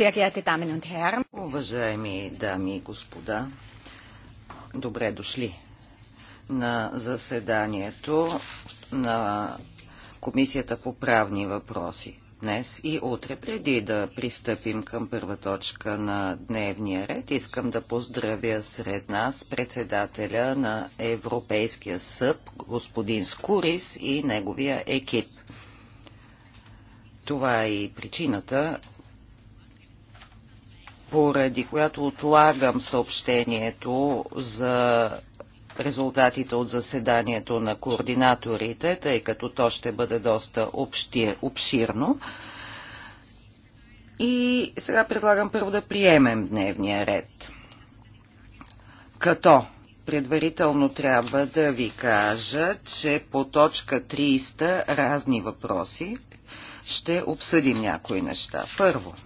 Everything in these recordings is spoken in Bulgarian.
Sehr geehrte Damen und Herren. Уважаеми дами и господа, добре дошли на заседанието на Комисията по правни въпроси днес и утре. Преди да пристъпим към първа точка на дневния ред, искам да поздравя сред нас председателя на Европейския съд, господин Скурис и неговия екип. Това е и причината поради която отлагам съобщението за резултатите от заседанието на координаторите, тъй като то ще бъде доста общир, обширно. И сега предлагам първо да приемем дневния ред. Като предварително трябва да ви кажа, че по точка 300 разни въпроси ще обсъдим някои неща. Първо –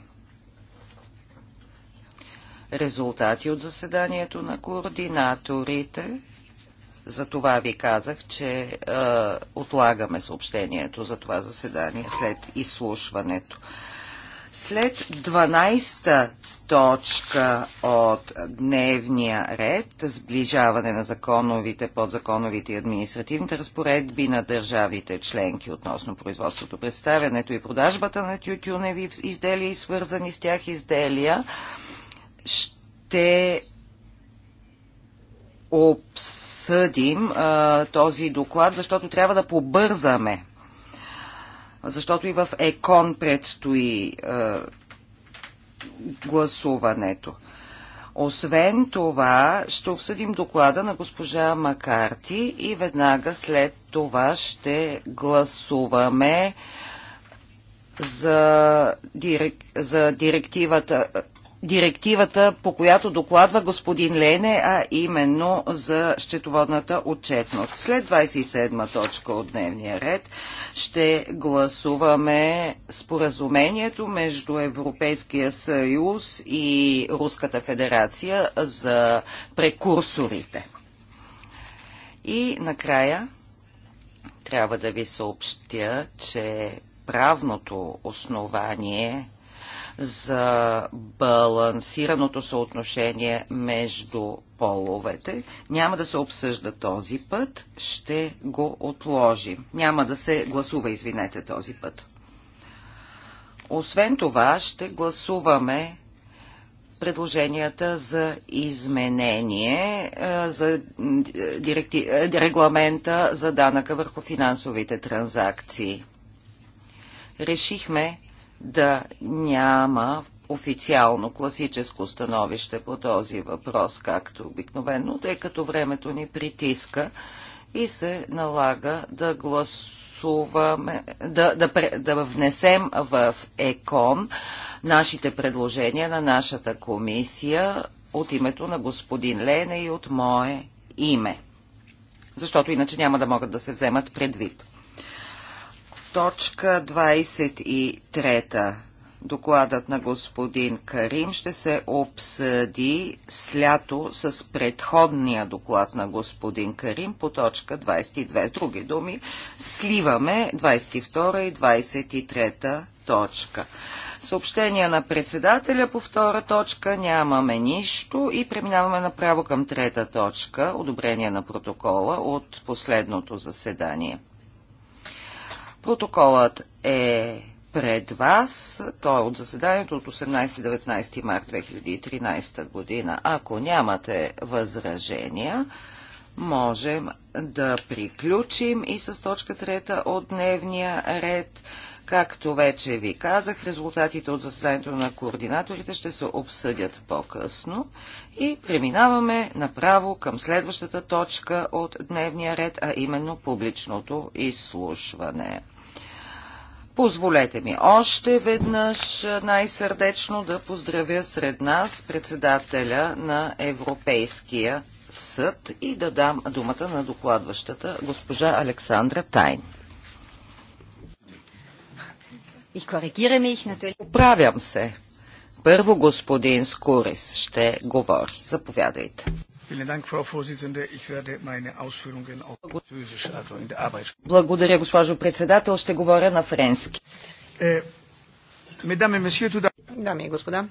резултати от заседанието на координаторите. За това ви казах, че е, отлагаме съобщението за това заседание след изслушването. След 12-та точка от дневния ред, сближаване на законовите, подзаконовите и административните разпоредби на държавите членки относно производството, представянето и продажбата на тютюневи изделия и свързани с тях изделия, ще обсъдим а, този доклад, защото трябва да побързаме. Защото и в ЕКОН предстои а, гласуването. Освен това, ще обсъдим доклада на госпожа Макарти и веднага след това ще гласуваме за, дирек... за директивата директивата, по която докладва господин Лене, а именно за счетоводната отчетност. След 27 точка от дневния ред ще гласуваме споразумението между Европейския съюз и Руската федерация за прекурсорите. И накрая трябва да ви съобщя, че правното основание за балансираното съотношение между половете. Няма да се обсъжда този път, ще го отложим. Няма да се гласува, извинете, този път. Освен това, ще гласуваме предложенията за изменение за директи... регламента за данъка върху финансовите транзакции. Решихме да няма официално класическо становище по този въпрос, както обикновено, тъй като времето ни притиска и се налага да гласуваме, да, да, да внесем в ЕКОН нашите предложения на нашата комисия от името на господин Лене и от мое име. Защото иначе няма да могат да се вземат предвид. Точка 23. Докладът на господин Карим ще се обсъди с лято с предходния доклад на господин Карим по точка 22. С други думи, сливаме 22 и 23 точка. Съобщение на председателя по втора точка нямаме нищо и преминаваме направо към трета точка, одобрение на протокола от последното заседание. Протоколът е пред вас. Той е от заседанието от 18-19 март 2013 година. Ако нямате възражения, можем да приключим и с точка трета от дневния ред. Както вече ви казах, резултатите от заседанието на координаторите ще се обсъдят по-късно и преминаваме направо към следващата точка от дневния ред, а именно публичното изслушване. Позволете ми още веднъж най-сърдечно да поздравя сред нас председателя на Европейския съд и да дам думата на докладващата госпожа Александра Тайн. Поправям се. Първо господин Скурис ще говори. Заповядайте. Благодаря, госпожо председател. Ще говоря на френски. Е, Дами и господа,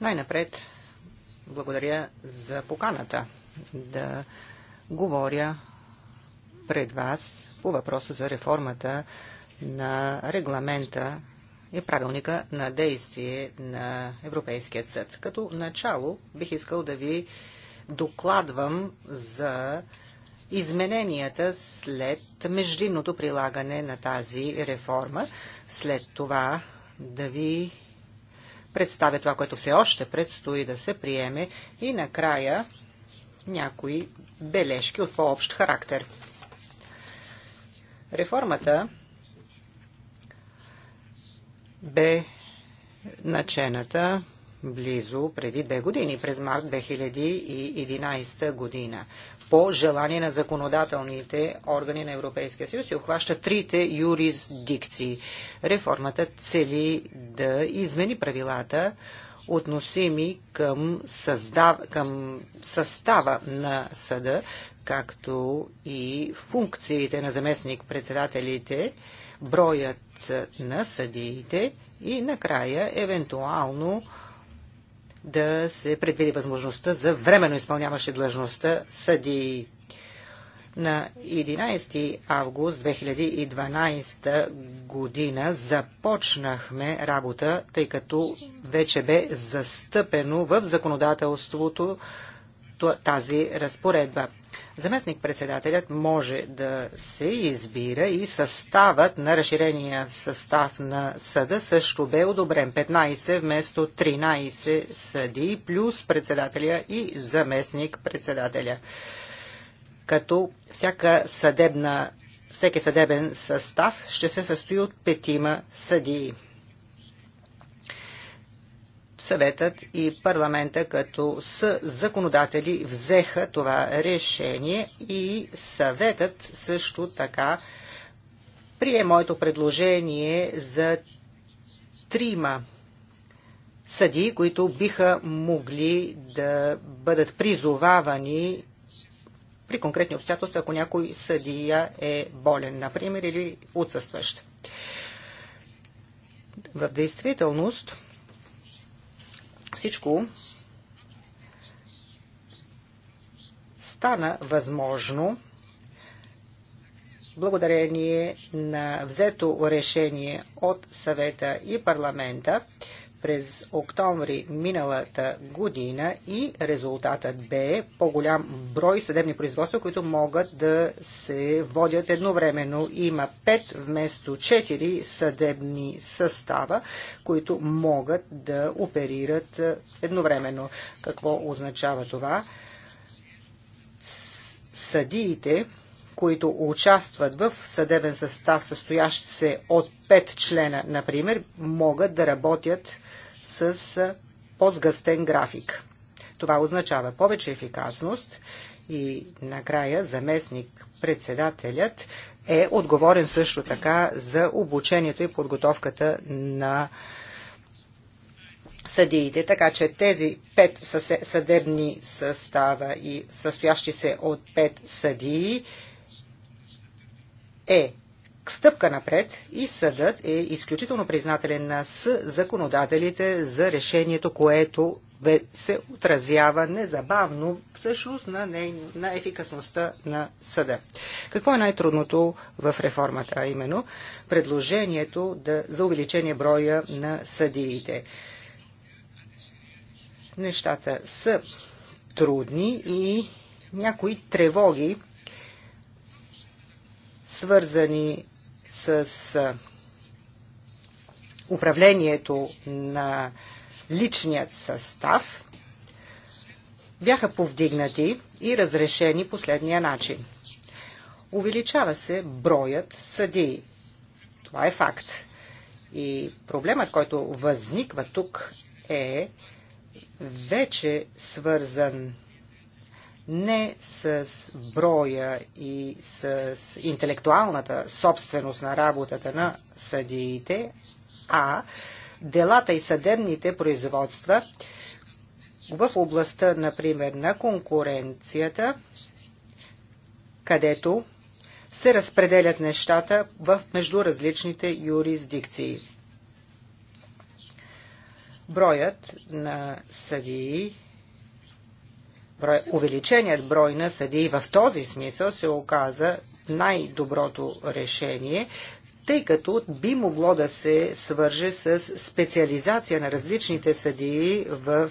най-напред благодаря за поканата да говоря пред вас по въпроса за реформата на регламента и правилника на действие на Европейският съд. Като начало бих искал да ви докладвам за измененията след междинното прилагане на тази реформа. След това да ви представя това, което все още предстои да се приеме и накрая някои бележки от по-общ характер. Реформата бе начената близо преди две години, през март 2011 година по желание на законодателните органи на Европейския съюз и обхваща трите юрисдикции. Реформата цели да измени правилата, относими към, създав... към състава на съда, както и функциите на заместник-председателите, броят на съдиите и накрая евентуално да се предвиди възможността за временно изпълняваше длъжността съди. На 11 август 2012 година започнахме работа, тъй като вече бе застъпено в законодателството тази разпоредба. Заместник-председателят може да се избира и съставът на разширения състав на съда също бе одобрен 15 вместо 13 съди плюс председателя и заместник-председателя. Като всяка съдебна, всеки съдебен състав ще се състои от петима съдии съветът и парламента като с законодатели взеха това решение и съветът също така прие моето предложение за трима съдии, които биха могли да бъдат призовавани при конкретни обстоятелства, ако някой съдия е болен, например, или отсъстващ. В действителност, всичко стана възможно благодарение на взето решение от съвета и парламента през октомври миналата година и резултатът бе по-голям брой съдебни производства, които могат да се водят едновременно. Има 5 вместо 4 съдебни състава, които могат да оперират едновременно. Какво означава това? Съдиите които участват в съдебен състав, състоящ се от 5 члена, например, могат да работят с по-сгъстен график. Това означава повече ефикасност и накрая заместник председателят е отговорен също така за обучението и подготовката на съдиите, така че тези пет съдебни състава и състоящи се от пет съдии е стъпка напред и съдът е изключително признателен на с законодателите за решението, което се отразява незабавно всъщност на, не, на ефикасността на съда. Какво е най-трудното в реформата, а именно предложението да, за увеличение броя на съдиите? Нещата са трудни и някои тревоги свързани с управлението на личният състав, бяха повдигнати и разрешени последния начин. Увеличава се броят съдии. Това е факт. И проблемът, който възниква тук е вече свързан не с броя и с интелектуалната собственост на работата на съдиите, а делата и съдебните производства в областта, например, на конкуренцията, където се разпределят нещата в между различните юрисдикции. Броят на съдии увеличеният брой на съдии в този смисъл се оказа най-доброто решение, тъй като би могло да се свърже с специализация на различните съдии в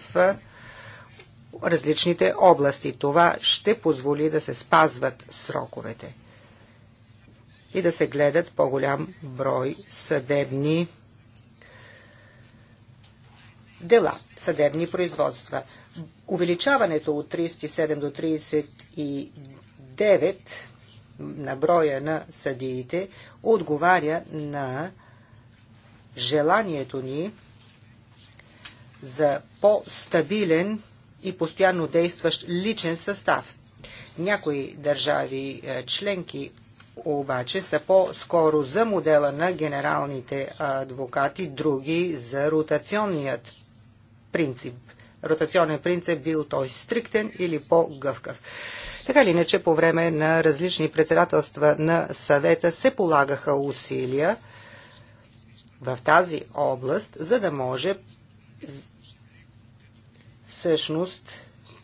различните области. Това ще позволи да се спазват сроковете и да се гледат по-голям брой съдебни дела, съдебни производства. Увеличаването от 37 до 39 на броя на съдиите отговаря на желанието ни за по-стабилен и постоянно действащ личен състав. Някои държави е, членки обаче са по-скоро за модела на генералните адвокати, други за ротационният принцип – ротационен принцип, бил той стриктен или по-гъвкав. Така ли иначе, по време на различни председателства на съвета се полагаха усилия в тази област, за да може всъщност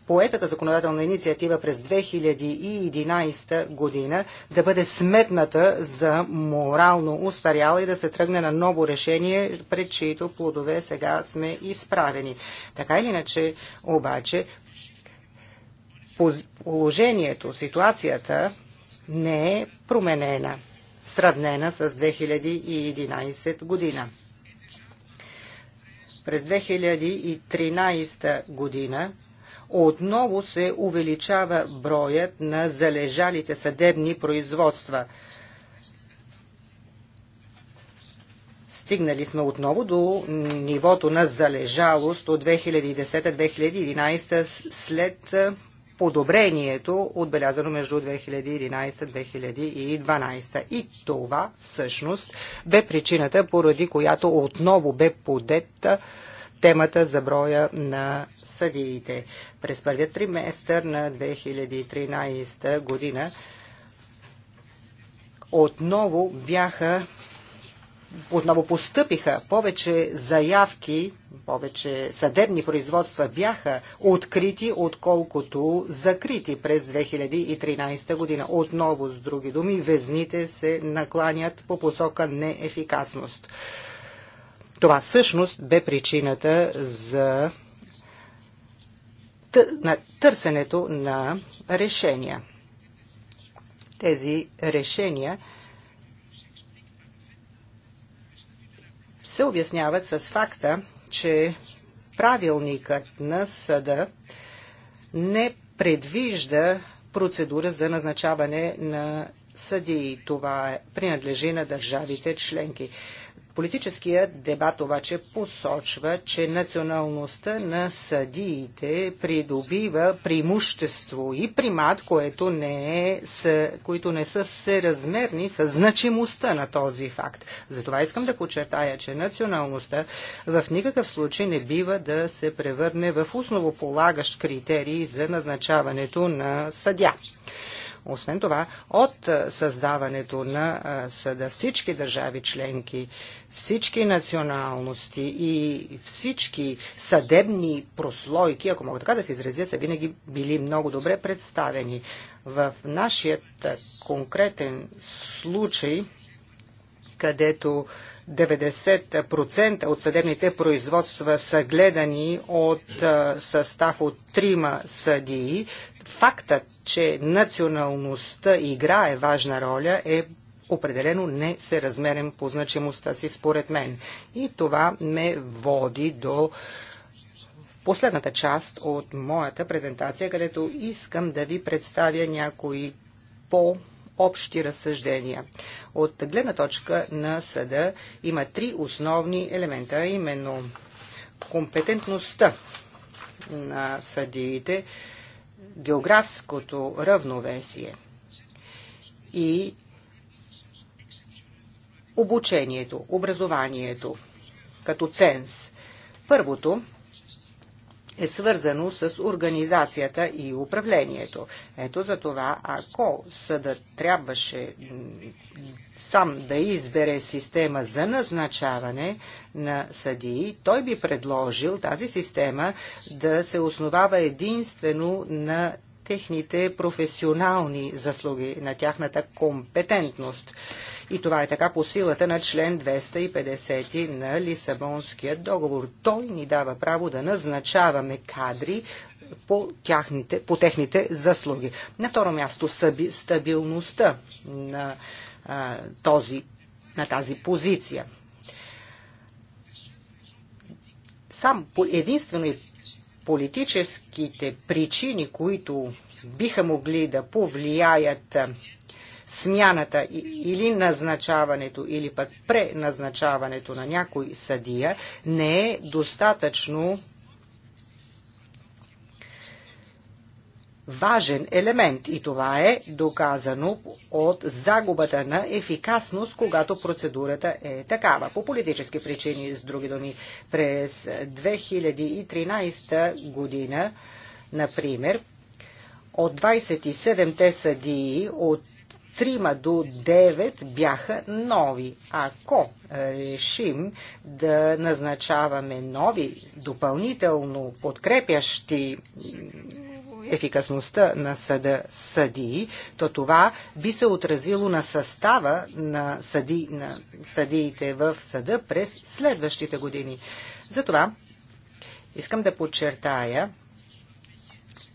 поетата законодателна инициатива през 2011 година да бъде сметната за морално устаряла и да се тръгне на ново решение, пред чието плодове сега сме изправени. Така или иначе, обаче, положението, ситуацията не е променена, сравнена с 2011 година. През 2013 година отново се увеличава броят на залежалите съдебни производства. стигнали сме отново до нивото на залежалост от 2010-2011 след подобрението, отбелязано между 2011-2012. И това всъщност бе причината, поради която отново бе подета темата за броя на съдиите. През първият триместър на 2013 година отново бяха отново постъпиха повече заявки, повече съдебни производства бяха открити, отколкото закрити през 2013 година. Отново, с други думи, везните се накланят по посока неефикасност. Това всъщност бе причината за на търсенето на решения. Тези решения се обясняват с факта, че правилникът на съда не предвижда процедура за назначаване на съдии. Това е, принадлежи на държавите членки. Политическият дебат обаче посочва, че националността на съдиите придобива преимущество и примат, което не е, с, които не са съразмерни с значимостта на този факт. Затова искам да подчертая, че националността в никакъв случай не бива да се превърне в основополагащ критерий за назначаването на съдя. Освен това, от създаването на съда всички държави членки, всички националности и всички съдебни прослойки, ако мога така да се изразя, са винаги били много добре представени. В нашият конкретен случай, където 90% от съдебните производства са гледани от състав от трима съдии. Фактът, че националността играе важна роля е определено не се размерен по значимостта си според мен. И това ме води до последната част от моята презентация, където искам да ви представя някои по общи разсъждения. От гледна точка на съда има три основни елемента, именно компетентността на съдиите, географското равновесие и обучението, образованието като ценз. Първото е свързано с организацията и управлението. Ето за това, ако съдът трябваше сам да избере система за назначаване на съдии, той би предложил тази система да се основава единствено на техните професионални заслуги, на тяхната компетентност. И това е така по силата на член 250 на Лисабонския договор. Той ни дава право да назначаваме кадри по, тяхните, по техните заслуги. На второ място стабилността на, а, този, на тази позиция. Сам единствено и политическите причини, които биха могли да повлияят смяната или назначаването, или пък преназначаването на някой съдия не е достатъчно важен елемент и това е доказано от загубата на ефикасност, когато процедурата е такава. По политически причини, с други думи, през 2013 година, например, от 27-те съдии от Трима до 9 бяха нови. Ако решим да назначаваме нови, допълнително подкрепящи ефикасността на съда съдии, то това би се отразило на състава на, съди, на съдиите в съда през следващите години. Затова искам да подчертая,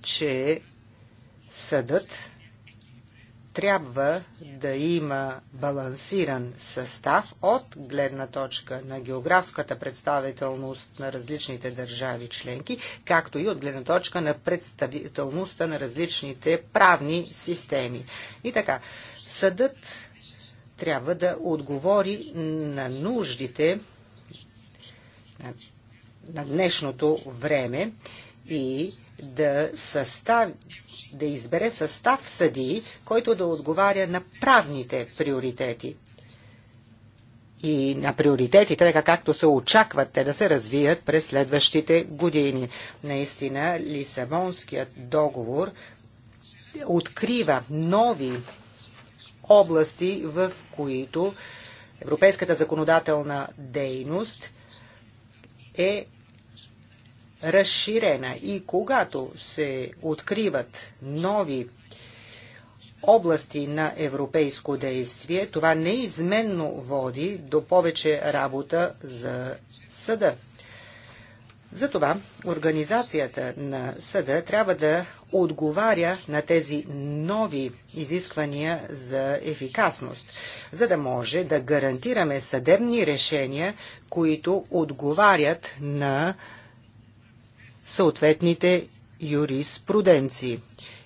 че съдът трябва да има балансиран състав от гледна точка на географската представителност на различните държави членки, както и от гледна точка на представителността на различните правни системи. И така, съдът трябва да отговори на нуждите на днешното време и да, състав, да избере състав съдии, който да отговаря на правните приоритети и на приоритетите, така както се очакват те да се развият през следващите години. Наистина, Лисабонският договор открива нови области, в които европейската законодателна дейност е разширена и когато се откриват нови области на европейско действие, това неизменно води до повече работа за съда. Затова организацията на съда трябва да отговаря на тези нови изисквания за ефикасност, за да може да гарантираме съдебни решения, които отговарят на съответните юриспруденции.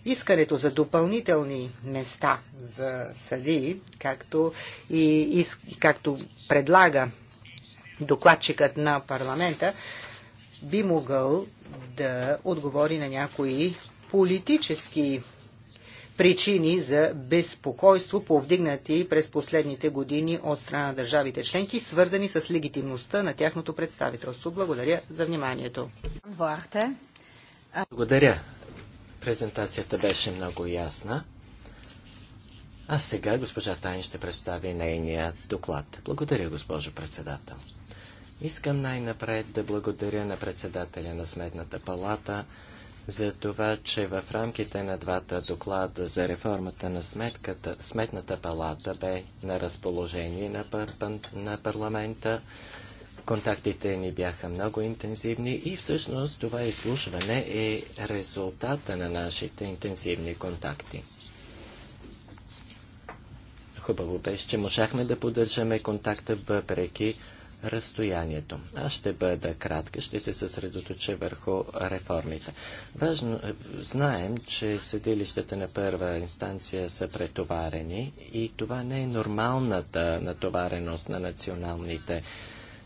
Искането за допълнителни места за съдии, както, и, и, както предлага докладчикът на парламента, би могъл да отговори на някои политически причини за безпокойство, повдигнати през последните години от страна на държавите членки, свързани с легитимността на тяхното представителство. Благодаря за вниманието. Благодаря. Презентацията беше много ясна. А сега госпожа Тайн ще представи нейния доклад. Благодаря, госпожо председател. Искам най-напред да благодаря на председателя на Сметната палата, за това, че в рамките на двата доклада за реформата на сметката, сметната палата бе на разположение на, пар, на парламента. Контактите ни бяха много интензивни и всъщност това изслушване е резултата на нашите интензивни контакти. Хубаво беше, че можахме да поддържаме контакта въпреки разстоянието. Аз ще бъда кратка, ще се съсредоточа върху реформите. Важно, е, знаем, че съдилищата на първа инстанция са претоварени и това не е нормалната натовареност на националните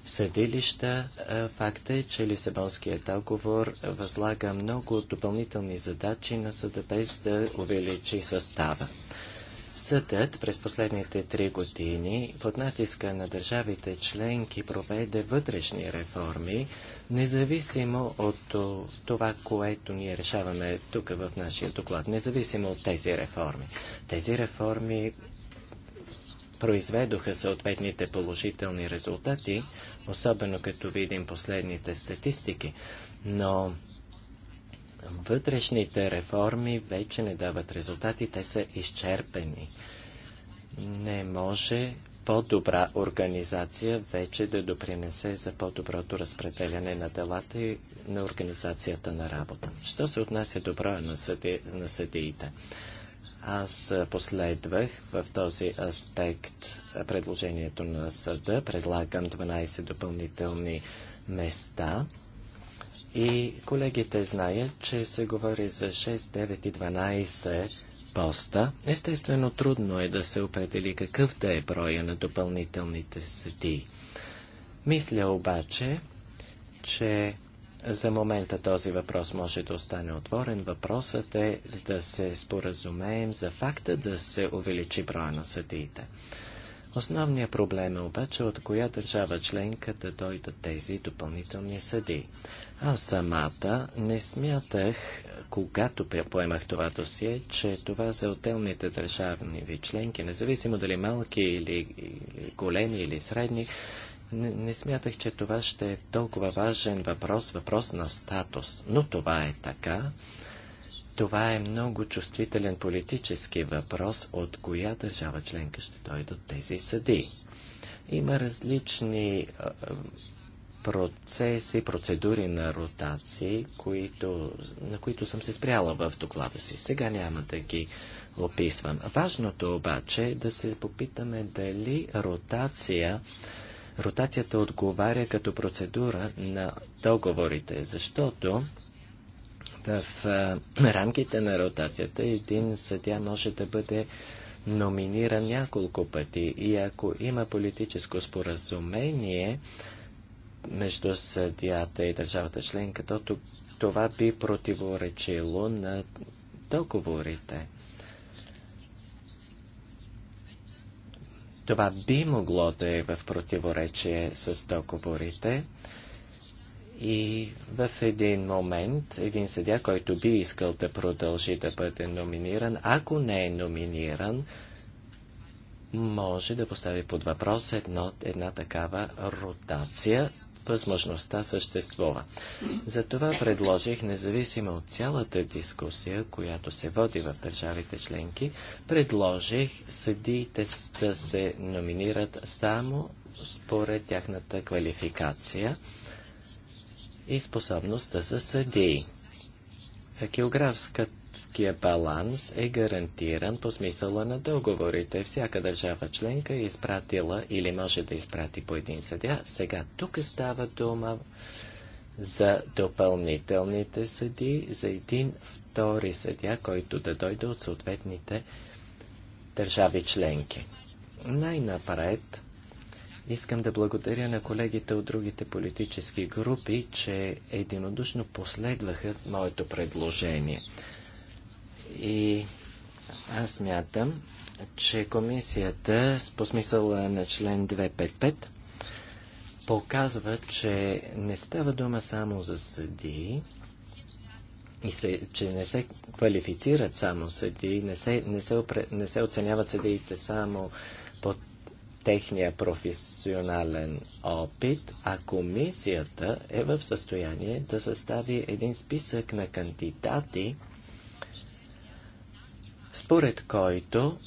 съдилища. Е, Факта е, че Лисабонският договор възлага много допълнителни задачи на съда без да увеличи състава. Съдът през последните три години под натиска на държавите членки проведе вътрешни реформи, независимо от това, което ние решаваме тук в нашия доклад, независимо от тези реформи. Тези реформи произведоха съответните положителни резултати, особено като видим последните статистики, но вътрешните реформи вече не дават резултати, те са изчерпени. Не може по-добра организация вече да допринесе за по-доброто разпределяне на делата и на организацията на работа. Що се отнася до броя на, съди... на съдиите? Аз последвах в този аспект предложението на съда. Предлагам 12 допълнителни места и колегите знаят, че се говори за 6, 9 и 12 поста. Естествено, трудно е да се определи какъв да е броя на допълнителните съдии. Мисля обаче, че за момента този въпрос може да остане отворен. Въпросът е да се споразумеем за факта да се увеличи броя на съдиите. Основният проблем е обаче от коя държава членка да дойдат тези допълнителни съди. Аз самата не смятах, когато поемах това досие, че това за отделните държавни членки, независимо дали малки или, или големи или средни, не, не смятах, че това ще е толкова важен въпрос, въпрос на статус. Но това е така. Това е много чувствителен политически въпрос, от коя държава членка ще дойдат тези съдии. Има различни процеси, процедури на ротации, които, на които съм се спряла в доклада си. Сега няма да ги описвам. Важното обаче е да се попитаме дали ротация, ротацията отговаря като процедура на договорите, защото в рамките на ротацията един съдя може да бъде номиниран няколко пъти и ако има политическо споразумение между съдията и държавата членка, то това би противоречило на договорите. Това би могло да е в противоречие с договорите и в един момент един съдя, който би искал да продължи да бъде номиниран, ако не е номиниран, може да постави под въпрос едно, една такава ротация. Възможността съществува. Затова предложих, независимо от цялата дискусия, която се води в държавите членки, предложих съдиите да се номинират само според тяхната квалификация и способността за съдии. Географския баланс е гарантиран по смисъла на договорите. Всяка държава членка е изпратила или може да изпрати по един съдя. Сега тук става дума за допълнителните съди, за един втори съдя, който да дойде от съответните държави членки. Най-напред Искам да благодаря на колегите от другите политически групи, че единодушно последваха моето предложение. И аз мятам, че комисията по смисъла на член 255 показва, че не става дума само за съдии, и се, че не се квалифицират само съдии, не се, не се, опре, не се оценяват съдиите само под техния професионален опит, а комисията е в състояние да състави един списък на кандидати, според който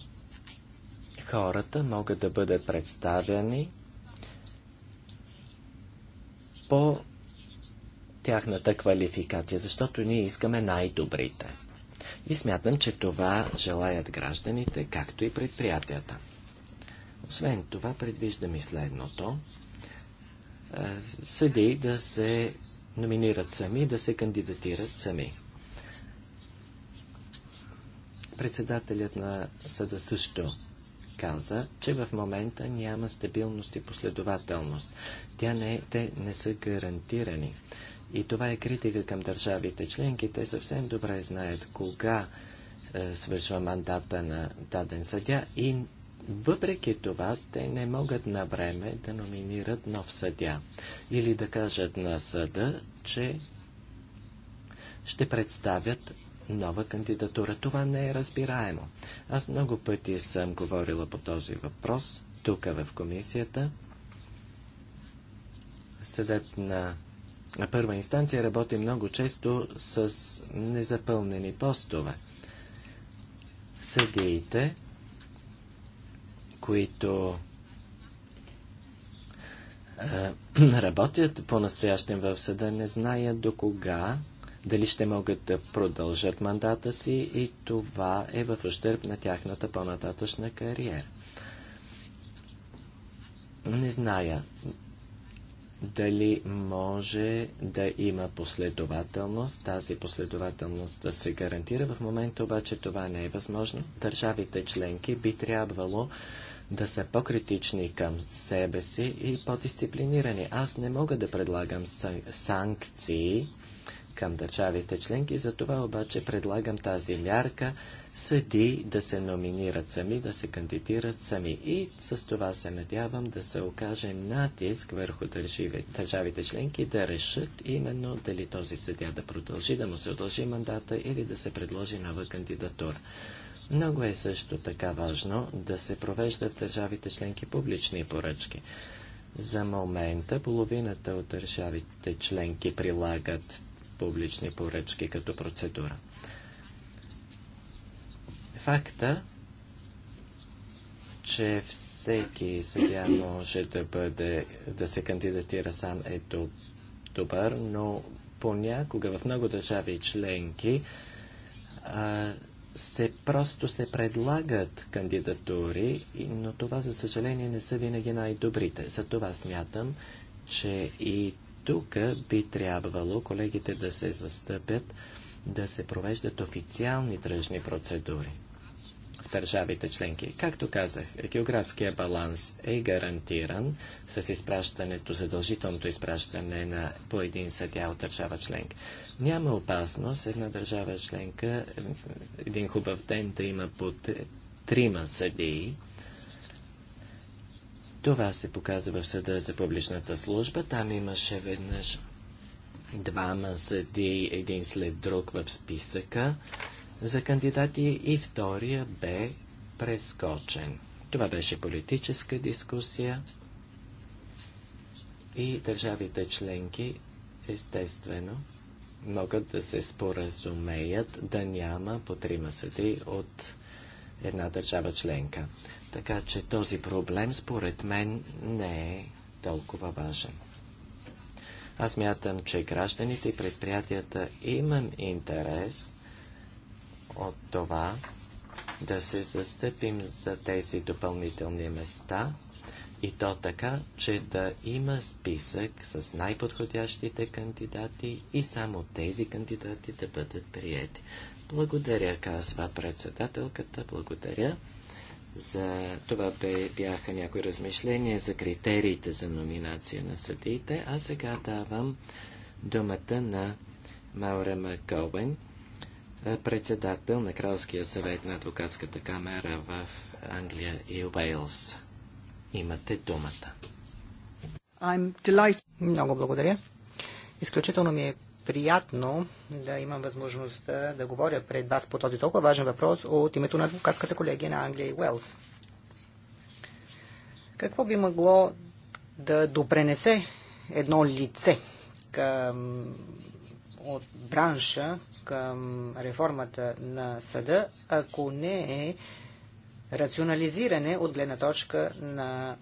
хората могат да бъдат представени по тяхната квалификация, защото ние искаме най-добрите. И смятам, че това желаят гражданите, както и предприятията. Освен това, предвиждаме следното. Е, съди да се номинират сами, да се кандидатират сами. Председателят на съда също каза, че в момента няма стабилност и последователност. Тя не, те не са гарантирани. И това е критика към държавите членки. Те съвсем добре знаят кога е, свършва мандата на даден съдя и въпреки това, те не могат на време да номинират нов съдя или да кажат на съда, че ще представят нова кандидатура. Това не е разбираемо. Аз много пъти съм говорила по този въпрос тук в комисията. Съдът на първа инстанция работи много често с незапълнени постове. Съдиите които работят по настоящен в съда, не знаят до кога, дали ще могат да продължат мандата си и това е в ущърп на тяхната по-нататъчна кариера. Не зная дали може да има последователност, тази последователност да се гарантира. В момента обаче това не е възможно. Държавите членки би трябвало да са по-критични към себе си и по-дисциплинирани. Аз не мога да предлагам санкции към държавите членки, за това обаче предлагам тази мярка съди да се номинират сами, да се кандидират сами. И с това се надявам да се окаже натиск върху държавите членки да решат именно дали този съдя да продължи, да му се удължи мандата или да се предложи нова кандидатура. Много е също така важно да се провеждат в държавите членки публични поръчки. За момента половината от държавите членки прилагат публични поръчки като процедура. Факта, че всеки сега може да, бъде, да се кандидатира сам е добър, но понякога в много държави членки а, се просто се предлагат кандидатури, но това, за съжаление, не са винаги най-добрите. Затова смятам, че и тук би трябвало колегите да се застъпят да се провеждат официални тръжни процедури в държавите членки. Както казах, географския баланс е гарантиран с изпращането, задължителното изпращане на по един съдя от държава членка. Няма опасност една държава членка един хубав ден да има по трима съдии, това се показва в съда за публичната служба. Там имаше веднъж двама съдии, един след друг в списъка за кандидати и втория бе прескочен. Това беше политическа дискусия и държавите членки, естествено, могат да се споразумеят да няма по трима съди от една държава членка. Така че този проблем, според мен, не е толкова важен. Аз мятам, че гражданите и предприятията имам интерес от това да се застъпим за тези допълнителни места и то така, че да има списък с най-подходящите кандидати и само тези кандидати да бъдат приети. Благодаря, казва председателката, благодаря. За това бяха някои размишления за критериите за номинация на съдиите, а сега давам думата на Маура Макоуен председател на Кралския съвет на адвокатската камера в Англия и Уейлс. Имате думата. Много благодаря. Изключително ми е приятно да имам възможността да говоря пред вас по този толкова важен въпрос от името на адвокатската колегия на Англия и Уелс. Какво би могло да допренесе едно лице към, от бранша, към реформата на съда, ако не е рационализиране от гледна точка на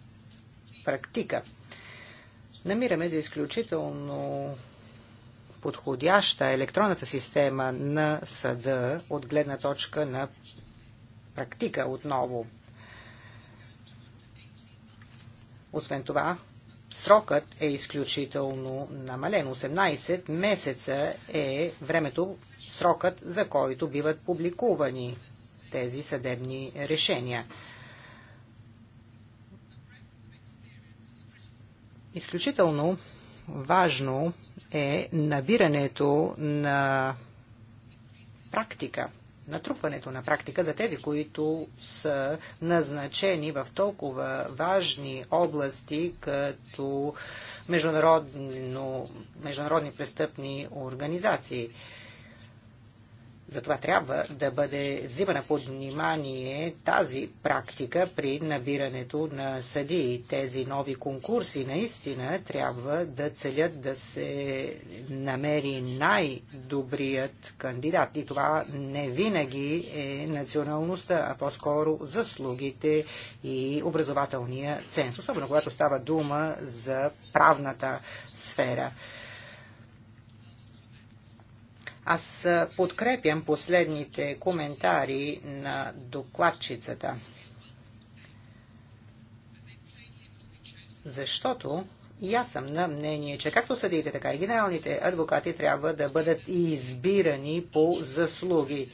практика. Намираме за изключително подходяща електронната система на съда от гледна точка на практика отново. Освен това, срокът е изключително намален. 18 месеца е времето, срокът, за който биват публикувани тези съдебни решения. Изключително важно е набирането на практика, натрупването на практика за тези, които са назначени в толкова важни области, като международни престъпни организации. Затова трябва да бъде взимана под внимание тази практика при набирането на съдии. Тези нови конкурси наистина трябва да целят да се намери най-добрият кандидат. И това не винаги е националността, а по-скоро заслугите и образователния ценз. Особено когато става дума за правната сфера. Аз подкрепям последните коментари на докладчицата, защото и аз съм на мнение, че както съдите, така и генералните адвокати трябва да бъдат избирани по заслуги.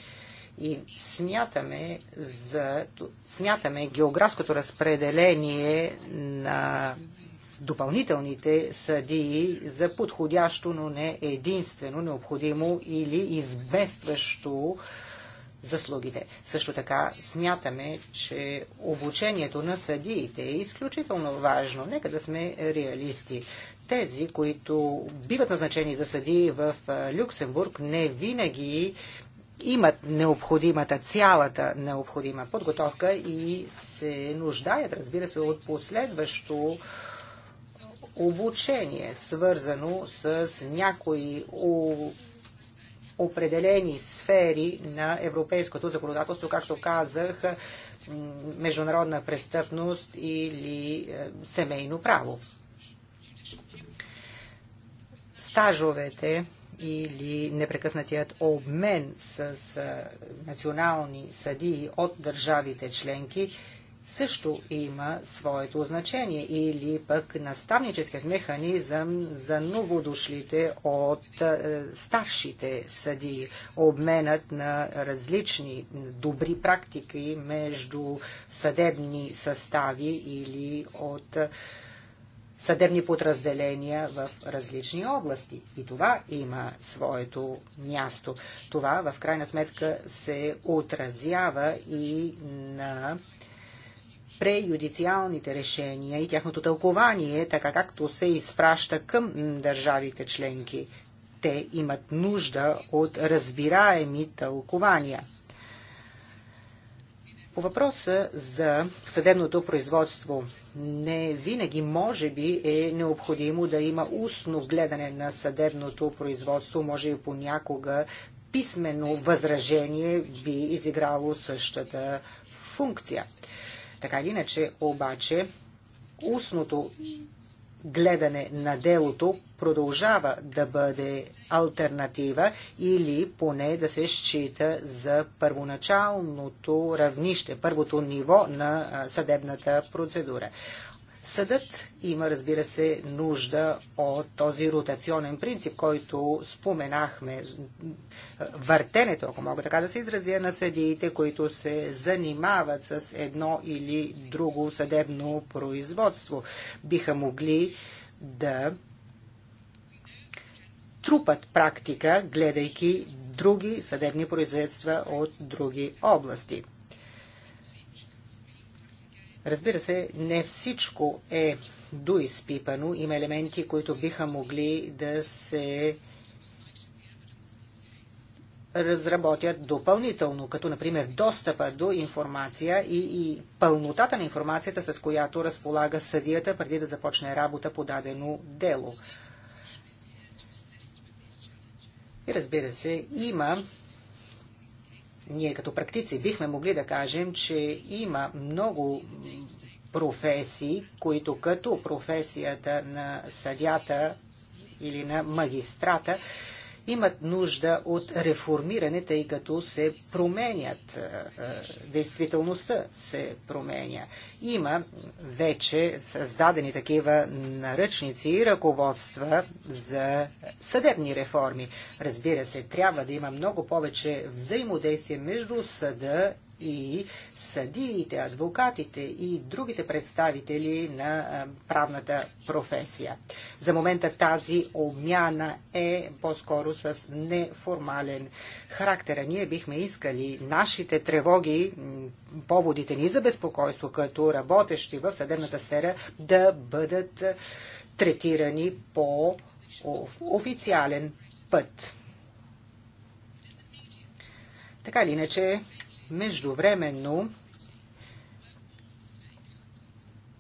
И смятаме, за, смятаме географското разпределение на допълнителните съдии за подходящо, но не единствено необходимо или изместващо заслугите. Също така смятаме, че обучението на съдиите е изключително важно. Нека да сме реалисти. Тези, които биват назначени за съдии в Люксембург, не винаги имат необходимата, цялата необходима подготовка и се нуждаят, разбира се, от последващо обучение, свързано с някои определени сфери на европейското законодателство, както казах, международна престъпност или е, семейно право. Стажовете или непрекъснатият обмен с е, национални съдии от държавите членки също има своето значение или пък наставническият механизъм за новодошлите от е, старшите съдии, обменът на различни добри практики между съдебни състави или от е, съдебни подразделения в различни области. И това има своето място. Това в крайна сметка се отразява и на преюдициалните решения и тяхното тълкование, така както се изпраща към държавите членки. Те имат нужда от разбираеми тълкования. По въпроса за съдебното производство, не винаги може би е необходимо да има устно гледане на съдебното производство, може и понякога писмено възражение би изиграло същата функция. Така или иначе, обаче, устното гледане на делото продължава да бъде альтернатива или поне да се счита за първоначалното равнище, първото ниво на съдебната процедура. Съдът има, разбира се, нужда от този ротационен принцип, който споменахме. Въртенето, ако мога така да се изразя, на съдиите, които се занимават с едно или друго съдебно производство, биха могли да трупат практика, гледайки други съдебни производства от други области. Разбира се, не всичко е доизпипано. Има елементи, които биха могли да се разработят допълнително, като например достъпа до информация и, и пълнотата на информацията, с която разполага съдията преди да започне работа по дадено дело. И разбира се, има ние като практици бихме могли да кажем, че има много професии, които като професията на съдята или на магистрата имат нужда от реформиране, тъй като се променят. Действителността се променя. Има вече създадени такива наръчници и ръководства за съдебни реформи. Разбира се, трябва да има много повече взаимодействие между съда и съдиите, адвокатите и другите представители на правната професия. За момента тази обмяна е по-скоро с неформален характер. Ние бихме искали нашите тревоги, поводите ни за безпокойство като работещи в съдебната сфера да бъдат третирани по официален път. Така или иначе, Междувременно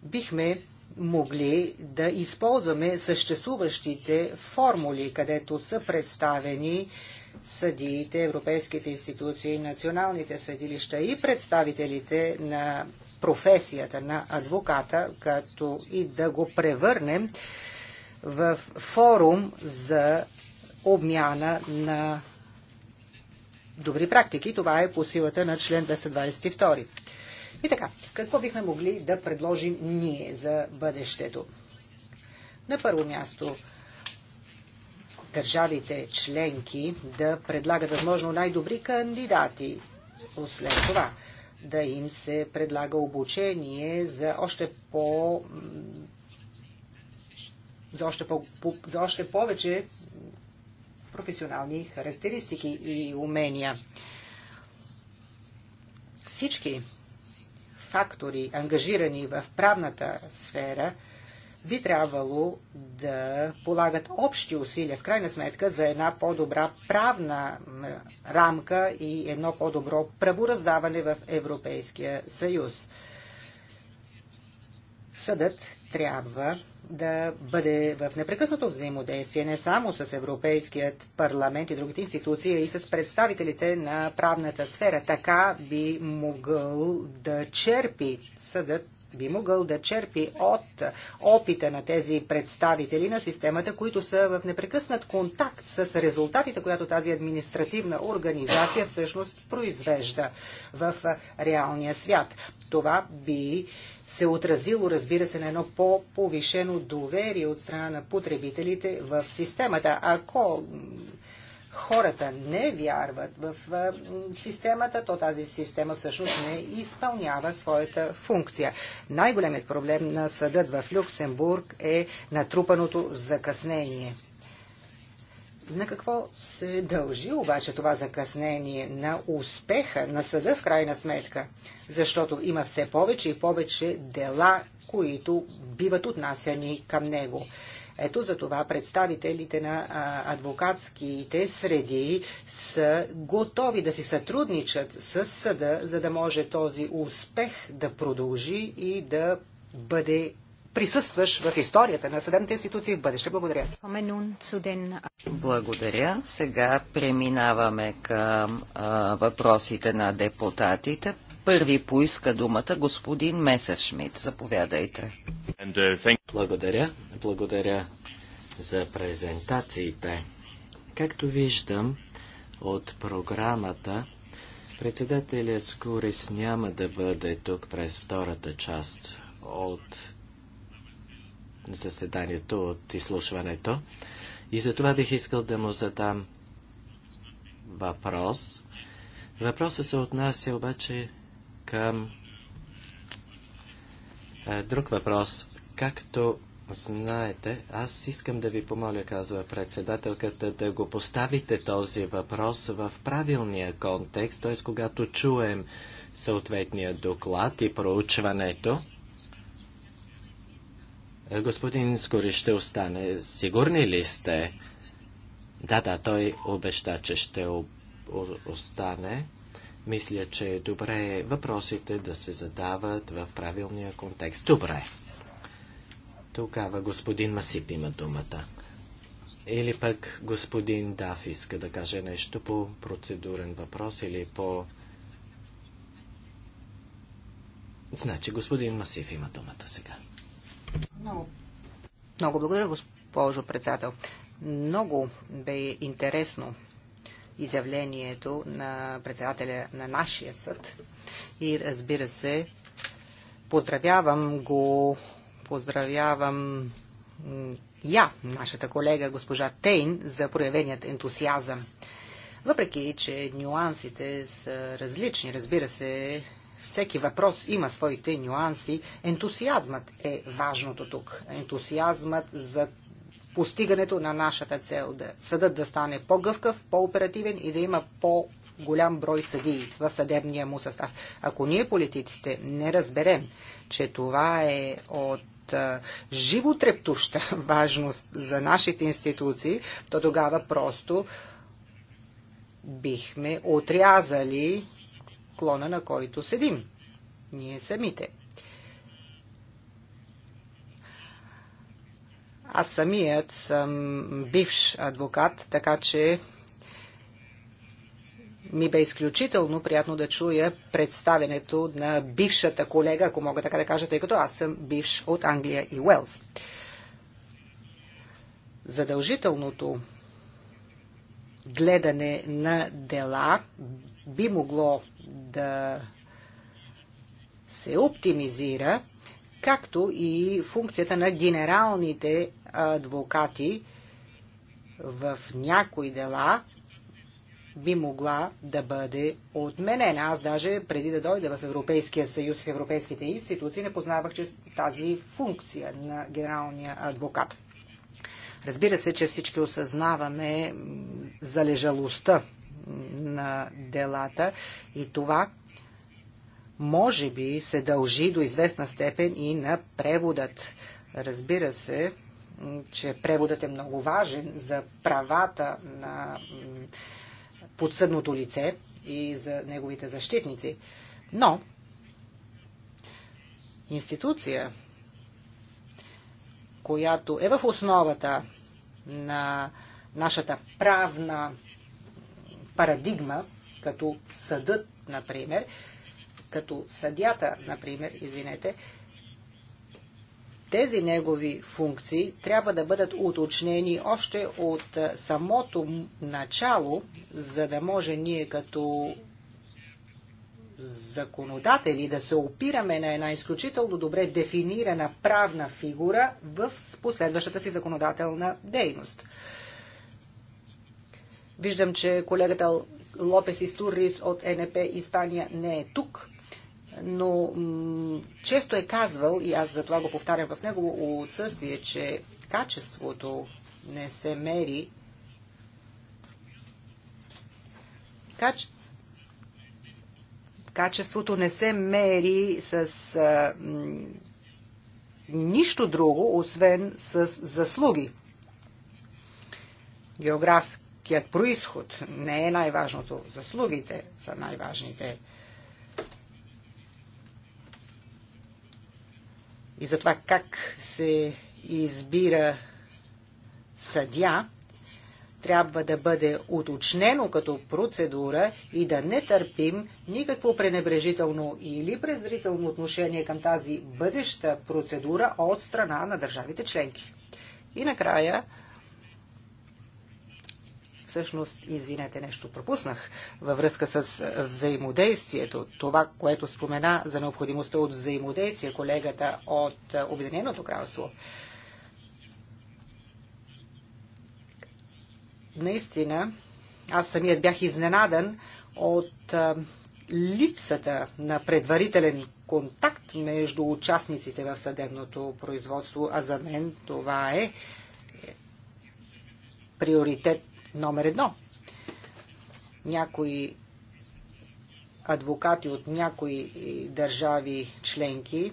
бихме могли да използваме съществуващите формули, където са представени съдиите, европейските институции, националните съдилища и представителите на професията на адвоката, като и да го превърнем в форум за обмяна на добри практики. Това е по силата на член 222. И така, какво бихме могли да предложим ние за бъдещето? На първо място, държавите членки да предлагат възможно най-добри кандидати. Освен това, да им се предлага обучение за още по за още, по, по, за още повече професионални характеристики и умения. Всички фактори, ангажирани в правната сфера, би трябвало да полагат общи усилия, в крайна сметка, за една по-добра правна рамка и едно по-добро правораздаване в Европейския съюз. Съдът трябва да бъде в непрекъснато взаимодействие не само с Европейският парламент и другите институции, а и с представителите на правната сфера. Така би могъл да черпи съдът би могъл да черпи от опита на тези представители на системата, които са в непрекъснат контакт с резултатите, която тази административна организация всъщност произвежда в реалния свят. Това би се отразило, разбира се, на едно по-повишено доверие от страна на потребителите в системата. Ако хората не вярват в системата, то тази система всъщност не изпълнява своята функция. Най-големият проблем на съдът в Люксембург е натрупаното закъснение. На какво се дължи обаче това закъснение на успеха на съда в крайна сметка? Защото има все повече и повече дела, които биват отнасяни към него. Ето за това представителите на адвокатските среди са готови да си сътрудничат с съда, за да може този успех да продължи и да бъде присъстваш в историята на съдебните институции в бъдеще. Благодаря. Благодаря. Сега преминаваме към а, въпросите на депутатите. Първи поиска думата господин Месершмит. Заповядайте. Uh, Благодаря. Благодаря за презентациите. Както виждам от програмата, председателят Скорис няма да бъде тук през втората част от заседанието от изслушването. И за това бих искал да му задам въпрос. Въпросът се отнася обаче към е, друг въпрос. Както знаете, аз искам да ви помоля, казва председателката, да го поставите този въпрос в правилния контекст, т.е. когато чуем съответния доклад и проучването, Господин Скори ще остане. Сигурни ли сте? Да, да, той обеща, че ще остане. Мисля, че е добре въпросите да се задават в правилния контекст. Добре. Тогава господин Масип има думата. Или пък господин Даф иска да каже нещо по процедурен въпрос или по... Значи господин Масив има думата сега. Много, много благодаря, госпожо председател. Много бе интересно изявлението на председателя на нашия съд и разбира се, поздравявам го, поздравявам я, нашата колега госпожа Тейн, за проявеният ентусиазъм. Въпреки, че нюансите са различни, разбира се, всеки въпрос има своите нюанси. Ентусиазмът е важното тук. Ентусиазмът за постигането на нашата цел. Да, съдът да стане по-гъвкав, по-оперативен и да има по- голям брой съдии в съдебния му състав. Ако ние политиците не разберем, че това е от животрептуща важност за нашите институции, то тогава просто бихме отрязали клона, на който седим. Ние самите. Аз самият съм бивш адвокат, така че ми бе изключително приятно да чуя представенето на бившата колега, ако мога така да кажа, тъй като аз съм бивш от Англия и Уелс. Задължителното гледане на дела би могло да се оптимизира, както и функцията на генералните адвокати в някои дела би могла да бъде отменена. Аз даже преди да дойда в Европейския съюз, в европейските институции, не познавах че тази функция на генералния адвокат. Разбира се, че всички осъзнаваме залежалостта на делата и това може би се дължи до известна степен и на преводът. Разбира се, че преводът е много важен за правата на подсъдното лице и за неговите защитници. Но институция, която е в основата на нашата правна парадигма, като съдът, например, като съдята, например, извинете, тези негови функции трябва да бъдат уточнени още от самото начало, за да може ние като законодатели да се опираме на една изключително добре дефинирана правна фигура в последващата си законодателна дейност. Виждам, че колегата Лопес Истуррис от НП Испания не е тук, но често е казвал, и аз за това го повтарям в негово отсъствие, че качеството не се мери. Каче... Качеството не се мери с а, м... нищо друго, освен с заслуги. Географски техният происход не е най-важното. Заслугите са най-важните. И за това как се избира съдя, трябва да бъде уточнено като процедура и да не търпим никакво пренебрежително или презрително отношение към тази бъдеща процедура от страна на държавите членки. И накрая, Всъщност, извинете, нещо пропуснах във връзка с е, взаимодействието. Това, което спомена за необходимостта от взаимодействие колегата от е, Обединеното кралство. Наистина, аз самият бях изненадан от е, липсата на предварителен контакт между участниците в съдебното производство, а за мен това е приоритет номер едно. Някои адвокати от някои държави членки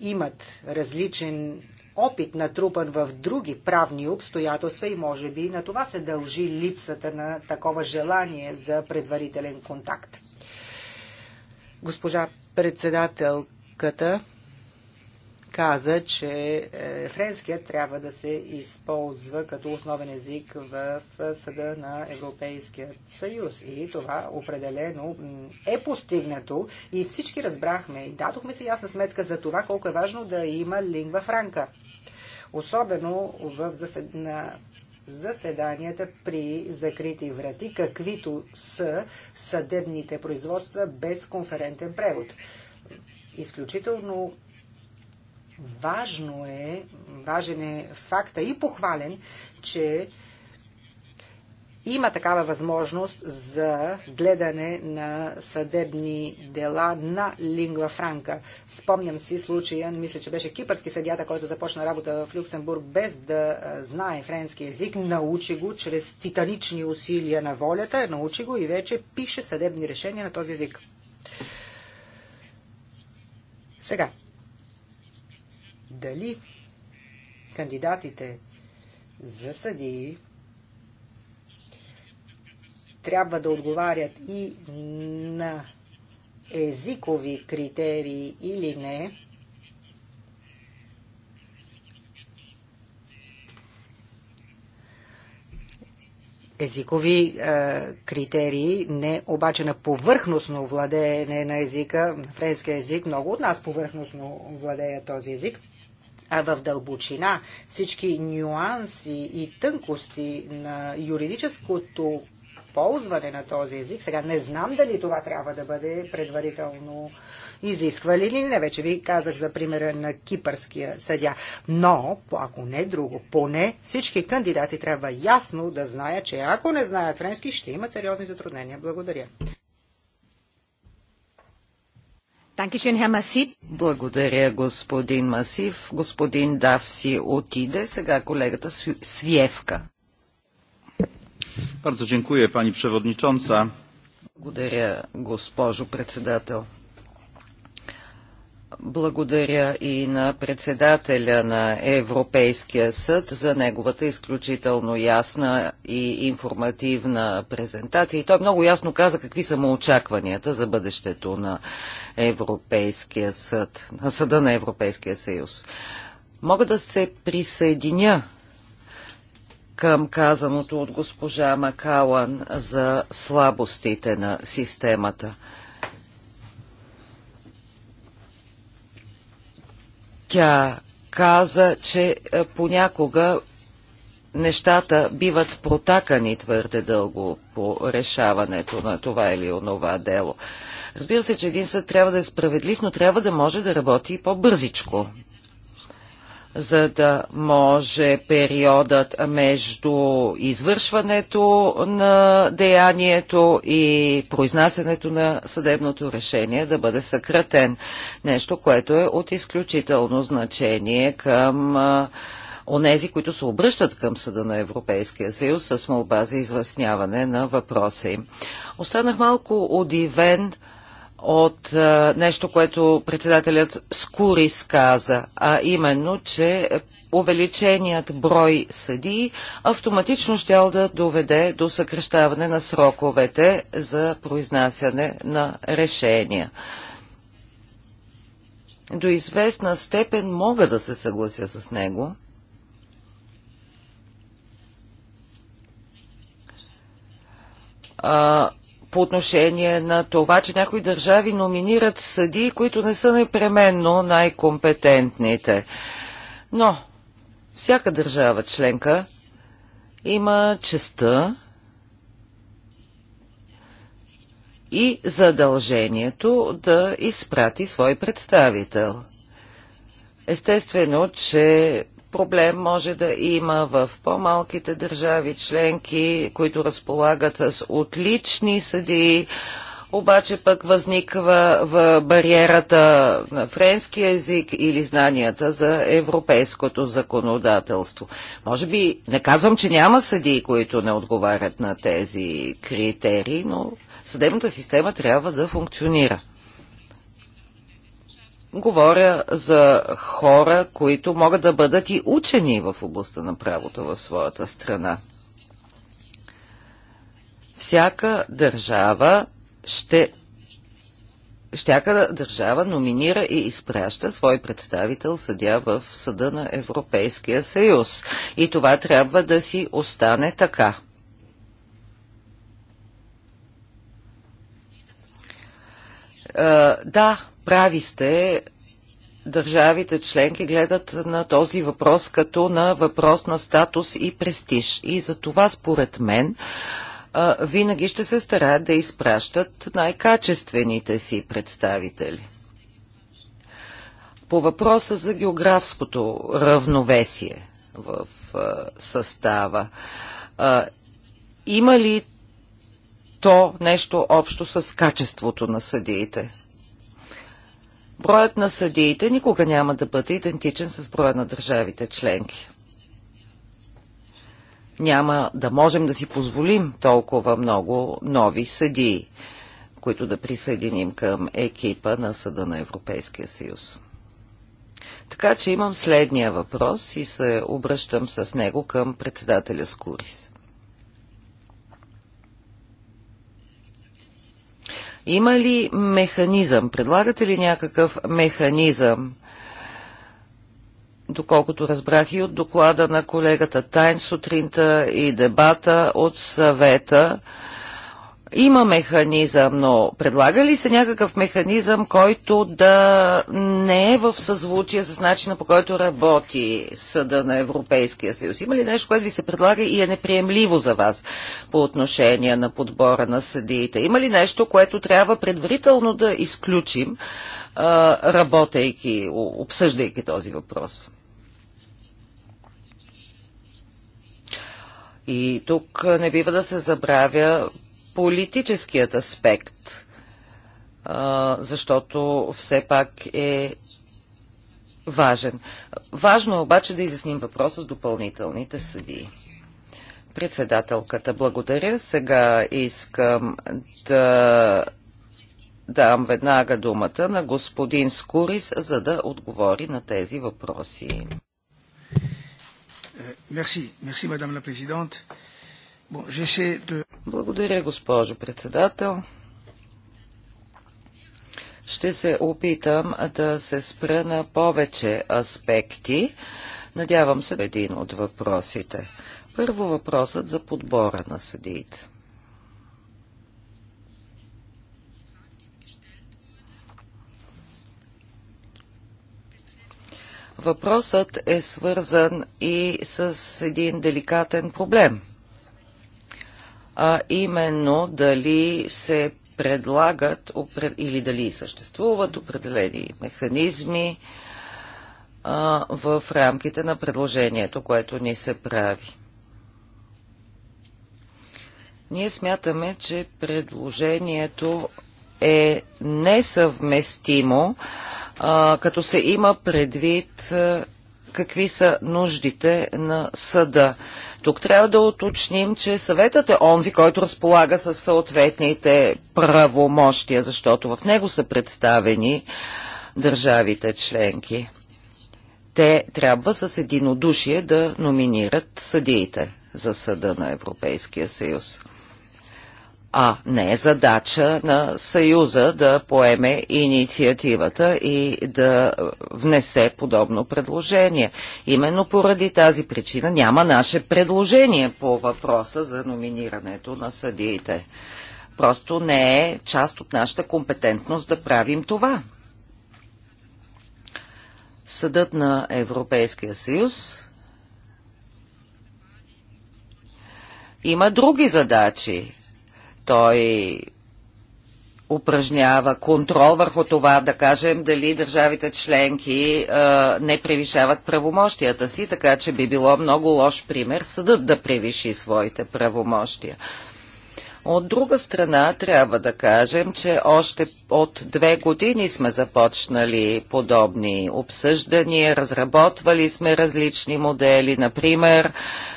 имат различен опит натрупан в други правни обстоятелства и може би на това се дължи липсата на такова желание за предварителен контакт. Госпожа председателката каза, че е, френският трябва да се използва като основен език в е, съда на Европейския съюз. И това определено е постигнато и всички разбрахме и дадохме се ясна сметка за това колко е важно да има лингва франка. Особено в засед... на заседанията при закрити врати, каквито са съдебните производства без конферентен превод. Изключително Важно е, важен е факта и похвален, че има такава възможност за гледане на съдебни дела на лингва франка. Спомням си случая, мисля, че беше кипърски съдята, който започна работа в Люксембург без да знае френски език, Научи го чрез титанични усилия на волята, научи го и вече пише съдебни решения на този език. Сега, дали кандидатите за съдии трябва да отговарят и на езикови критерии или не, езикови е, критерии, не обаче на повърхностно владеене на езика, на френския език, много от нас повърхностно владеят този език – а в дълбочина всички нюанси и тънкости на юридическото ползване на този език. Сега не знам дали това трябва да бъде предварително изисквали ли не, вече ви казах за примера на кипърския съдя. Но, ако не друго, поне всички кандидати трябва ясно да знаят, че ако не знаят френски, ще имат сериозни затруднения. Благодаря. Благодаря, господин Масив. Господин Дав си отиде. Сега колегата Свиевка. Благодаря, госпожо председател. Благодаря и на председателя на Европейския съд за неговата изключително ясна и информативна презентация. И той много ясно каза какви са му очакванията за бъдещето на Европейския съд, на съда на Европейския съюз. Мога да се присъединя към казаното от госпожа Макалан за слабостите на системата – Тя каза, че е, понякога нещата биват протакани твърде дълго по решаването на това или онова дело. Разбира се, че един съд трябва да е справедлив, но трябва да може да работи и по-бързичко за да може периодът между извършването на деянието и произнасянето на съдебното решение да бъде съкратен. Нещо, което е от изключително значение към онези, които се обръщат към Съда на Европейския съюз с молба за изясняване на въпроса им. Останах малко удивен от а, е, нещо, което председателят Скурис каза, а именно, че увеличеният брой съдии автоматично ще да доведе до съкрещаване на сроковете за произнасяне на решения. До известна степен мога да се съглася с него. А, по отношение на това, че някои държави номинират съди, които не са непременно най-компетентните. Но всяка държава членка има честа и задължението да изпрати свой представител. Естествено, че проблем може да има в по-малките държави членки, които разполагат с отлични съдии, обаче пък възниква в бариерата на френски язик или знанията за европейското законодателство. Може би, не казвам, че няма съдии, които не отговарят на тези критерии, но съдебната система трябва да функционира. Говоря за хора, които могат да бъдат и учени в областта на правото в своята страна. Всяка държава ще Щяка държава номинира и изпраща свой представител съдя в Съда на Европейския съюз. И това трябва да си остане така. Е, да, прави сте, държавите членки гледат на този въпрос като на въпрос на статус и престиж. И за това, според мен, е, винаги ще се стараят да изпращат най-качествените си представители. По въпроса за географското равновесие в е, състава, има ли то нещо общо с качеството на съдиите. Броят на съдиите никога няма да бъде идентичен с броя на държавите членки. Няма да можем да си позволим толкова много нови съдии, които да присъединим към екипа на Съда на Европейския съюз. Така че имам следния въпрос и се обръщам с него към председателя Скурис. Има ли механизъм? Предлагате ли някакъв механизъм? Доколкото разбрах и от доклада на колегата Тайн сутринта и дебата от съвета, има механизъм, но предлага ли се някакъв механизъм, който да не е в съзвучие с начина по който работи Съда на Европейския съюз? Има ли нещо, което ви се предлага и е неприемливо за вас по отношение на подбора на съдиите? Има ли нещо, което трябва предварително да изключим, работейки, обсъждайки този въпрос? И тук не бива да се забравя политическият аспект, защото все пак е важен. Важно е обаче да изясним въпроса с допълнителните съдии. Председателката, благодаря. Сега искам да дам веднага думата на господин Скурис, за да отговори на тези въпроси. Е, мерси, мерси, мадам ла президент. Благодаря, госпожо председател. Ще се опитам да се спра на повече аспекти. Надявам се един от въпросите. Първо въпросът за подбора на съдиите. Въпросът е свързан и с един деликатен проблем – а именно дали се предлагат или дали съществуват определени механизми а, в рамките на предложението, което ни се прави. Ние смятаме, че предложението е несъвместимо, а, като се има предвид а, какви са нуждите на съда. Тук трябва да уточним, че съветът е онзи, който разполага с съответните правомощия, защото в него са представени държавите членки. Те трябва с единодушие да номинират съдиите за съда на Европейския съюз а не е задача на Съюза да поеме инициативата и да внесе подобно предложение. Именно поради тази причина няма наше предложение по въпроса за номинирането на съдиите. Просто не е част от нашата компетентност да правим това. Съдът на Европейския съюз има други задачи той упражнява контрол върху това, да кажем, дали държавите членки а, не превишават правомощията си, така че би било много лош пример съдът да превиши своите правомощия. От друга страна, трябва да кажем, че още от две години сме започнали подобни обсъждания, разработвали сме различни модели, например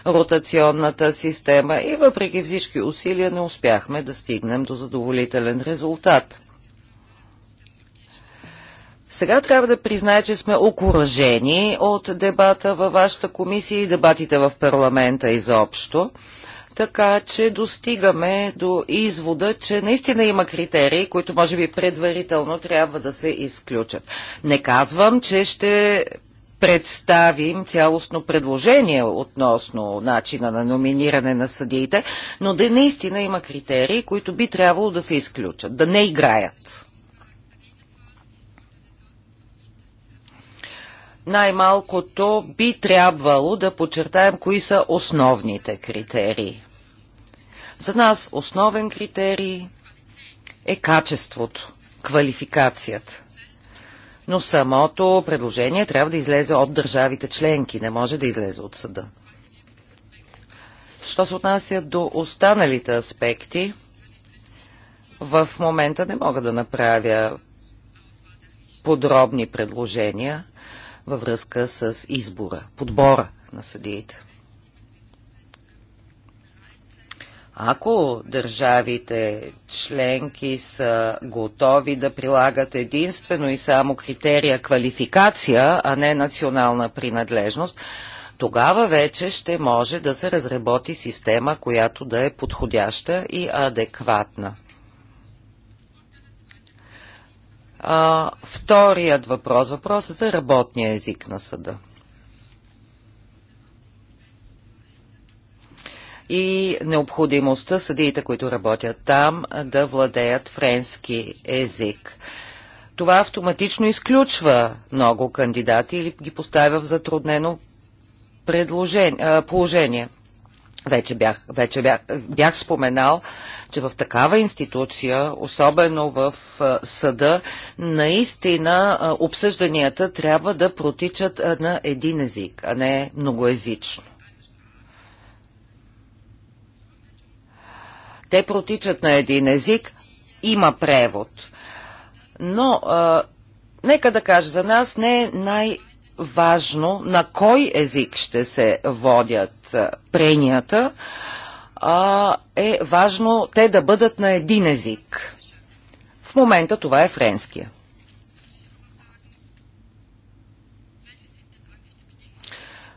ротационната система и въпреки всички усилия не успяхме да стигнем до задоволителен резултат. Сега трябва да призная, че сме окоръжени от дебата във вашата комисия и дебатите в парламента изобщо така че достигаме до извода, че наистина има критерии, които може би предварително трябва да се изключат. Не казвам, че ще представим цялостно предложение относно начина на номиниране на съдиите, но да наистина има критерии, които би трябвало да се изключат, да не играят. Най-малкото би трябвало да подчертаем кои са основните критерии. За нас основен критерий е качеството, квалификацията. Но самото предложение трябва да излезе от държавите членки, не може да излезе от съда. Що се отнася до останалите аспекти, в момента не мога да направя подробни предложения във връзка с избора, подбора на съдиите. Ако държавите членки са готови да прилагат единствено и само критерия квалификация, а не национална принадлежност, тогава вече ще може да се разработи система, която да е подходяща и адекватна. А, вторият въпрос, въпрос за работния език на съда. и необходимостта съдиите, които работят там, да владеят френски език. Това автоматично изключва много кандидати или ги поставя в затруднено положение. Вече, бях, вече бях, бях споменал, че в такава институция, особено в съда, наистина обсъжданията трябва да протичат на един език, а не многоезично. Те протичат на един език, има превод. Но, а, нека да кажа, за нас не е най- важно на кой език ще се водят пренията, а е важно те да бъдат на един език. В момента това е френския.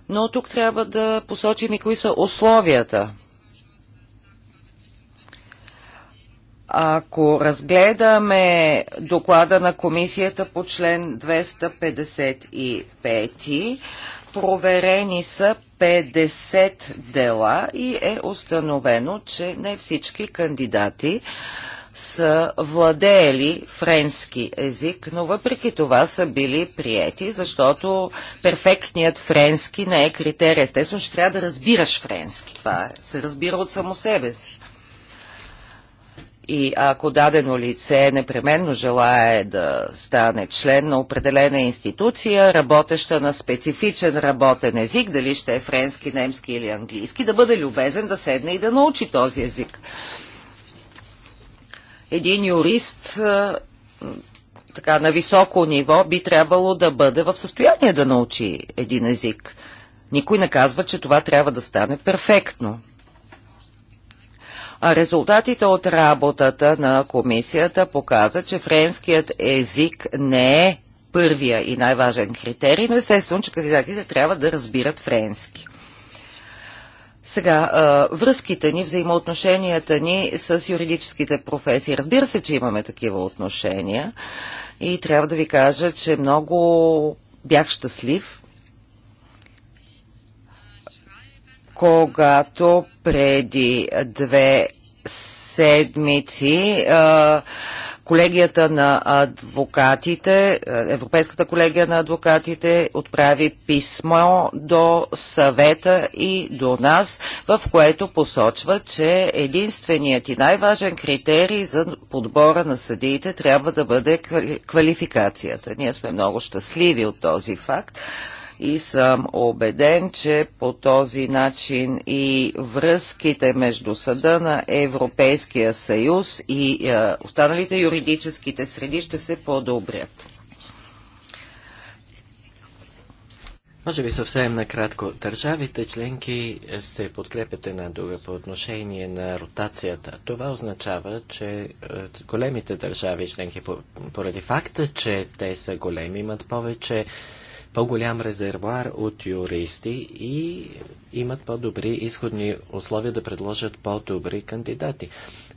Но тук трябва да посочим и кои са условията – Ако разгледаме доклада на комисията по член 255, проверени са 50 дела и е установено, че не всички кандидати са владеели френски език, но въпреки това са били приети, защото перфектният френски не е критерий. Естествено, ще трябва да разбираш френски. Това се разбира от само себе си. И ако дадено лице непременно желае да стане член на определена институция, работеща на специфичен работен език, дали ще е френски, немски или английски, да бъде любезен да седне и да научи този език. Един юрист е, така на високо ниво би трябвало да бъде в състояние да научи един език. Никой не казва, че това трябва да стане перфектно. Резултатите от работата на комисията показват, че френският език не е първия и най-важен критерий, но естествено, че кандидатите трябва да разбират френски. Сега, връзките ни, взаимоотношенията ни с юридическите професии. Разбира се, че имаме такива отношения и трябва да ви кажа, че много бях щастлив, когато преди две седмици колегията на адвокатите, Европейската колегия на адвокатите отправи писмо до съвета и до нас, в което посочва, че единственият и най-важен критерий за подбора на съдиите трябва да бъде квалификацията. Ние сме много щастливи от този факт и съм убеден, че по този начин и връзките между съда на Европейския съюз и е, останалите юридическите среди ще се подобрят. Може би съвсем накратко. Държавите членки се подкрепят една друга по отношение на ротацията. Това означава, че е, големите държави членки, поради факта, че те са големи, имат повече по-голям резервуар от юристи и имат по-добри изходни условия да предложат по-добри кандидати.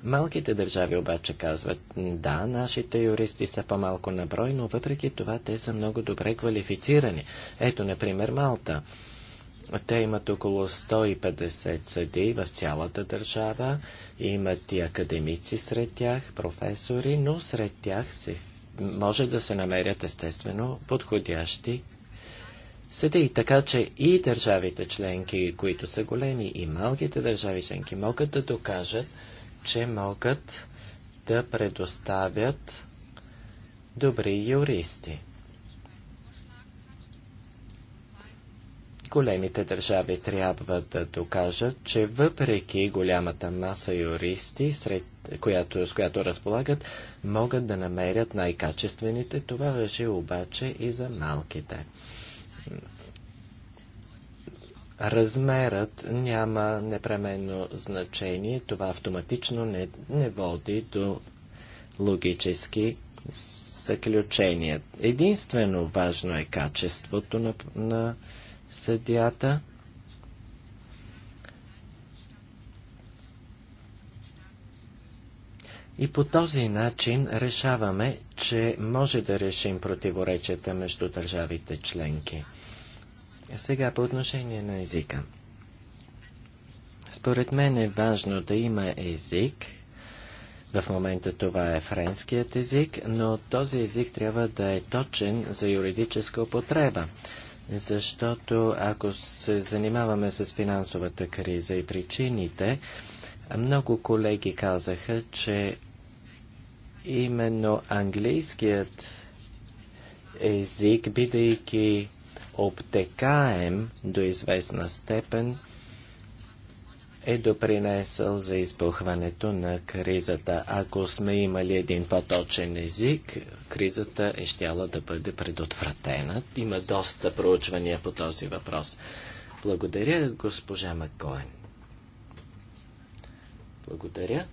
Малките държави обаче казват, да, нашите юристи са по-малко на брой, но въпреки това те са много добре квалифицирани. Ето, например, Малта. Те имат около 150 съди в цялата държава, имат и академици сред тях, професори, но сред тях се, може да се намерят естествено подходящи и Така че и държавите членки, които са големи, и малките държави членки могат да докажат, че могат да предоставят добри юристи. Големите държави трябва да докажат, че въпреки голямата маса юристи, сред която, с която разполагат, могат да намерят най-качествените. Това въжи обаче и за малките размерът няма непременно значение. Това автоматично не, не води до логически заключения. Единствено важно е качеството на, на съдията – И по този начин решаваме, че може да решим противоречията между държавите членки. Сега по отношение на езика. Според мен е важно да има език. В момента това е френският език, но този език трябва да е точен за юридическа употреба. Защото ако се занимаваме с финансовата криза и причините, много колеги казаха, че именно английският език, бидейки обтекаем до известна степен, е допринесъл за избухването на кризата. Ако сме имали един поточен език, кризата е щяла да бъде предотвратена. Има доста проучвания по този въпрос. Благодаря, госпожа Маккоен. Благодаря.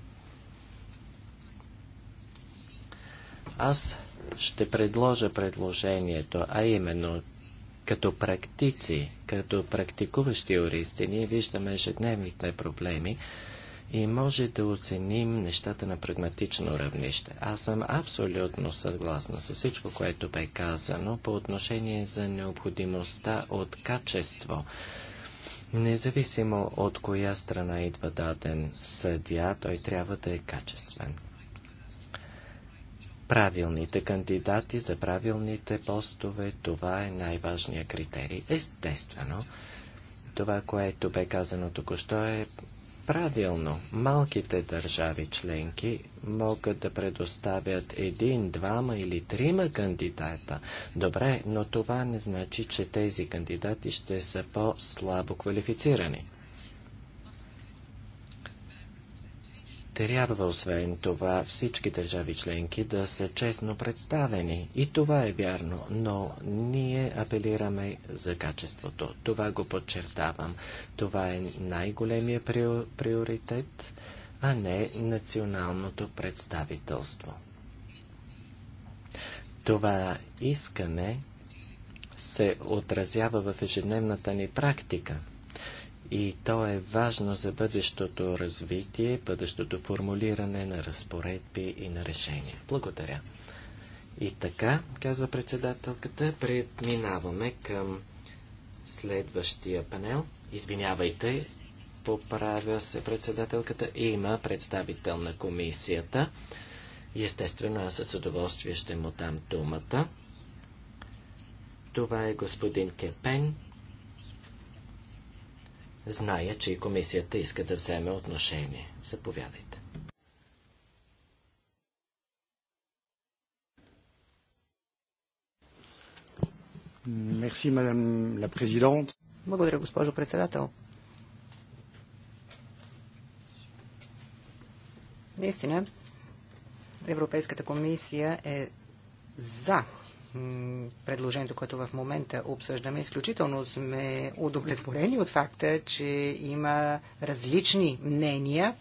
Аз ще предложа предложението, а именно като практици, като практикуващи юристи, ние виждаме ежедневните проблеми и може да оценим нещата на прагматично равнище. Аз съм абсолютно съгласна с всичко, което бе казано по отношение за необходимостта от качество Независимо от коя страна идва даден съдия, той трябва да е качествен. Правилните кандидати за правилните постове, това е най-важният критерий. Естествено, това, което бе казано току-що е правилно. Малките държави членки могат да предоставят един, двама или трима кандидата. Добре, но това не значи, че тези кандидати ще са по-слабо квалифицирани. трябва освен това всички държави членки да са честно представени. И това е вярно, но ние апелираме за качеството. Това го подчертавам. Това е най-големия приоритет, а не националното представителство. Това искане се отразява в ежедневната ни практика и то е важно за бъдещото развитие, бъдещото формулиране на разпоредби и на решения. Благодаря. И така, казва председателката, предминаваме към следващия панел. Извинявайте, поправя се председателката. Има представител на комисията. Естествено, аз с удоволствие ще му дам думата. Това е господин Кепен, Зная, че и комисията иска да вземе отношение. Заповядайте. Мерси, мадам ла президент. Благодаря, госпожо председател. Наистина, Европейската комисия е за предложението, което в момента обсъждаме. Изключително сме удовлетворени от факта, че има различни мнения,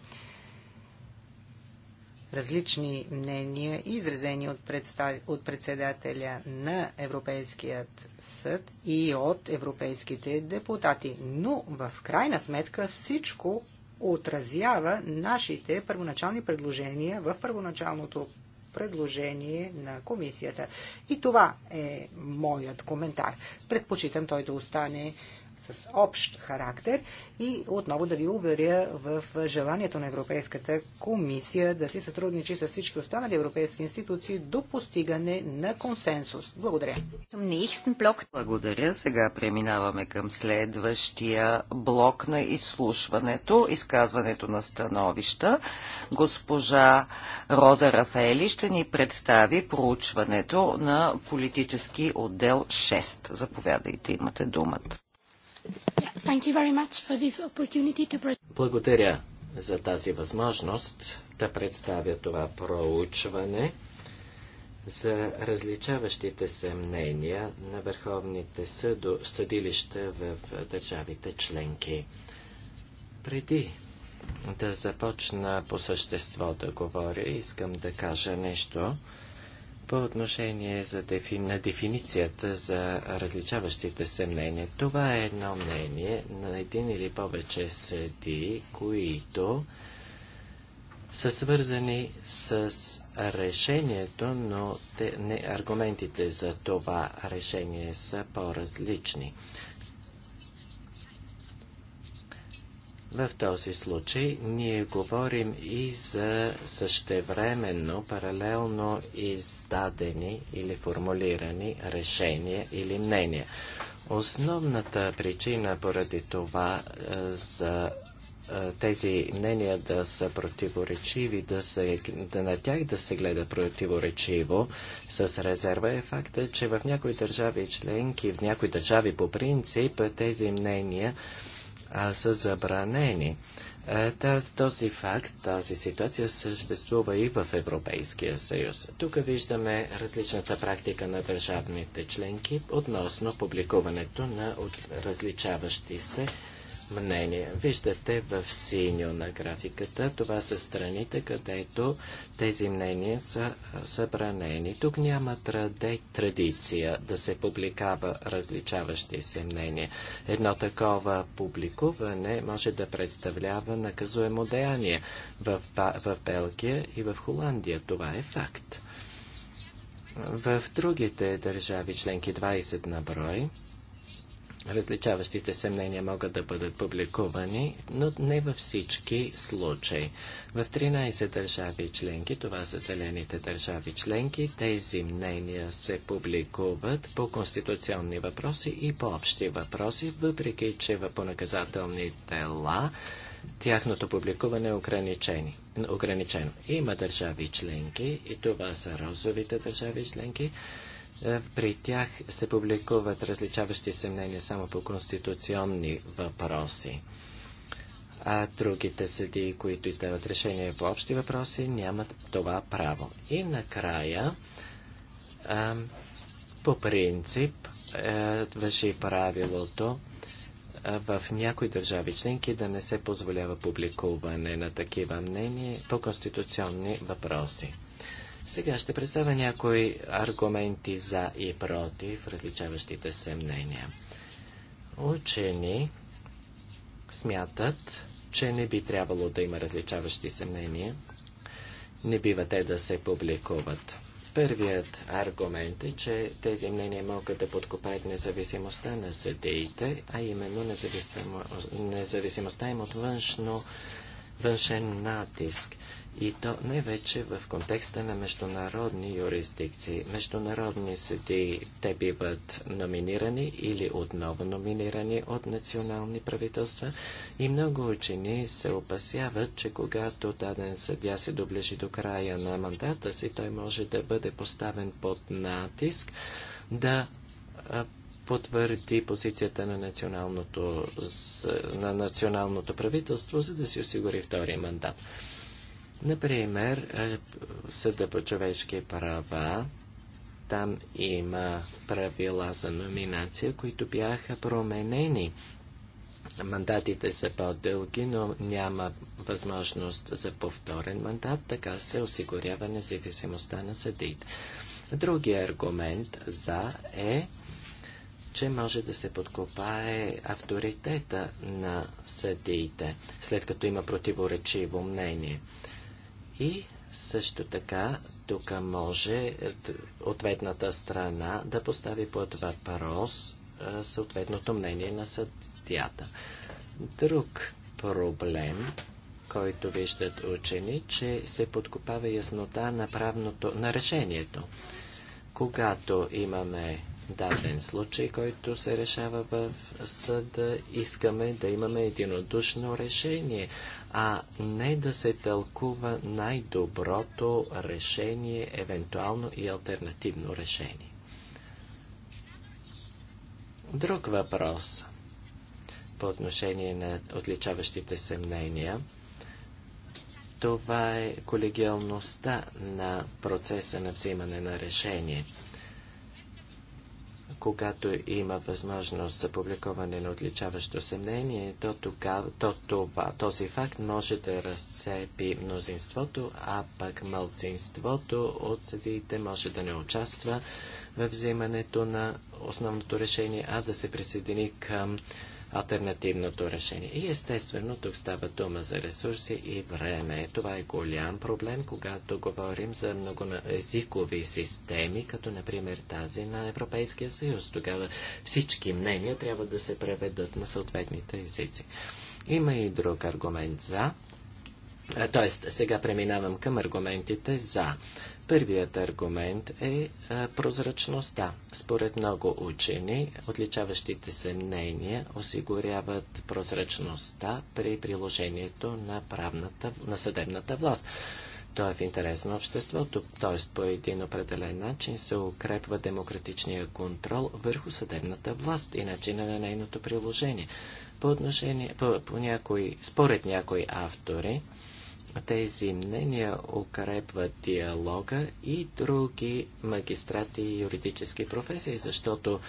различни мнения, изразени от, представ... от председателя на Европейският съд и от европейските депутати. Но в крайна сметка всичко отразява нашите първоначални предложения в първоначалното предложение на комисията. И това е моят коментар. Предпочитам той да остане с общ характер и отново да ви уверя в желанието на Европейската комисия да си сътрудничи с всички останали европейски институции до постигане на консенсус. Благодаря. Благодаря. Сега преминаваме към следващия блок на изслушването, изказването на становища. Госпожа Роза Рафаели ще ни представи проучването на политически отдел 6. Заповядайте, имате думата. Благодаря за тази възможност да представя това проучване за различаващите се мнения на върховните съду, съдилища в държавите членки. Преди да започна по същество да говоря, искам да кажа нещо по отношение за дефи... на дефиницията за различаващите се мнения. Това е едно мнение на един или повече съди, които са свързани с решението, но те, не, аргументите за това решение са по-различни. В този случай ние говорим и за същевременно, паралелно издадени или формулирани решения или мнения. Основната причина поради това е, за е, тези мнения да са противоречиви, да, се, да на тях да се гледа противоречиво с резерва е факта, че в някои държави членки, в някои държави по принцип тези мнения а, са забранени. Е, Таз, този факт, тази ситуация съществува и в Европейския съюз. Тук виждаме различната практика на държавните членки относно публикуването на различаващи се мнение. Виждате в синьо на графиката, това са страните, където тези мнения са събранени. Тук няма традиция да се публикава различаващи се мнения. Едно такова публикуване може да представлява наказуемо деяние. В, в Белгия и в Холандия това е факт. В другите държави, членки 20 на брой, Различаващите се мнения могат да бъдат публикувани, но не във всички случаи. В 13 държави членки, това са зелените държави членки, тези мнения се публикуват по конституционни въпроси и по общи въпроси, въпреки че по понаказателни дела тяхното публикуване е ограничено. Има държави членки, и това са розовите държави членки, е, при тях се публикуват различаващи се мнения само по конституционни въпроси. А другите съдии, които издават решения по общи въпроси, нямат това право. И накрая, по принцип, е, върши правилото в някои държави членки да не се позволява публикуване на такива мнения по конституционни въпроси. Сега ще представя някои аргументи за и против различаващите се мнения. Учени смятат, че не би трябвало да има различаващи се мнения. Не бива те да се публикуват. Първият аргумент е, че тези мнения могат да подкопаят независимостта на съдеите, а именно независимо, независимостта им от външно, външен натиск и то не вече в контекста на международни юрисдикции. Международни съдии, те биват номинирани или отново номинирани от национални правителства и много учени се опасяват, че когато даден съдя се доближи до края на мандата си, той може да бъде поставен под натиск да потвърди позицията на националното, на националното правителство, за да си осигури втори мандат. Например, е, Съда по човешки права, там има правила за номинация, които бяха променени. Мандатите са по-дълги, но няма възможност за повторен мандат, така се осигурява независимостта на съдиите. Другия аргумент за е, че може да се подкопае авторитета на съдиите, след като има противоречиво мнение. И също така, тук може ответната страна да постави под въпрос съответното мнение на съдията. Друг проблем, който виждат учени, че се подкопава яснота на правното на решението. Когато имаме даден случай, който се решава в съда, искаме да имаме единодушно решение, а не да се тълкува най-доброто решение, евентуално и альтернативно решение. Друг въпрос по отношение на отличаващите се мнения това е колегиалността на процеса на взимане на решение когато има възможност за публикуване на отличаващо се мнение, то, тогава, то това, този факт може да разцепи мнозинството, а пък мълцинството от съдиите може да не участва в взимането на основното решение, а да се присъедини към альтернативното решение. И естествено, тук става дума за ресурси и време. Това е голям проблем, когато говорим за многоезикови системи, като например тази на Европейския съюз. Тогава всички мнения трябва да се преведат на съответните езици. Има и друг аргумент за. Тоест, сега преминавам към аргументите за Първият аргумент е а, прозрачността. Според много учени, отличаващите се мнения осигуряват прозрачността при приложението на, правната, на съдебната власт. То е в интерес на обществото, т.е. по един определен начин се укрепва демократичния контрол върху съдебната власт и начина на нейното приложение. По, отношение, по, по някой, според някои автори, тези мнения укрепват диалога и други магистрати и юридически професии, защото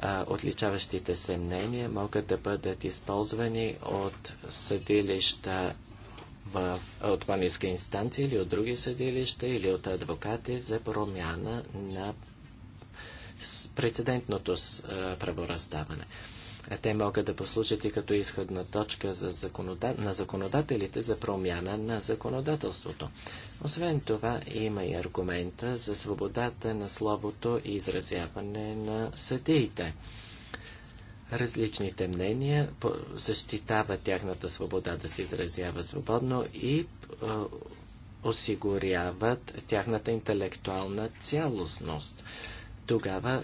а, отличаващите се мнения могат да бъдат използвани от съдилища в, от планинска инстанция или от други съдилища или от адвокати за промяна на прецедентното правораздаване. Те могат да послужат и като изходна точка за законода... на законодателите за промяна на законодателството. Освен това, има и аргумента за свободата на словото и изразяване на съдиите. Различните мнения защитават тяхната свобода да се изразяват свободно и осигуряват тяхната интелектуална цялостност тогава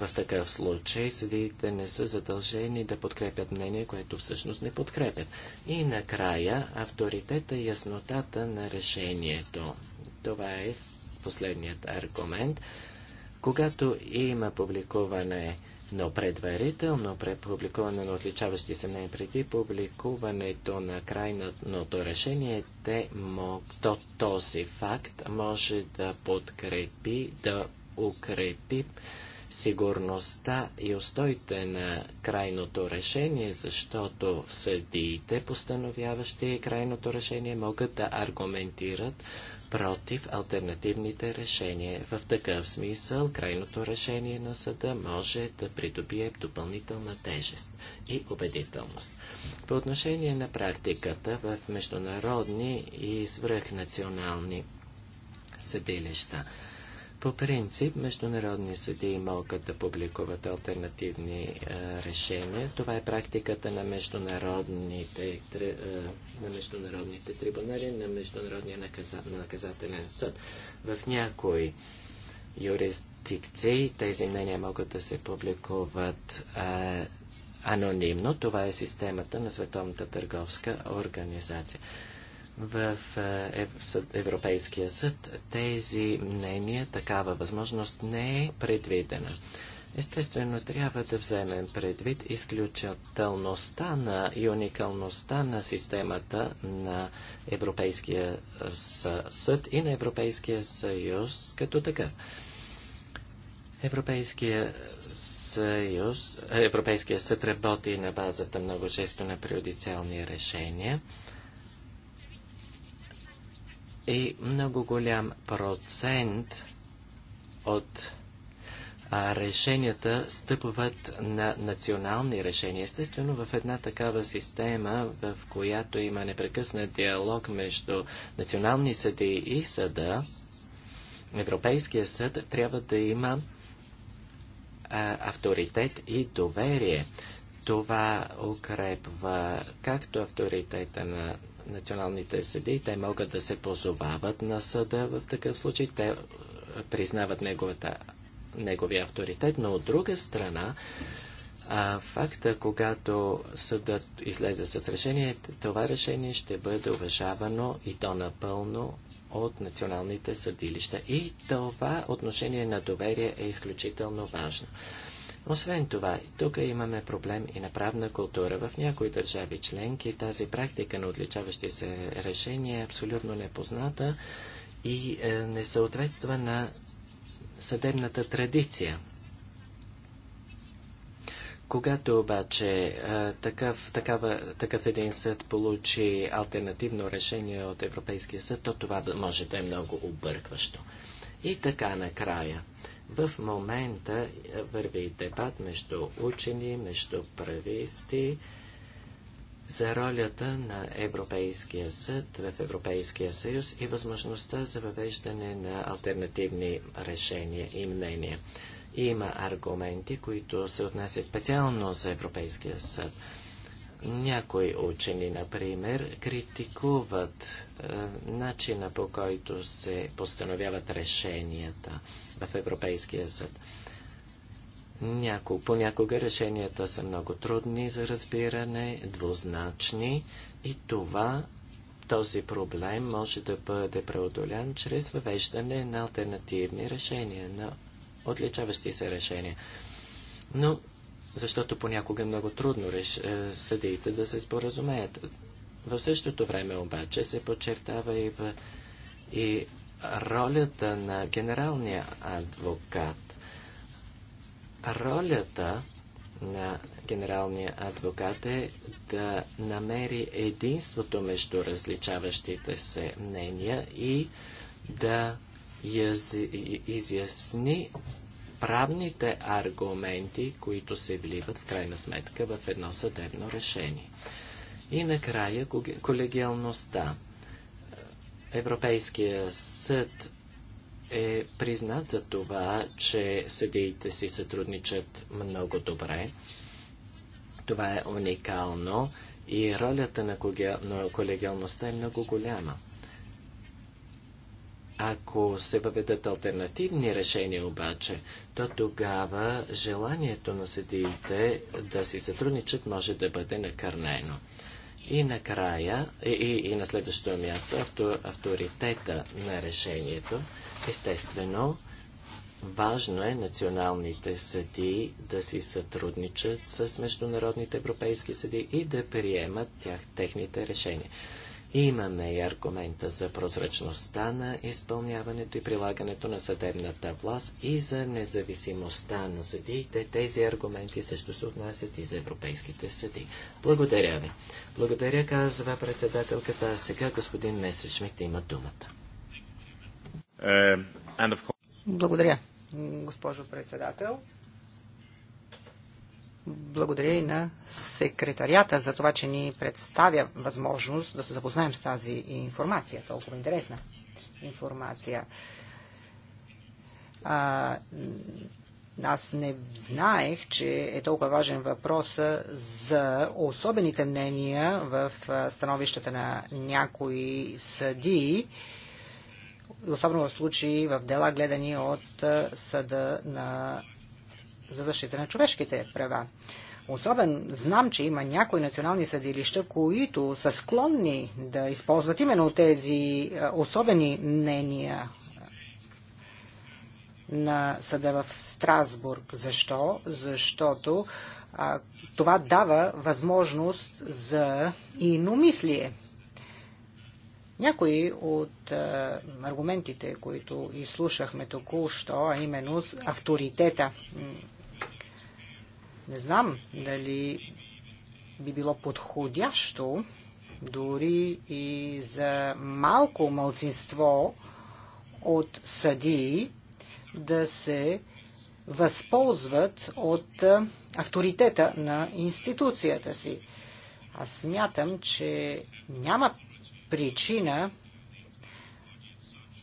в такъв случай съдиите не са задължени да подкрепят мнение, което всъщност не подкрепят. И накрая авторитета и яснотата на решението. Това е последният аргумент. Когато има публикуване но предварително публикуване на отличаващи се мнения преди публикуването на крайното решение, те мог, то, този факт може да подкрепи, да укрепи сигурността и устоите на крайното решение, защото съдиите, постановяващи крайното решение, могат да аргументират против альтернативните решения. В такъв смисъл, крайното решение на съда може да придобие допълнителна тежест и убедителност. По отношение на практиката в международни и свръхнационални съдилища. По принцип, международни съдии могат да публикуват альтернативни а, е, решения. Това е практиката на международните, а, е, на международните трибунали, на Международния наказа, наказателен съд. В някои юрисдикции тези мнения могат да се публикуват а, е, анонимно. Това е системата на Световната търговска организация в е, е, Европейския съд тези мнения, такава възможност не е предвидена. Естествено, трябва да вземем предвид изключителността на и уникалността на системата на Европейския съд и на Европейския съюз като така. Европейския съюз, Европейския съд работи на базата много често на приодициални решения – и е много голям процент от а, решенията стъпват на национални решения. Естествено, в една такава система, в която има непрекъснат диалог между национални съди и съда, Европейския съд трябва да има а, авторитет и доверие. Това укрепва както авторитета на националните съди. Те могат да се позовават на съда в такъв случай. Те е, признават неговата, неговия авторитет, но от друга страна, а, факта, когато съдът излезе с решение, това решение ще бъде уважавано и то напълно от националните съдилища. И това отношение на доверие е изключително важно. Освен това, тук имаме проблем и на правна култура. В някои държави членки тази практика на отличаващи се решения е абсолютно непозната и е, не съответства на съдебната традиция. Когато обаче е, такъв, такава, такъв един съд получи альтернативно решение от Европейския съд, то това може да е много объркващо. И така накрая. В момента върви дебат между учени, между прависти за ролята на Европейския съд в Европейския съюз и възможността за въвеждане на альтернативни решения и мнения. Има аргументи, които се отнасят специално за Европейския съд. Някои учени, например, критикуват е, начина по който се постановяват решенията в Европейския съд. Няко, понякога решенията са много трудни за разбиране, двузначни и това този проблем може да бъде преодолян чрез въвеждане на альтернативни решения, на отличаващи се решения. Но защото понякога е много трудно реш... Е, съдиите да се споразумеят. В същото време обаче се подчертава и, в... и ролята на генералния адвокат. Ролята на генералния адвокат е да намери единството между различаващите се мнения и да изясни правните аргументи, които се вливат в крайна сметка в едно съдебно решение. И накрая колегиалността. Европейския съд е признат за това, че съдиите си сътрудничат много добре. Това е уникално и ролята на колегиалността е много голяма. Ако се въведат альтернативни решения обаче, то тогава желанието на съдиите да си сътрудничат може да бъде накърнено. И накрая, и, и, и на следващото място, авто, авторитета на решението. Естествено, важно е националните съди да си сътрудничат с международните европейски съди и да приемат тях техните решения. Имаме и аргумента за прозрачността на изпълняването и прилагането на съдебната власт и за независимостта на съдиите. Тези аргументи също се отнасят и за европейските съди. Благодаря ви. Благодаря, казва председателката. А сега господин Месечмит има думата. Е, Благодаря, госпожо председател. Благодаря и на секретарията за това, че ни представя възможност да се запознаем с тази информация. Толкова интересна информация. А, аз не знаех, че е толкова важен въпрос за особените мнения в становищата на някои съдии, особено в случаи в дела гледани от съда на за защита на човешките права. Особен знам, че има някои национални съдилища, които са склонни да използват именно тези е, особени мнения е, на съда в Страсбург. Защо? Защото а, това дава възможност за иномислие. Някои от а, е, аргументите, които изслушахме току-що, а именно с авторитета не знам дали би било подходящо дори и за малко мълцинство от съдии да се възползват от авторитета на институцията си. Аз смятам, че няма причина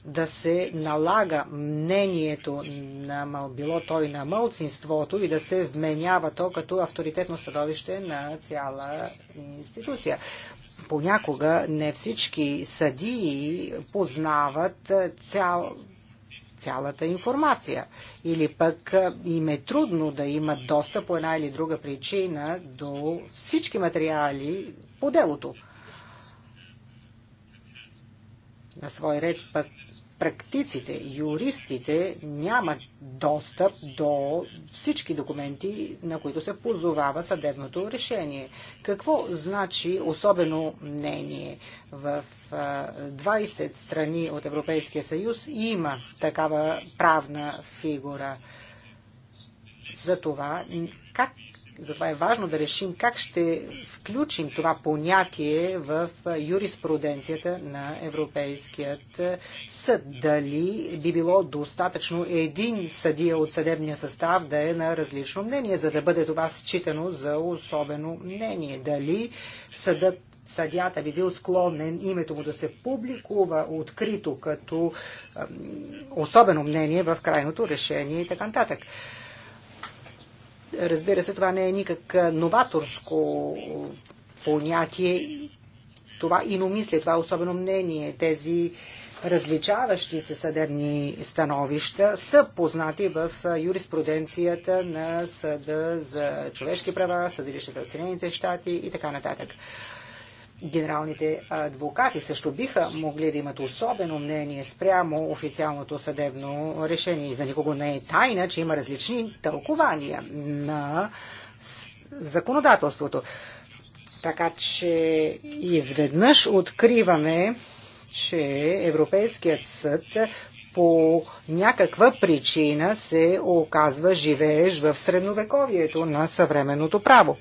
да се налага мнението на било той на мълцинството и да се вменява то като авторитетно становище на цяла институция. Понякога не всички съдии познават цял, цялата информация. Или пък им е трудно да имат достъп по една или друга причина до всички материали по делото. На свой ред пък практиците, юристите нямат достъп до всички документи, на които се позовава съдебното решение. Какво значи особено мнение? В 20 страни от Европейския съюз има такава правна фигура. За това как затова е важно да решим как ще включим това понятие в юриспруденцията на Европейският съд. Дали би било достатъчно един съдия от съдебния състав да е на различно мнение, за да бъде това считано за особено мнение. Дали съдът съдята би бил склонен името му да се публикува открито като особено мнение в крайното решение и така нататък. Разбира се, това не е никак новаторско понятие. Това иномислие, това е особено мнение. Тези различаващи се съдебни становища са познати в юриспруденцията на Съда за човешки права, съдилищата в Съединените щати и така нататък генералните адвокати също биха могли да имат особено мнение спрямо официалното съдебно решение. И за никого не е тайна, че има различни тълкования на законодателството. Така че изведнъж откриваме, че Европейският съд по някаква причина се оказва живееш в средновековието на съвременното право.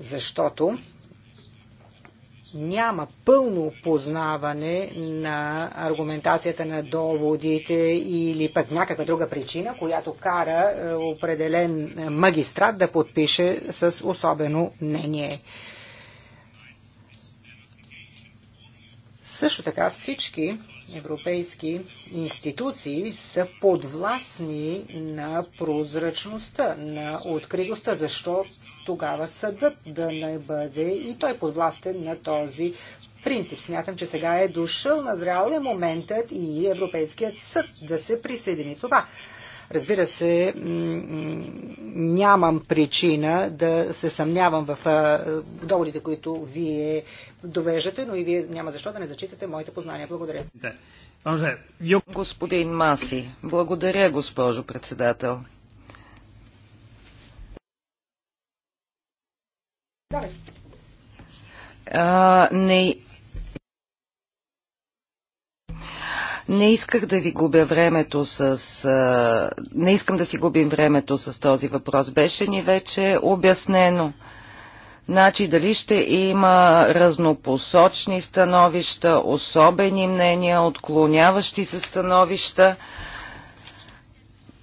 Защото няма пълно познаване на аргументацията на доводите или пък някаква друга причина, която кара е, определен магистрат да подпише с особено мнение. Също така всички европейски институции са подвластни на прозрачността, на откритостта. Защо тогава съдът да не бъде и той подвластен на този принцип? Смятам, че сега е дошъл, назрял е моментът и Европейският съд да се присъедини това. Разбира се, нямам причина да се съмнявам в доводите, които вие довеждате, но и вие няма защо да не зачитате моите познания. Благодаря. Господин Маси, благодаря, госпожо председател. А, не Не исках да ви губя времето с... Не искам да си губим времето с този въпрос. Беше ни вече обяснено. Значи дали ще има разнопосочни становища, особени мнения, отклоняващи се становища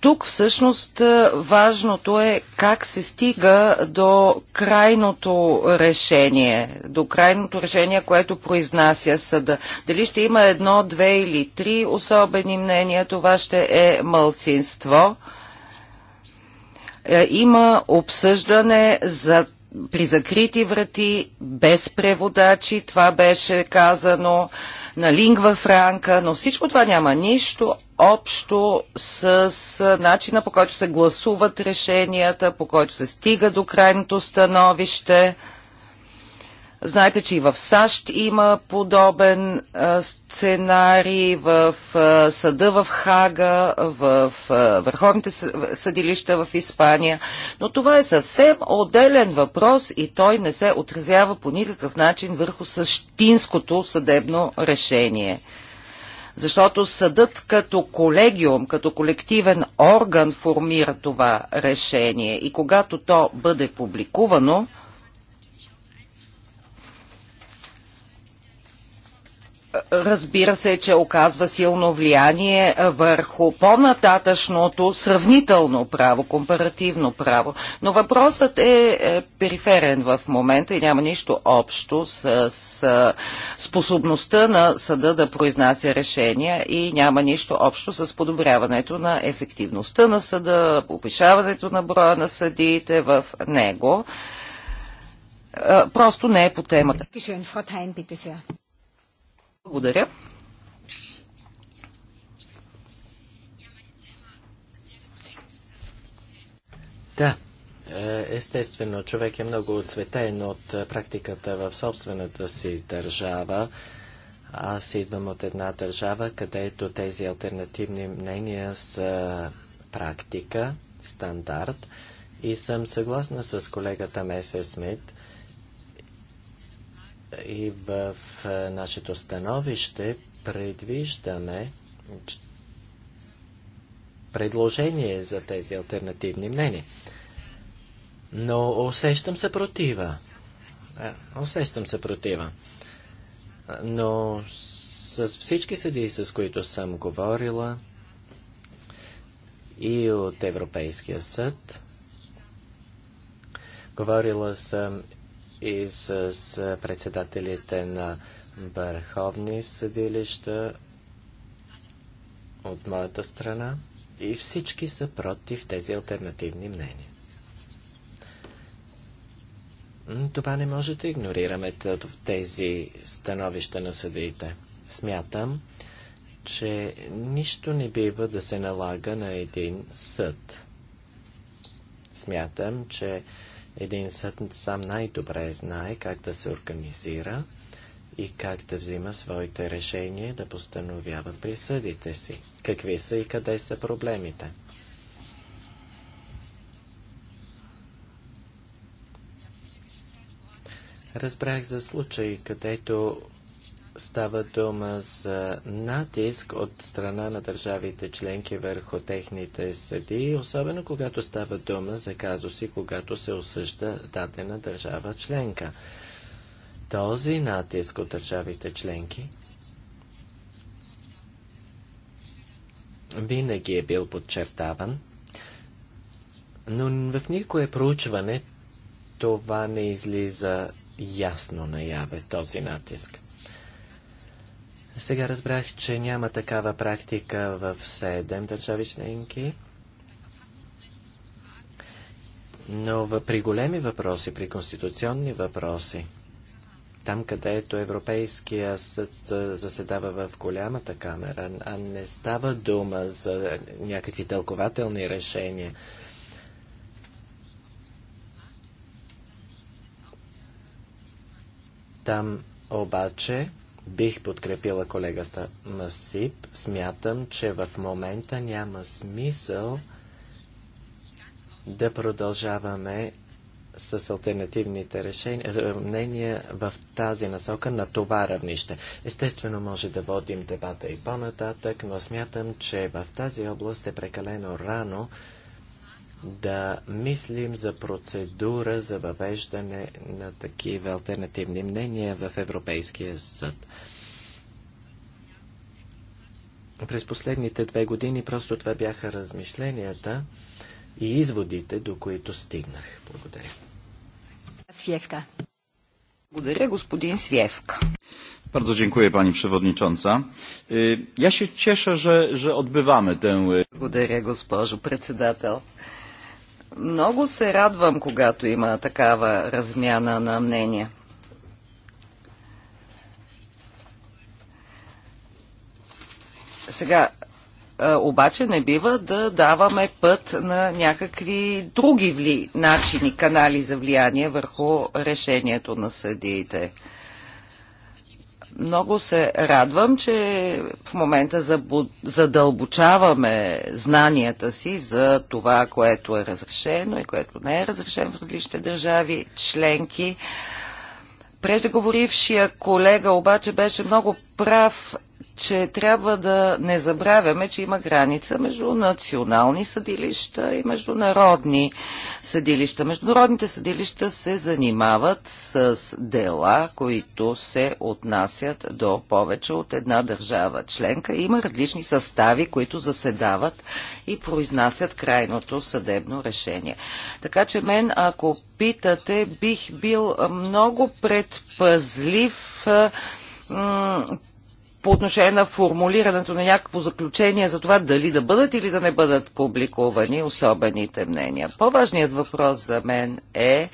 тук всъщност е, важното е как се стига до крайното решение, до крайното решение, което произнася съда. Дали ще има едно, две или три особени мнения, това ще е мълцинство. Е, има обсъждане за при закрити врати, без преводачи, това беше казано на лингва франка, но всичко това няма нищо общо с начина по който се гласуват решенията, по който се стига до крайното становище. Знаете, че и в САЩ има подобен сценарий в съда в Хага, в върховните съдилища в Испания, но това е съвсем отделен въпрос и той не се отразява по никакъв начин върху същинското съдебно решение. Защото съдът като колегиум, като колективен орган формира това решение и когато то бъде публикувано, разбира се, че оказва силно влияние върху по-нататъчното сравнително право, компаративно право. Но въпросът е, е периферен в момента и няма нищо общо с, с способността на съда да произнася решения и няма нищо общо с подобряването на ефективността на съда, повишаването на броя на съдиите в него. Е, просто не е по темата. Благодаря. Да, е, естествено, човек е много отцветен от е, практиката в собствената си държава. Аз идвам от една държава, където тези альтернативни мнения са практика, стандарт. И съм съгласна с колегата Месер Смит, и в е, нашето становище предвиждаме предложение за тези альтернативни мнения. Но усещам се протива. Е, усещам се протива. Но с всички съдии, с които съм говорила, и от Европейския съд, говорила съм и с председателите на върховни съдилища от моята страна и всички са против тези альтернативни мнения. Това не може да игнорираме тези становища на съдиите. Смятам, че нищо не бива да се налага на един съд. Смятам, че един съд сам най-добре знае как да се организира и как да взима своите решения да постановява присъдите си. Какви са и къде са проблемите? Разбрах за случаи, където става дума за натиск от страна на държавите членки върху техните съди, особено когато става дума за казуси, когато се осъжда дадена държава членка. Този натиск от държавите членки винаги е бил подчертаван, но в никое проучване това не излиза ясно наяве, този натиск. Сега разбрах, че няма такава практика в 7 държави членки. Но при големи въпроси, при конституционни въпроси, там където Европейския съд заседава в голямата камера, а не става дума за някакви тълкователни решения, там обаче Бих подкрепила колегата Масип. Смятам, че в момента няма смисъл да продължаваме с альтернативните решения, е, мнения в тази насока на това равнище. Естествено, може да водим дебата и по-нататък, но смятам, че в тази област е прекалено рано да мислим за процедура за въвеждане на такива альтернативни мнения в Европейския съд. През последните две години просто това бяха размишленията и изводите, до които стигнах. Благодаря. Свиевка. Благодаря, господин Свиевка. Bardzo dziękuję Pani Przewodnicząca. Ja się cieszę, że, że odbywamy tę... Благодаря, госпожо председател. Много се радвам, когато има такава размяна на мнения. Сега, обаче не бива да даваме път на някакви други вли... начини, канали за влияние върху решението на съдиите. Много се радвам, че в момента задълбочаваме знанията си за това, което е разрешено и което не е разрешено в различните държави, членки. Преждеговорившия колега обаче беше много прав че трябва да не забравяме, че има граница между национални съдилища и международни съдилища. Международните съдилища се занимават с дела, които се отнасят до повече от една държава членка. Има различни състави, които заседават и произнасят крайното съдебно решение. Така че мен, ако питате, бих бил много предпазлив по отношение на формулирането на някакво заключение за това дали да бъдат или да не бъдат публикувани особените мнения. По-важният въпрос за мен е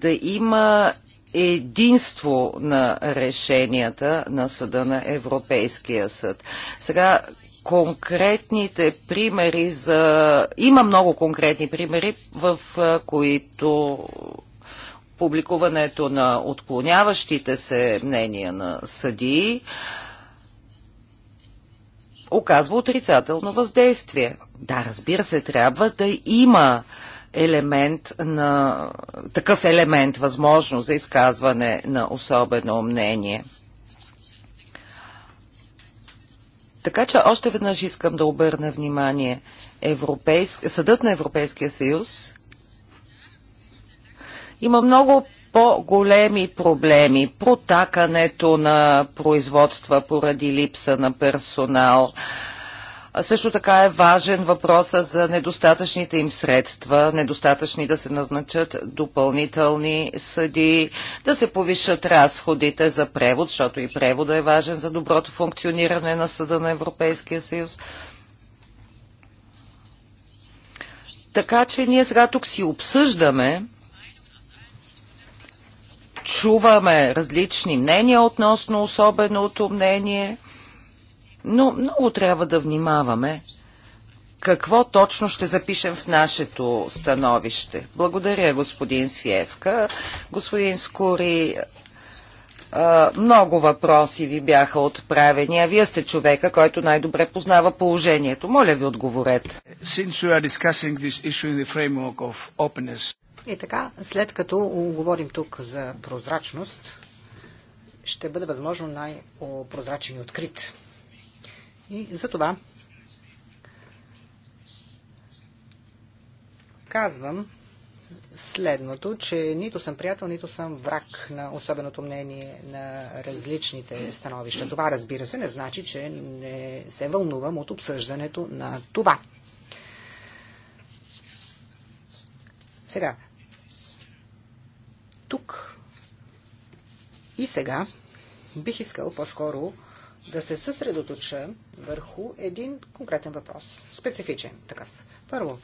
да има единство на решенията на Съда на Европейския съд. Сега конкретните примери за... Има много конкретни примери, в които публикуването на отклоняващите се мнения на съдии оказва отрицателно въздействие. Да, разбира се, трябва да има елемент на, такъв елемент, възможност за изказване на особено мнение. Така че още веднъж искам да обърна внимание. Европейск... Съдът на Европейския съюз има много по-големи проблеми. Протакането на производства поради липса на персонал. Също така е важен въпросът за недостатъчните им средства, недостатъчни да се назначат допълнителни съди, да се повишат разходите за превод, защото и превода е важен за доброто функциониране на Съда на Европейския съюз. Така че ние сега тук си обсъждаме чуваме различни мнения относно особеното мнение, но много трябва да внимаваме какво точно ще запишем в нашето становище. Благодаря, господин Свиевка. Господин Скори, много въпроси ви бяха отправени, а вие сте човека, който най-добре познава положението. Моля ви, отговорете. И така, след като говорим тук за прозрачност, ще бъде възможно най-прозрачен и открит. И за това казвам следното, че нито съм приятел, нито съм враг на особеното мнение на различните становища. Това, разбира се, не значи, че не се вълнувам от обсъждането на това. Сега, тук и сега бих искал по-скоро да се съсредоточа върху един конкретен въпрос. Специфичен такъв. Първо,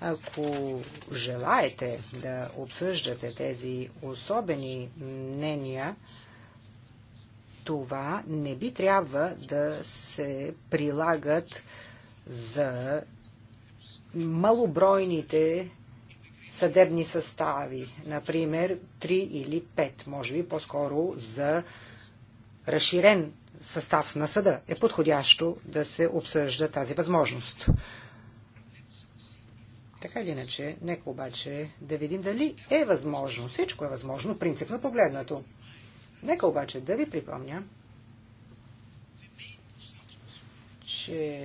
ако желаете да обсъждате тези особени мнения, това не би трябва да се прилагат за малобройните съдебни състави, например 3 или 5, може би по-скоро за разширен състав на съда, е подходящо да се обсъжда тази възможност. Така или иначе, нека обаче да видим дали е възможно. Всичко е възможно, принципно погледнато. Нека обаче да ви припомня, че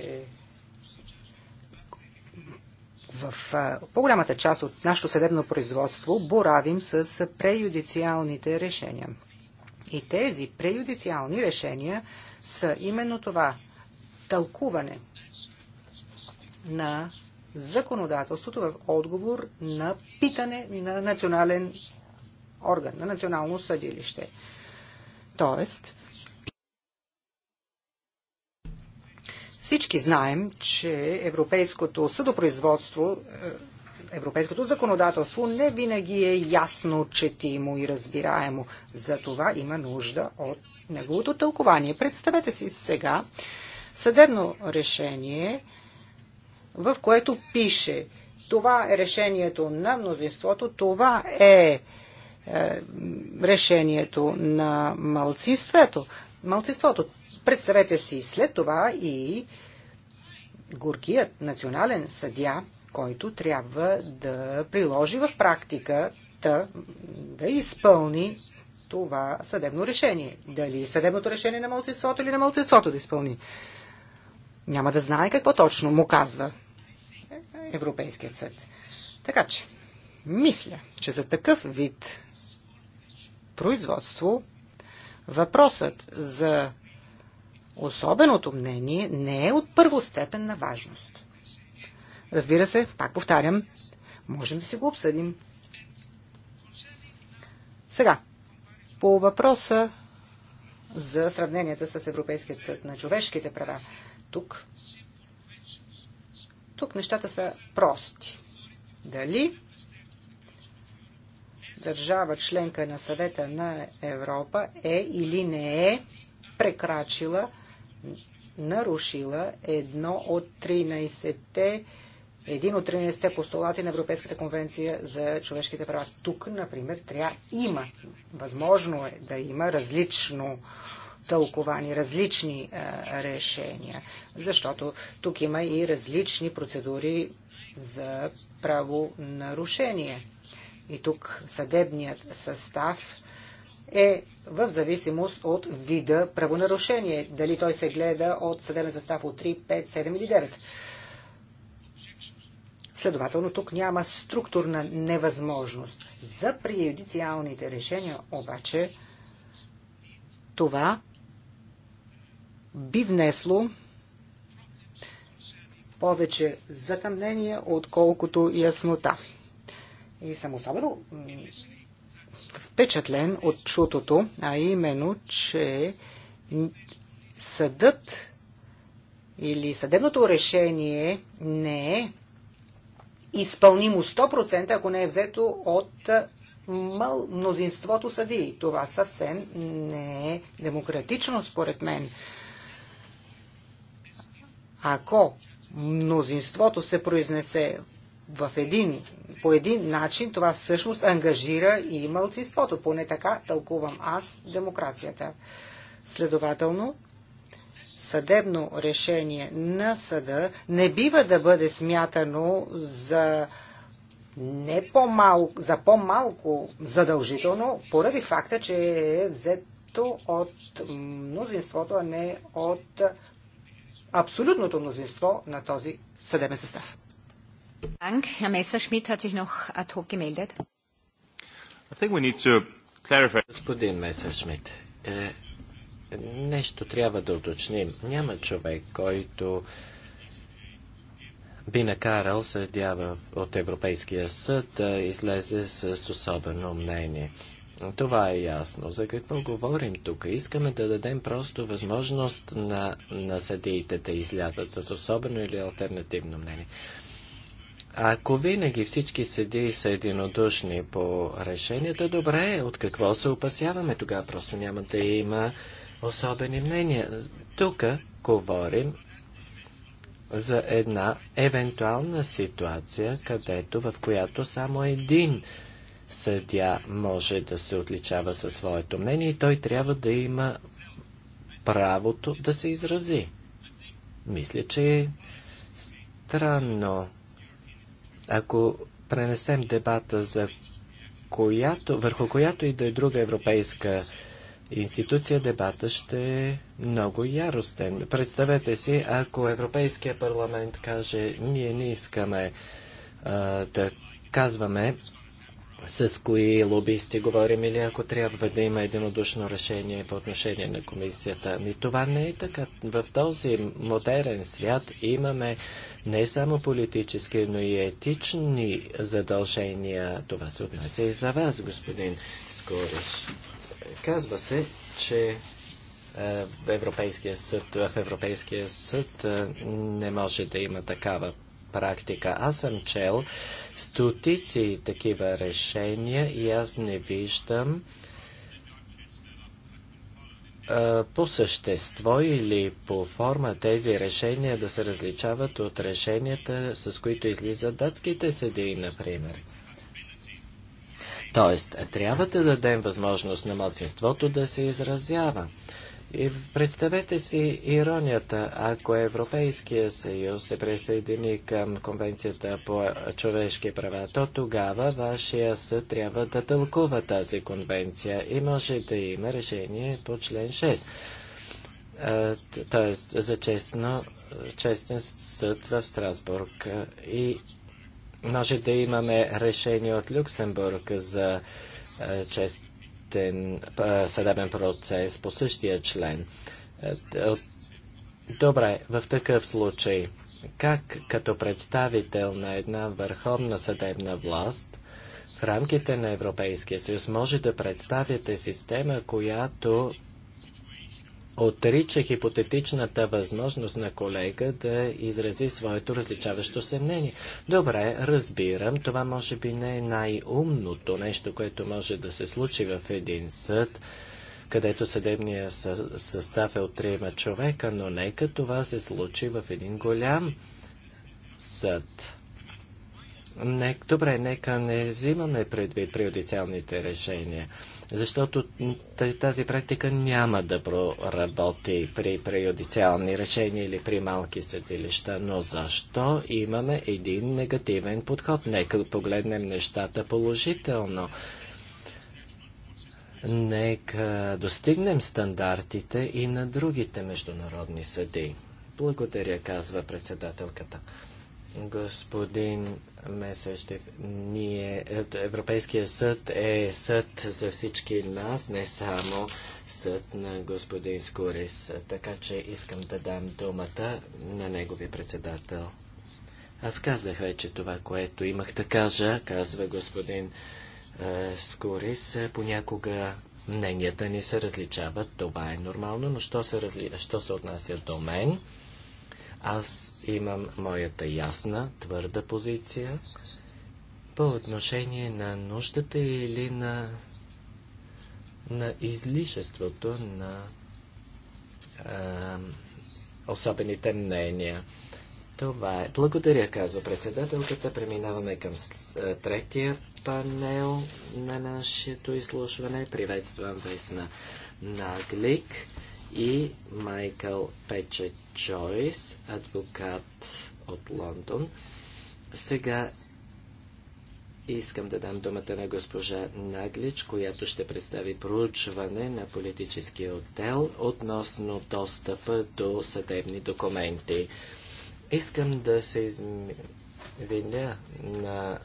в по-голямата част от нашето съдебно производство боравим с преюдициалните решения. И тези преюдициални решения са именно това тълкуване на законодателството в отговор на питане на национален орган, на национално съдилище. Тоест, Всички знаем, че европейското съдопроизводство е, европейското законодателство не винаги е ясно четимо и разбираемо. За това има нужда от неговото тълкование. Представете си сега съдебно решение, в което пише това е решението на мнозинството, това е, е решението на малцинството мълцинството. Представете си след това и горкият национален съдя, който трябва да приложи в практика, да, да изпълни това съдебно решение. Дали съдебното решение на мълцинството или на мълцинството да изпълни. Няма да знае какво точно му казва Европейският съд. Така че, мисля, че за такъв вид производство Въпросът за особеното мнение не е от първостепенна важност. Разбира се, пак повтарям, можем да си го обсъдим. Сега, по въпроса за сравненията с Европейският съд на човешките права. Тук, тук нещата са прости. Дали държава членка на съвета на Европа е или не е прекрачила, нарушила едно от 13-те един от 13-те постулати на Европейската конвенция за човешките права. Тук, например, трябва има. Възможно е да има различно тълковани, различни а, е, решения, защото тук има и различни процедури за правонарушение и тук съдебният състав е в зависимост от вида правонарушение, дали той се гледа от съдебен състав от 3, 5, 7 или 9. Следователно, тук няма структурна невъзможност. За преюдициалните решения обаче това би внесло повече затъмнение, отколкото яснота. И съм особено впечатлен от чутото, а именно, че съдът или съдебното решение не е изпълнимо 100%, ако не е взето от мнозинството съдии. Това съвсем не е демократично, според мен. Ако мнозинството се произнесе в един, по един начин това всъщност ангажира и мълцинството. Поне така тълкувам аз демокрацията. Следователно, съдебно решение на съда не бива да бъде смятано за не по-малко, за по-малко задължително, поради факта, че е взето от мнозинството, а не от абсолютното мнозинство на този съдебен състав. Dank. Herr Messerschmidt hat sich noch ad hoc gemeldet. I think we need to clarify. Господин Месершмит, е, нещо трябва да уточним. Няма човек, който би накарал съдя от Европейския съд да излезе с особено мнение. Това е ясно. За какво говорим тук? Искаме да дадем просто възможност на, на съдиите да излязат с особено или альтернативно мнение. Ако винаги всички седи са единодушни по решенията, добре, от какво се опасяваме? Тогава просто няма да има особени мнения. Тук говорим за една евентуална ситуация, където в която само един съдя може да се отличава със своето мнение и той трябва да има правото да се изрази. Мисля, че е странно ако пренесем дебата за която, върху която и да е друга европейска институция, дебата ще е много яростен. Представете си, ако Европейския парламент каже, ние не искаме а, да казваме с кои лобисти говорим или ако трябва да има единодушно решение по отношение на комисията. Ми това не е така. В този модерен свят имаме не само политически, но и етични задължения. Това се отнася и за вас, господин Скориш. Казва се, че в е, Европейския съд, в Европейския съд е, не може да има такава практика. Аз съм чел стотици такива решения и аз не виждам по същество или по форма тези решения да се различават от решенията, с които излизат датските съдии, например. Тоест, трябва да дадем възможност на младсинството да се изразява. И представете си иронията, ако Европейския съюз се присъедини към Конвенцията по човешки права, то тогава вашия съд трябва да тълкува тази конвенция и може да има решение по член 6 т.е. за честно, честен съд в Страсбург. И може да имаме решение от Люксембург за чест, съдебен, съдебен процес по същия член. Е, е, Добре, в такъв случай, как като представител на една върховна съдебна власт в рамките на Европейския съюз може да представите система, която отрича хипотетичната възможност на колега да изрази своето различаващо се мнение. Добре, разбирам, това може би не е най-умното нещо, което може да се случи в един съд, където съдебният състав е от трима човека, но нека това се случи в един голям съд. Нек, добре, нека не взимаме предвид приодициалните решения защото тази практика няма да проработи при преюдициални решения или при малки съдилища. Но защо имаме един негативен подход? Нека погледнем нещата положително. Нека достигнем стандартите и на другите международни съди. Благодаря, казва председателката. Господин МСЩ, ние, е, Европейския съд е съд за всички нас, не само съд на господин Скорис. Така че искам да дам думата на неговия председател. Аз казах вече това, което имах да кажа, казва господин е, Скорис. Понякога мненията ни се различават, това е нормално, но що се, разли... що се отнася до мен? Аз имам моята ясна, твърда позиция по отношение на нуждата или на, на излишеството на а, особените мнения. Това е. Благодаря, казва председателката. Преминаваме към е, третия панел на нашето изслушване. Приветствам Весна Наглик и Майкъл Пече Чойс, адвокат от Лондон. Сега искам да дам думата на госпожа Наглич, която ще представи проучване на политическия отдел относно достъпа до съдебни документи. Искам да се извиня на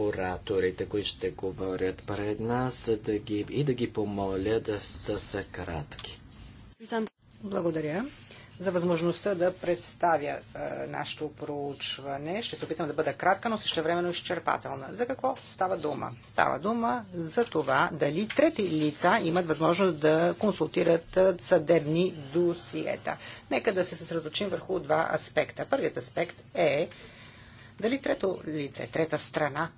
ораторите, които ще говорят пред нас да ги, и да ги помоля да, да са кратки. Благодаря за възможността да представя е, нашето проучване. Ще се опитам да бъда кратка, но времено изчерпателна. За какво става дума? Става дума за това дали трети лица имат възможност да консултират е, съдебни досиета. Нека да се съсредоточим върху два аспекта. Първият аспект е дали трето лице, трета страна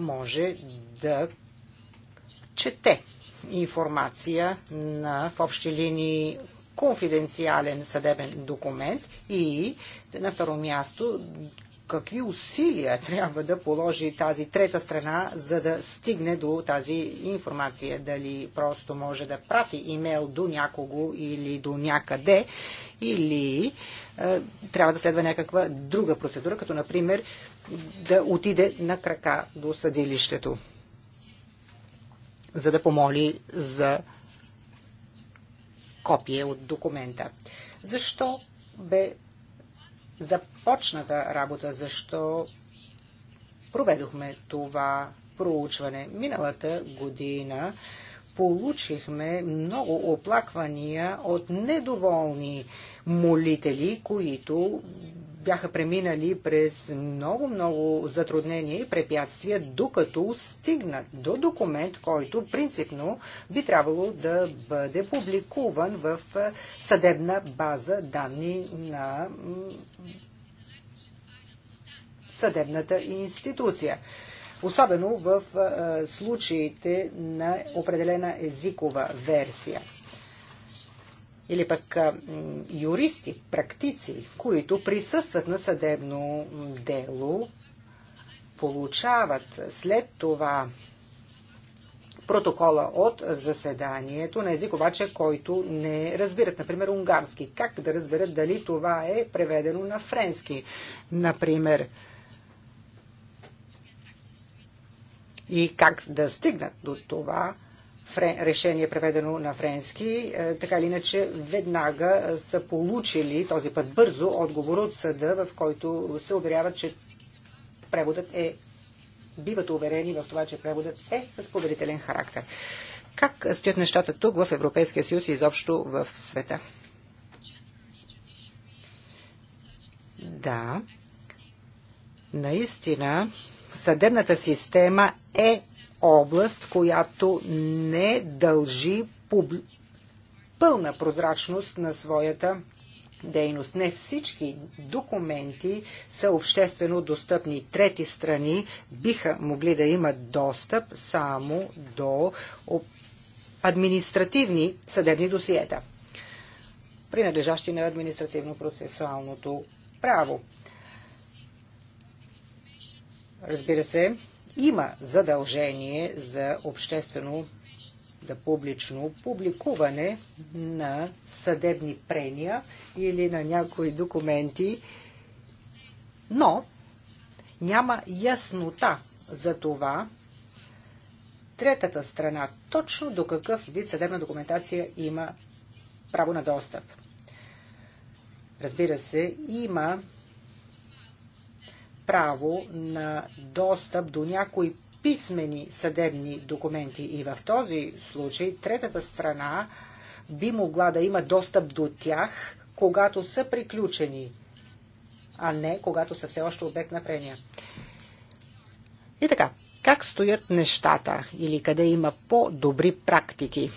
може да чете информация на в общи линии конфиденциален съдебен документ и на второ място какви усилия трябва да положи тази трета страна, за да стигне до тази информация. Дали просто може да прати имейл до някого или до някъде, или е, трябва да следва някаква друга процедура, като например да отиде на крака до съдилището, за да помоли за копие от документа. Защо бе започната работа? Защо проведохме това проучване? Миналата година получихме много оплаквания от недоволни молители, които бяха преминали през много-много затруднения и препятствия, докато стигнат до документ, който принципно би трябвало да бъде публикуван в съдебна база данни на съдебната институция. Особено в случаите на определена езикова версия или пък юристи, практици, които присъстват на съдебно дело, получават след това протокола от заседанието на език, обаче, който не разбират. Например, унгарски. Как да разберат дали това е преведено на френски, например? И как да стигнат до това решение преведено на френски. Е, така или иначе, веднага са получили този път бързо отговор от съда, в който се уверяват, че преводът е биват уверени в това, че преводът е с поверителен характер. Как стоят нещата тук в Европейския съюз и изобщо в света? Да, наистина съдебната система е област, която не дължи публ... пълна прозрачност на своята дейност. Не всички документи са обществено достъпни. Трети страни биха могли да имат достъп само до административни съдебни досиета, принадлежащи на административно-процесуалното право. Разбира се, има задължение за обществено да публично публикуване на съдебни прения или на някои документи, но няма яснота за това, третата страна точно до какъв вид съдебна документация има право на достъп. Разбира се, има право на достъп до някои писмени съдебни документи. И в този случай третата страна би могла да има достъп до тях, когато са приключени, а не когато са все още обект на прения. И така, как стоят нещата или къде има по-добри практики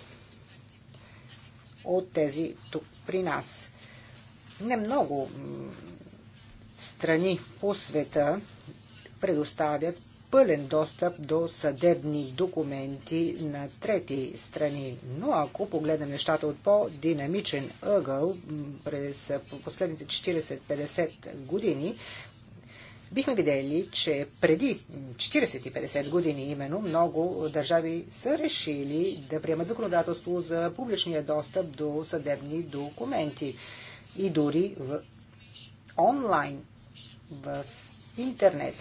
от тези тук при нас? Не много страни по света предоставят пълен достъп до съдебни документи на трети страни. Но ако погледнем нещата от по-динамичен ъгъл през последните 40-50 години, бихме видели, че преди 40-50 години именно много държави са решили да приемат законодателство за публичния достъп до съдебни документи и дори в онлайн, в интернет.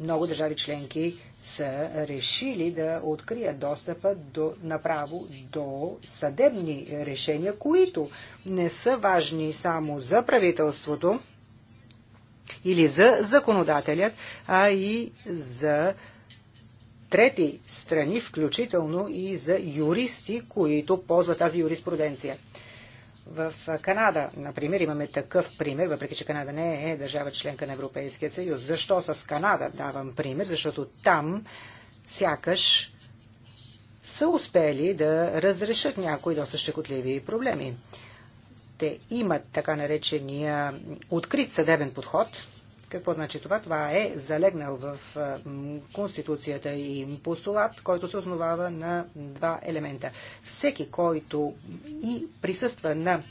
Много държави членки са решили да открият достъпа до, направо до съдебни решения, които не са важни само за правителството или за законодателят, а и за трети страни, включително и за юристи, които ползват тази юриспруденция. В Канада, например, имаме такъв пример, въпреки че Канада не е държава членка на Европейския съюз. Защо с Канада давам пример? Защото там сякаш са успели да разрешат някои доста щекотливи проблеми. Те имат така наречения открит съдебен подход – какво значи това? Това е залегнал в Конституцията и постулат, който се основава на два елемента. Всеки, който и присъства на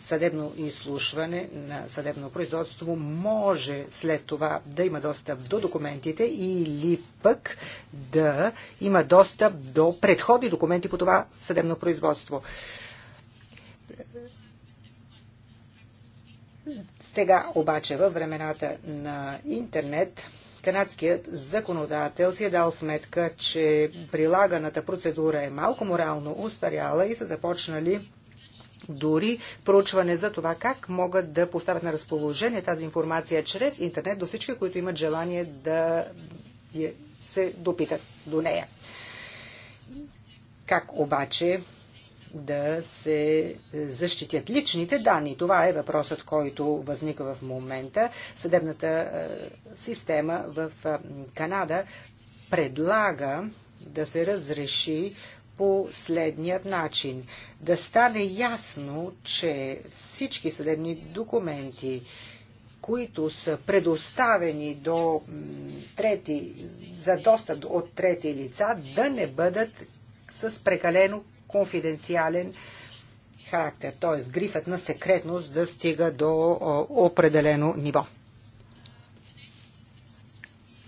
съдебно изслушване, на съдебно производство, може след това да има достъп до документите или пък да има достъп до предходни документи по това съдебно производство. Сега обаче във времената на интернет канадският законодател си е дал сметка, че прилаганата процедура е малко морално устаряла и са започнали дори проучване за това как могат да поставят на разположение тази информация чрез интернет до всички, които имат желание да се допитат до нея. Как обаче да се защитят личните данни. Това е въпросът, който възниква в момента. Съдебната е, система в е, Канада предлага да се разреши по следният начин. Да стане ясно, че всички съдебни документи, които са предоставени до трети, за достъп от трети лица, да не бъдат с прекалено конфиденциален характер, т.е. грифът на секретност да стига до определено ниво.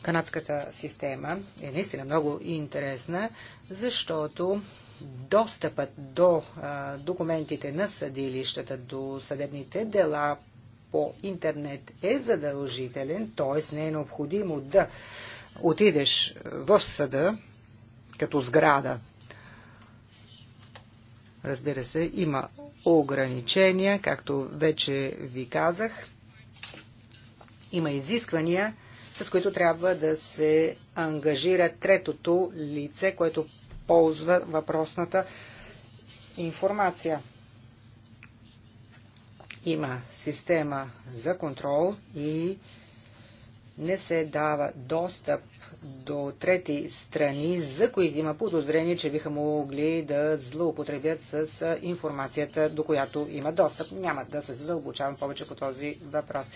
Канадската система е наистина много интересна, защото достъпът до документите на съдилищата, до съдебните дела по интернет е задължителен, т.е. не е необходимо да отидеш в съда като сграда Разбира се, има ограничения, както вече ви казах. Има изисквания, с които трябва да се ангажира третото лице, което ползва въпросната информация. Има система за контрол и не се дава достъп до трети страни, за които има подозрение, че биха могли да злоупотребят с информацията, до която има достъп. Няма да се задълбочавам повече по този въпрос.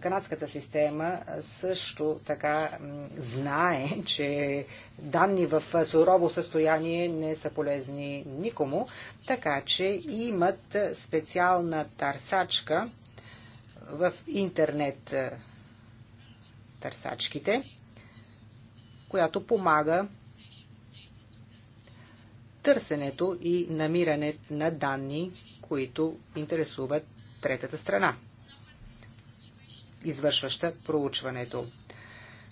Канадската система също така знае, че данни в сурово състояние не са полезни никому, така че имат специална търсачка в интернет търсачките, която помага търсенето и намиране на данни, които интересуват третата страна, извършваща проучването.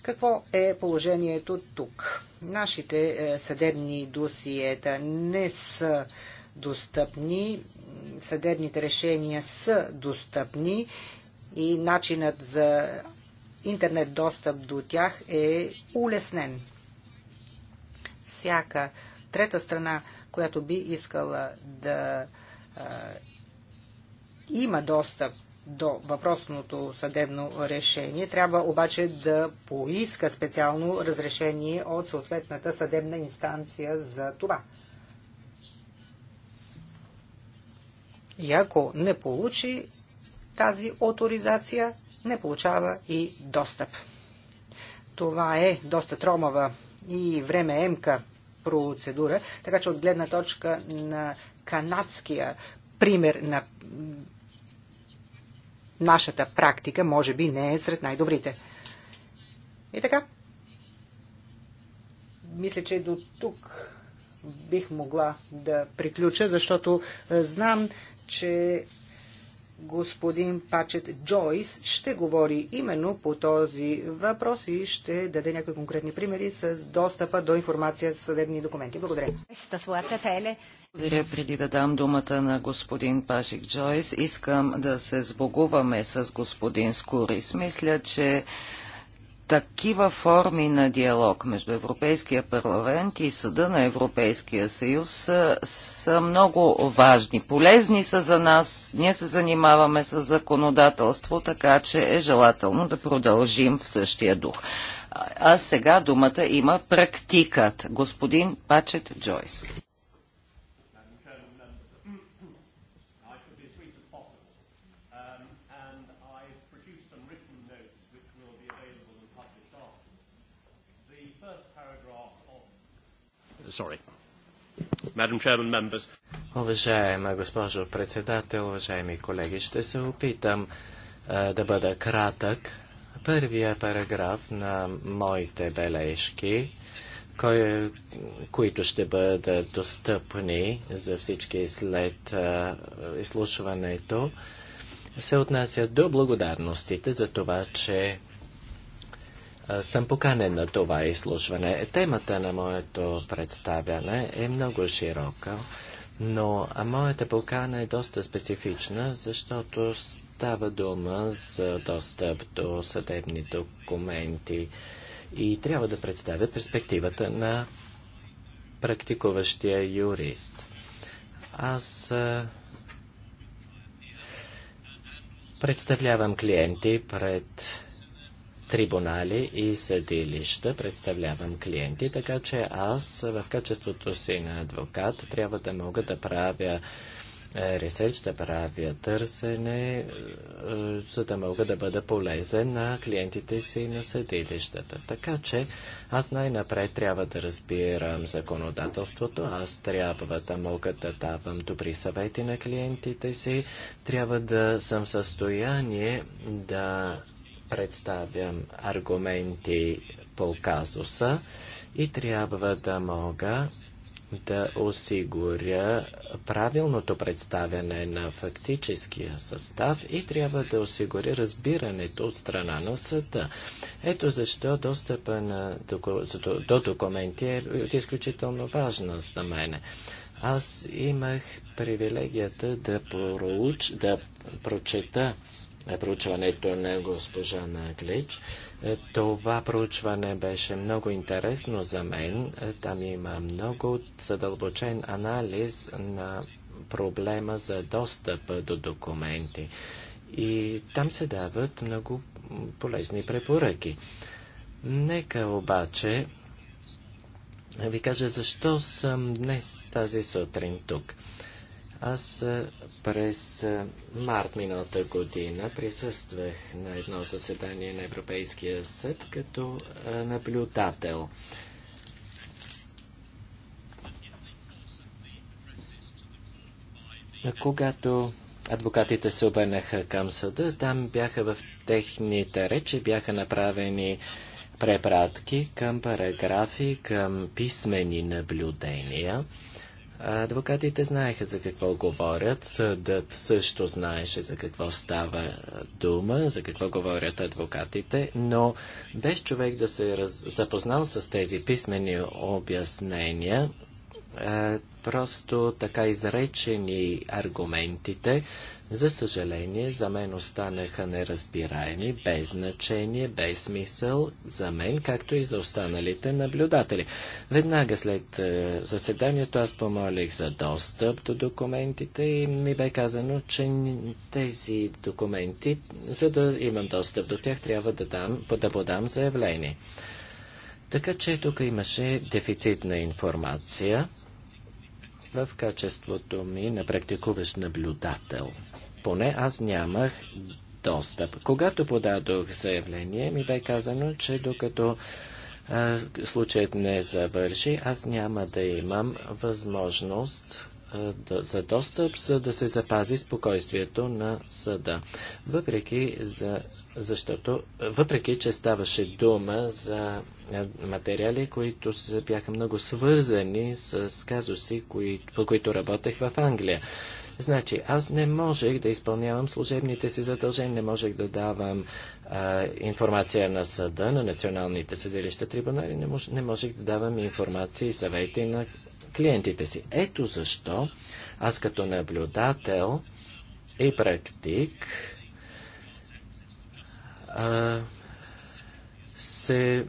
Какво е положението тук? Нашите е, съдебни досиета не са достъпни, съдебните решения са достъпни и начинът за интернет достъп до тях е улеснен. Всяка трета страна, която би искала да а, има достъп до въпросното съдебно решение, трябва обаче да поиска специално разрешение от съответната съдебна инстанция за това. И ако не получи тази авторизация, не получава и достъп. Това е доста тромава и времеемка процедура, така че от гледна точка на канадския пример на нашата практика, може би не е сред най-добрите. И така, мисля, че до тук бих могла да приключа, защото знам, че господин Пачет Джойс ще говори именно по този въпрос и ще даде някои конкретни примери с достъпа до информация за съдебни документи. Благодаря. Благодаря. Преди да дам думата на господин Пашик Джойс, искам да се сбогуваме с господин Скорис. Мисля, че такива форми на диалог между Европейския парламент и Съда на Европейския съюз са, са много важни. Полезни са за нас. Ние се занимаваме с законодателство, така че е желателно да продължим в същия дух. А сега думата има практикът. Господин Пачет Джойс. Sorry. Madam Chairman, members. Уважаема госпожо председател, уважаеми колеги, ще се опитам а, да бъда кратък. Първия параграф на моите бележки, кой, които ще бъдат достъпни за всички след а, изслушването, се отнася до благодарностите за това, че съм поканен на това изслушване. Темата на моето представяне е много широка, но моята покана е доста специфична, защото става дума за достъп до съдебни документи и трябва да представя перспективата на практикуващия юрист. Аз представлявам клиенти пред трибунали и съдилища, представлявам клиенти, така че аз в качеството си на адвокат трябва да мога да правя е, ресеч, да правя търсене, е, за да мога да бъда полезен на клиентите си и на съдилищата. Така че аз най-напред трябва да разбирам законодателството, аз трябва да мога да давам добри съвети на клиентите си, трябва да съм в състояние да представям аргументи по казуса и трябва да мога да осигуря правилното представяне на фактическия състав и трябва да осигуря разбирането от страна на съда. Ето защо достъпа на, до, до документи е от е изключително важна за мене. Аз имах привилегията да, проуч, да прочета е проучването е на госпожа Наглич. Е, това проучване беше много интересно за мен. Там има много задълбочен анализ на проблема за достъп до документи. И там се дават много полезни препоръки. Нека обаче ви кажа защо съм днес тази сутрин тук. Аз през март миналата година присъствах на едно заседание на Европейския съд като наблюдател. Когато адвокатите се обърнаха към съда, там бяха в техните речи, бяха направени препратки към параграфи, към писмени наблюдения – Адвокатите знаеха за какво говорят, съдът също знаеше за какво става дума, за какво говорят адвокатите, но без човек да се раз... запознал с тези писмени обяснения, е, просто така изречени аргументите, за съжаление, за мен останаха неразбираеми, без значение, без смисъл, за мен, както и за останалите наблюдатели. Веднага след е, заседанието аз помолих за достъп до документите и ми бе казано, че тези документи, за да имам достъп до тях, трябва да, дам, да подам заявление. Така че тук имаше дефицитна информация в качеството ми на практикуващ наблюдател. Поне аз нямах достъп. Когато подадох заявление, ми бе казано, че докато а, случаят не завърши, аз няма да имам възможност а, да, за достъп, за да се запази спокойствието на съда. Въпреки, за, защото, въпреки че ставаше дума за материали, които са, бяха много свързани с казуси, кои, по които работех в Англия. Значи, аз не можех да изпълнявам служебните си задължения, не можех да давам а, информация на съда, на националните съдилища, трибунали, не, мож, не можех да давам информация и съвети на клиентите си. Ето защо аз като наблюдател и практик а, се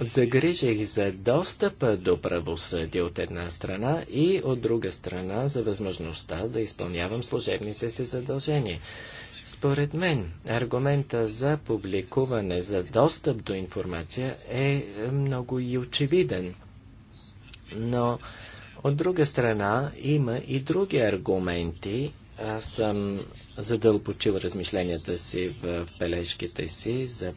загрижих за достъпа до правосъдие от една страна и от друга страна за възможността да изпълнявам служебните си задължения. Според мен, аргумента за публикуване за достъп до информация е много и очевиден. Но от друга страна има и други аргументи. Аз съм задълбочил размишленията си в бележките си за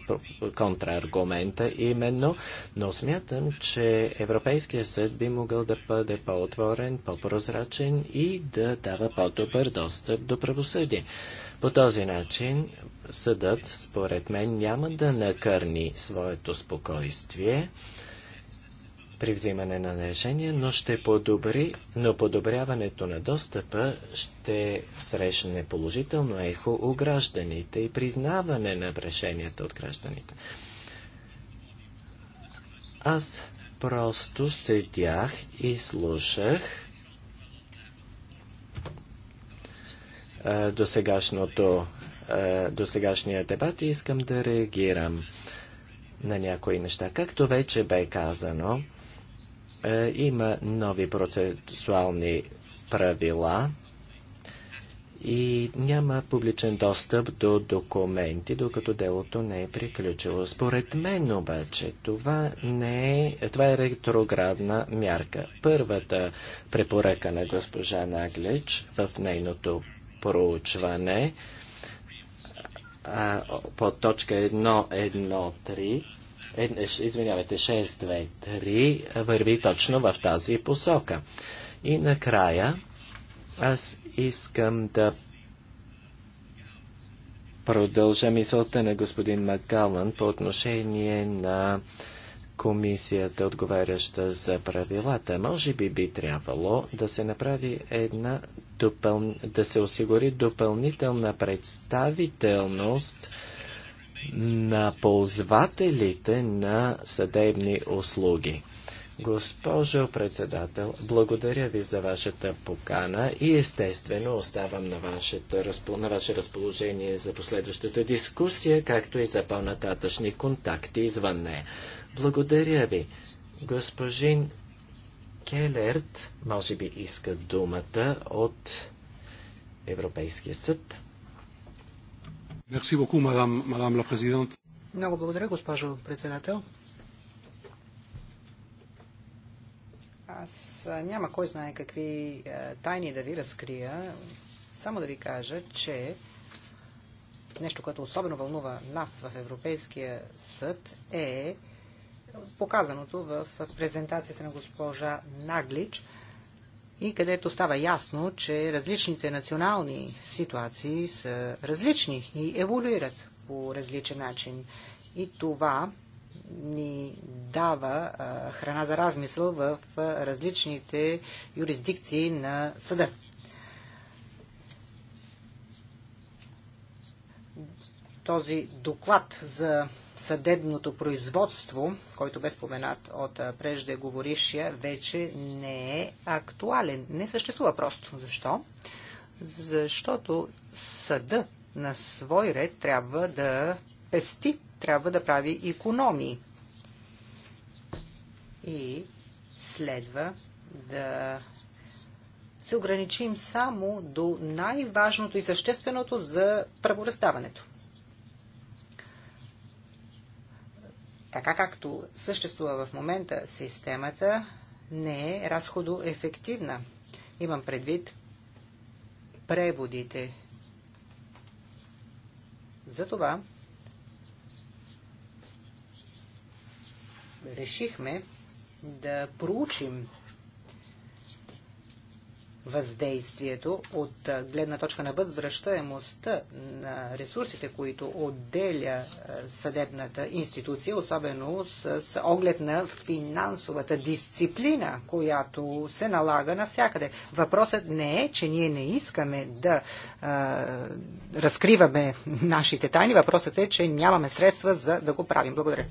контрааргумента именно, но смятам, че Европейския съд би могъл да бъде по-отворен, по-прозрачен и да дава по-добър достъп до правосъдие. По този начин съдът, според мен, няма да накърни своето спокойствие, при взимане на решение, но ще подобри, но подобряването на достъпа ще срещне положително ехо у гражданите и признаване на решенията от гражданите. Аз просто седях и слушах досегашното, до досегашния дебат и искам да реагирам на някои неща. Както вече бе казано, е, има нови процесуални правила и няма публичен достъп до документи, докато делото не е приключило. Според мен обаче това не е, това е ретроградна мярка. Първата препоръка на госпожа Наглич в нейното проучване по точка 1.1.3 е, извинявайте, 6, 2, 3, върви точно в тази посока. И накрая аз искам да продължа мисълта на господин Макалан по отношение на комисията, отговаряща за правилата. Може би би трябвало да се направи една допъл... да се осигури допълнителна представителност на ползвателите на съдебни услуги. Госпожо председател, благодаря ви за вашата покана и естествено оставам на, вашата, на ваше разположение за последващата дискусия, както и за по-нататъчни контакти извън нея. Благодаря ви. Госпожин Келерт, може би иска думата от Европейския съд. Много благодаря, госпожо председател. Аз няма кой знае какви тайни да ви разкрия. Само да ви кажа, че нещо, което особено вълнува нас в Европейския съд е показаното в презентацията на госпожа Наглич и където става ясно, че различните национални ситуации са различни и еволюират по различен начин. И това ни дава храна за размисъл в различните юрисдикции на съда. Този доклад за съдебното производство, който бе споменат от преждеговорившия, вече не е актуален. Не съществува просто. Защо? Защото съда на свой ред трябва да пести, трябва да прави економии. И следва да се ограничим само до най-важното и същественото за правораздаването. така както съществува в момента системата, не е разходоефективна. Имам предвид преводите. Затова решихме да проучим въздействието от гледна точка на възвръщаемостта на ресурсите, които отделя съдебната институция, особено с оглед на финансовата дисциплина, която се налага навсякъде. Въпросът не е, че ние не искаме да а, разкриваме нашите тайни. Въпросът е, че нямаме средства за да го правим. Благодаря.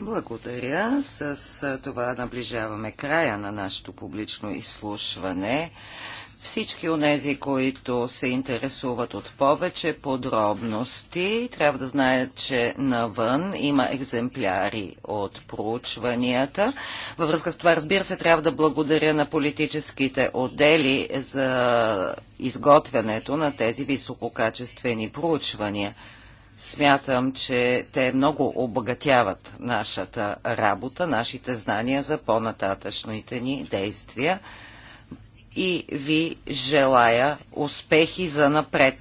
Благодаря. С това наближаваме края на нашето публично изслушване изслушване. Всички тези, които се интересуват от повече подробности, трябва да знаят, че навън има екземпляри от проучванията. Във връзка с това, разбира се, трябва да благодаря на политическите отдели за изготвянето на тези висококачествени проучвания. Смятам, че те много обогатяват нашата работа, нашите знания за по-нататъчните ни действия и ви желая успехи за напред.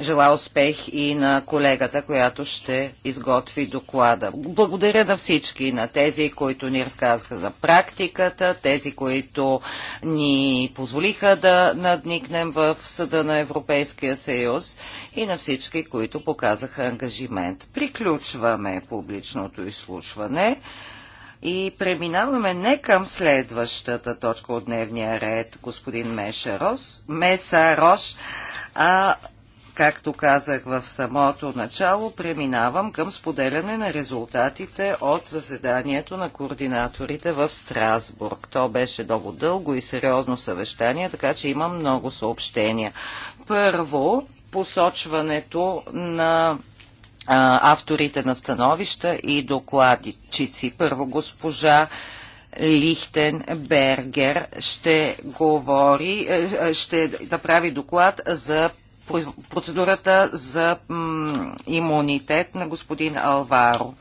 Желая успех и на колегата, която ще изготви доклада. Благодаря на всички, на тези, които ни разказаха за практиката, тези, които ни позволиха да надникнем в Съда на Европейския съюз и на всички, които показаха ангажимент. Приключваме публичното изслушване. И преминаваме не към следващата точка от дневния ред, господин Меса Рош, а както казах в самото начало, преминавам към споделяне на резултатите от заседанието на координаторите в Страсбург. То беше много дълго и сериозно съвещание, така че има много съобщения. Първо, посочването на авторите на становища и докладчици. Първо госпожа Лихтенбергер ще говори, е, е, ще направи доклад за процедурата за имунитет на господин Алваро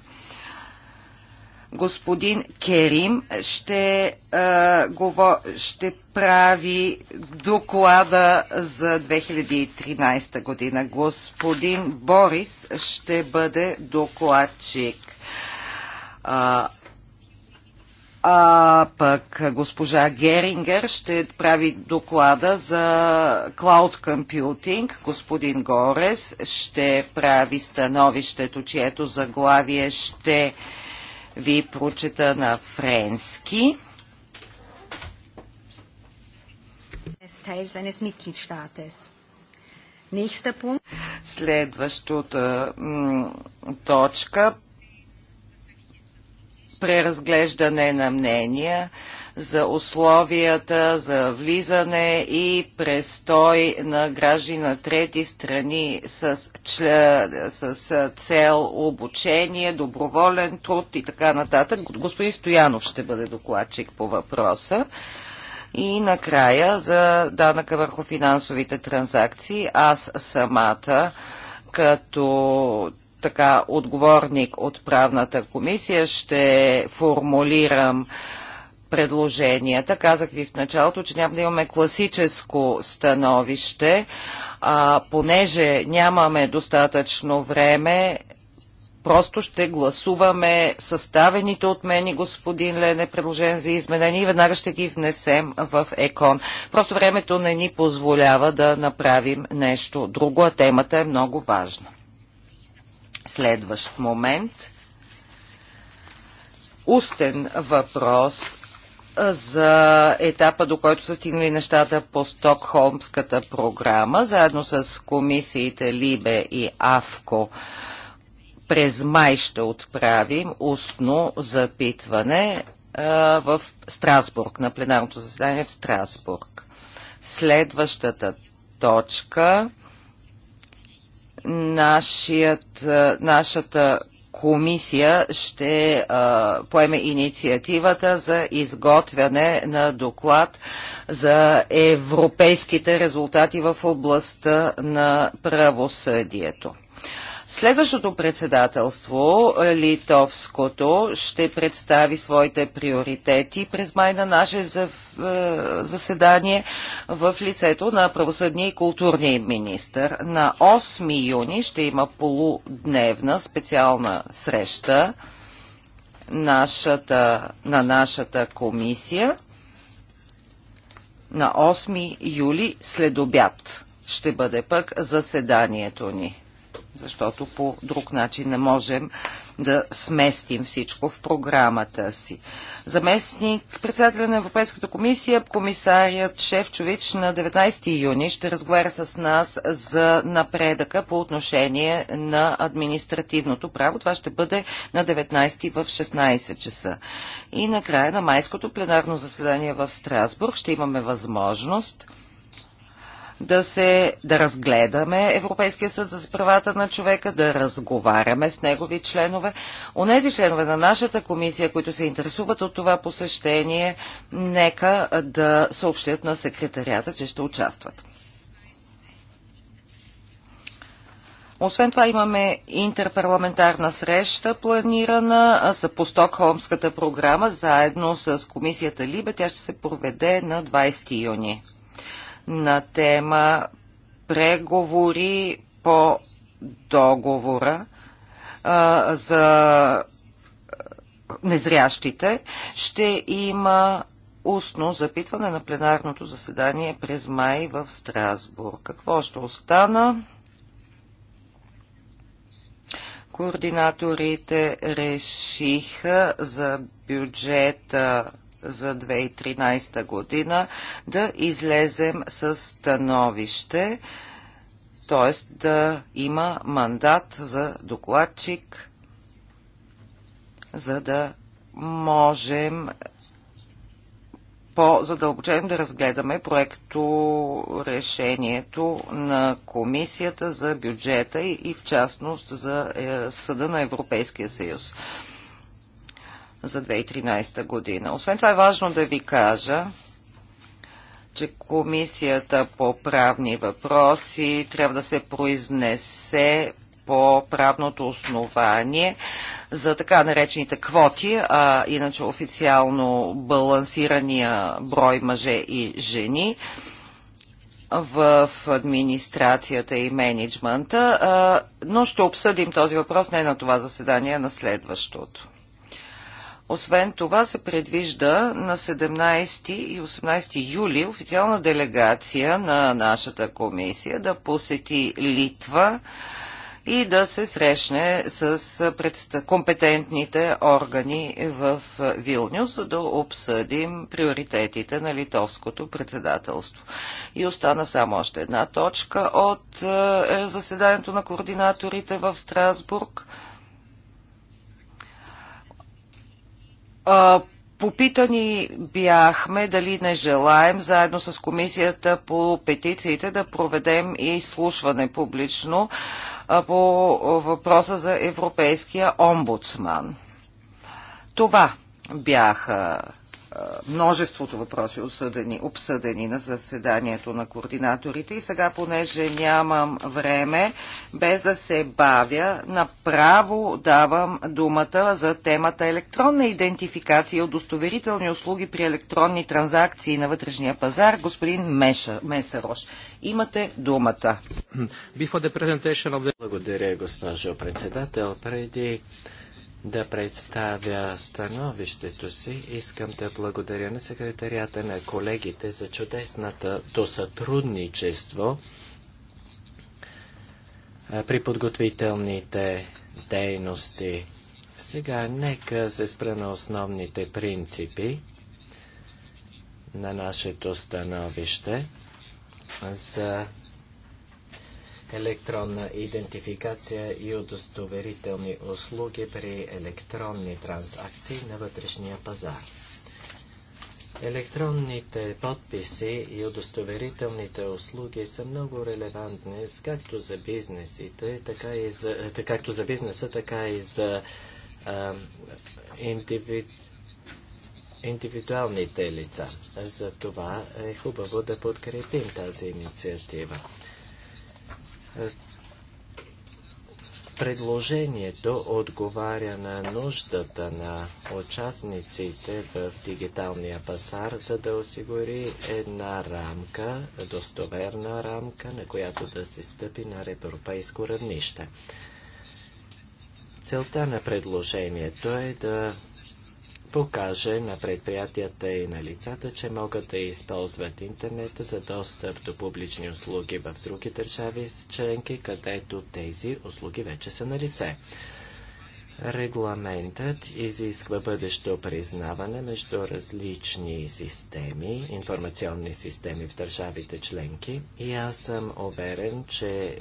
господин Керим ще, а, е, гово, ще прави доклада за 2013 година. Господин Борис ще бъде докладчик. А, а пък госпожа Герингер ще прави доклада за Cloud Computing. Господин Горес ще прави становището, чието заглавие ще ви прочета на френски. Следващата точка преразглеждане на мнения за условията за влизане и престой на граждани на трети страни с, чля, с цел обучение, доброволен труд и така нататък. Господин Стоянов ще бъде докладчик по въпроса. И накрая за данъка върху финансовите транзакции. Аз самата като така отговорник от правната комисия ще формулирам предложенията. Казах ви в началото, че няма да имаме класическо становище, а понеже нямаме достатъчно време, просто ще гласуваме съставените от мен и господин Лене предложения за изменения и веднага ще ги внесем в ЕКОН. Просто времето не ни позволява да направим нещо друго, а темата е много важна. Следващ момент – устен въпрос за етапа, до който са стигнали нещата по Стокхолмската програма, заедно с комисиите Либе и Авко. През май ще отправим устно запитване в Страсбург, на пленарното заседание в Страсбург. Следващата точка нашият, нашата комисия ще поеме инициативата за изготвяне на доклад за европейските резултати в областта на правосъдието. Следващото председателство, е, литовското, ще представи своите приоритети през май на наше е, заседание в лицето на правосъдния и културния министр. На 8 юни ще има полудневна специална среща нашата, на нашата комисия на 8 юли след обяд ще бъде пък заседанието ни защото по друг начин не можем да сместим всичко в програмата си. Заместник председателя на Европейската комисия, комисарият Шефчович на 19 юни ще разговаря с нас за напредъка по отношение на административното право. Това ще бъде на 19 в 16 часа. И накрая на майското пленарно заседание в Страсбург ще имаме възможност да, се, да разгледаме Европейския съд за правата на човека, да разговаряме с негови членове. Онези членове на нашата комисия, които се интересуват от това посещение, нека да съобщят на секретарията, че ще участват. Освен това имаме интерпарламентарна среща планирана по Стокхолмската програма заедно с комисията Либе. Тя ще се проведе на 20 юни на тема преговори по договора а, за незрящите. Ще има устно запитване на пленарното заседание през май в Страсбург. Какво ще остана? Координаторите решиха за бюджета за 2013 година да излезем с становище, т.е. да има мандат за докладчик, за да можем по-задълбочено да разгледаме проекто решението на Комисията за бюджета и в частност за е, Съда на Европейския съюз за 2013 година. Освен това е важно да ви кажа, че Комисията по правни въпроси трябва да се произнесе по правното основание за така наречените квоти, а иначе официално балансирания брой мъже и жени в администрацията и менеджмента, но ще обсъдим този въпрос не на това заседание, а на следващото. Освен това се предвижда на 17 и 18 юли официална делегация на нашата комисия да посети Литва и да се срещне с компетентните органи в Вилнюс, за да обсъдим приоритетите на литовското председателство. И остана само още една точка от е, заседанието на координаторите в Страсбург – Попитани бяхме дали не желаем заедно с комисията по петициите да проведем и слушване публично по въпроса за европейския омбудсман. Това бяха е, множеството въпроси осъдени, обсъдени на заседанието на координаторите. И сега, понеже нямам време, без да се бавя, направо давам думата за темата електронна идентификация и удостоверителни услуги при електронни транзакции на вътрешния пазар. Господин Меша, Месарош, имате думата. Благодаря, госпожо председател. Преди да представя становището си. Искам да благодаря на секретарията на колегите за чудесната до сътрудничество при подготвителните дейности. Сега нека се спра на основните принципи на нашето становище за електронна идентификация и удостоверителни услуги при електронни трансакции на вътрешния пазар. Електронните подписи и удостоверителните услуги са много релевантни както за бизнесите, така и за, както за бизнеса, така и за а, индиви, индивидуалните лица. За това е хубаво да подкрепим тази инициатива. Предложението отговаря на нуждата на участниците в дигиталния пазар, за да осигури една рамка, достоверна рамка, на която да се стъпи на европейско равнище. Целта на предложението е да покаже на предприятията и на лицата, че могат да използват интернета за достъп до публични услуги в други държави членки, където тези услуги вече са на лице. Регламентът изисква бъдещо признаване между различни системи, информационни системи в държавите членки и аз съм уверен, че е,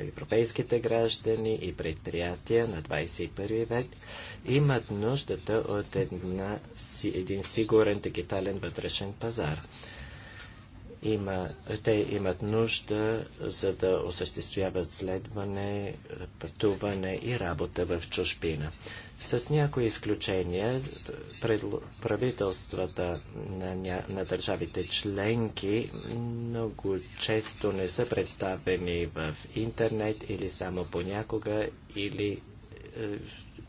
европейските граждани и предприятия на 21 век имат нуждата от една, един сигурен дигитален вътрешен пазар има, те имат нужда за да осъществяват следване, пътуване и работа в чужбина. С някои изключения правителствата на, на държавите членки много често не са представени в интернет или само понякога или е,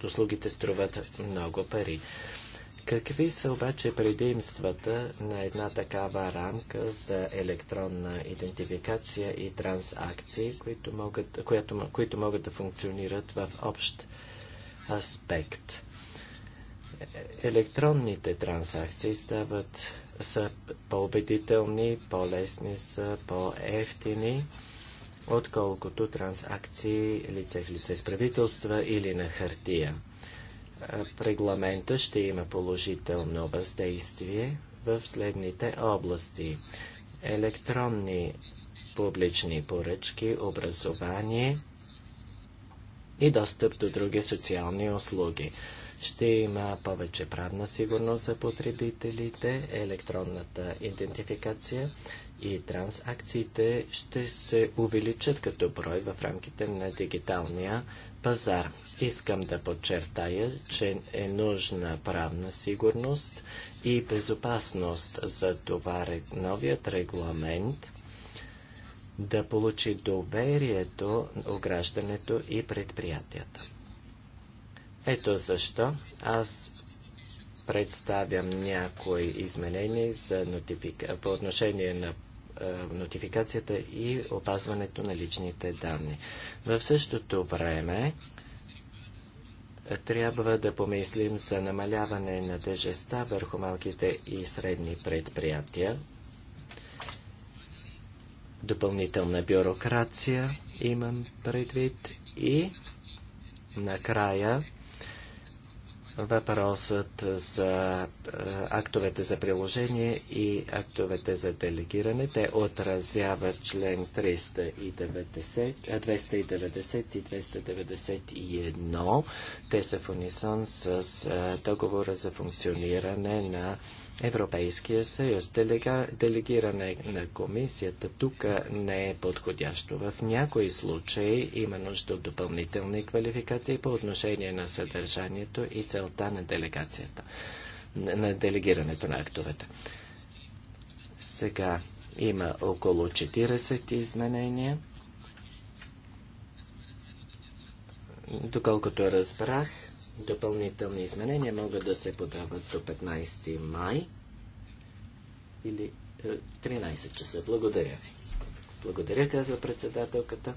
услугите струват много пари. Какви са обаче предимствата на една такава рамка за електронна идентификация и трансакции, които могат, която, които могат да функционират в общ аспект? Електронните трансакции стават са по-убедителни, по-лесни са, по-ефтини, отколкото трансакции лице в лице с правителства или на хартия регламента ще има положително въздействие в следните области. Електронни публични поръчки, образование и достъп до други социални услуги. Ще има повече правна сигурност за потребителите, електронната идентификация и трансакциите ще се увеличат като брой в рамките на дигиталния пазар. Искам да подчертая, че е нужна правна сигурност и безопасност за това новият регламент да получи доверието, ограждането и предприятията. Ето защо аз представям някои изменения за нотифика... по отношение на е, нотификацията и опазването на личните данни. В същото време е, трябва да помислим за намаляване на тежеста върху малките и средни предприятия. Допълнителна бюрокрация имам предвид и накрая въпросът за е, актовете за приложение и актовете за делегиране. Те отразяват член 290 и 291. Те са в унисон с е, договора за функциониране на Европейския съюз. Делега, делегиране на комисията тук не е подходящо. В някои случаи има нужда от допълнителни квалификации по отношение на съдържанието и целта на делегацията, на делегирането на актовете. Сега има около 40 изменения. Доколкото разбрах, Допълнителни изменения могат да се подават до 15 май или 13 е, часа. Благодаря ви. Благодаря, казва председателката.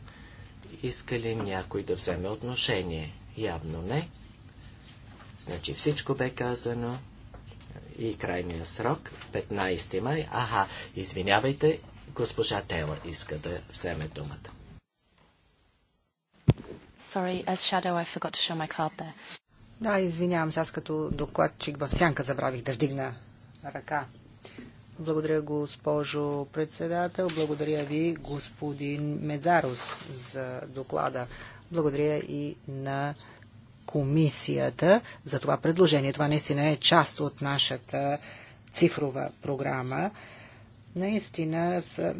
Иска ли някой да вземе отношение? Явно не. Значи всичко бе казано и крайния срок 15 май. Аха, извинявайте, госпожа Тела иска да вземе думата. Sorry, as shadow I forgot to show my card there. Да, извинявам се, аз като докладчик в сянка забравих да вдигна ръка. Благодаря, госпожо председател. Благодаря ви, господин Медзарус, за доклада. Благодаря и на комисията за това предложение. Това наистина е част от нашата цифрова програма. Наистина, с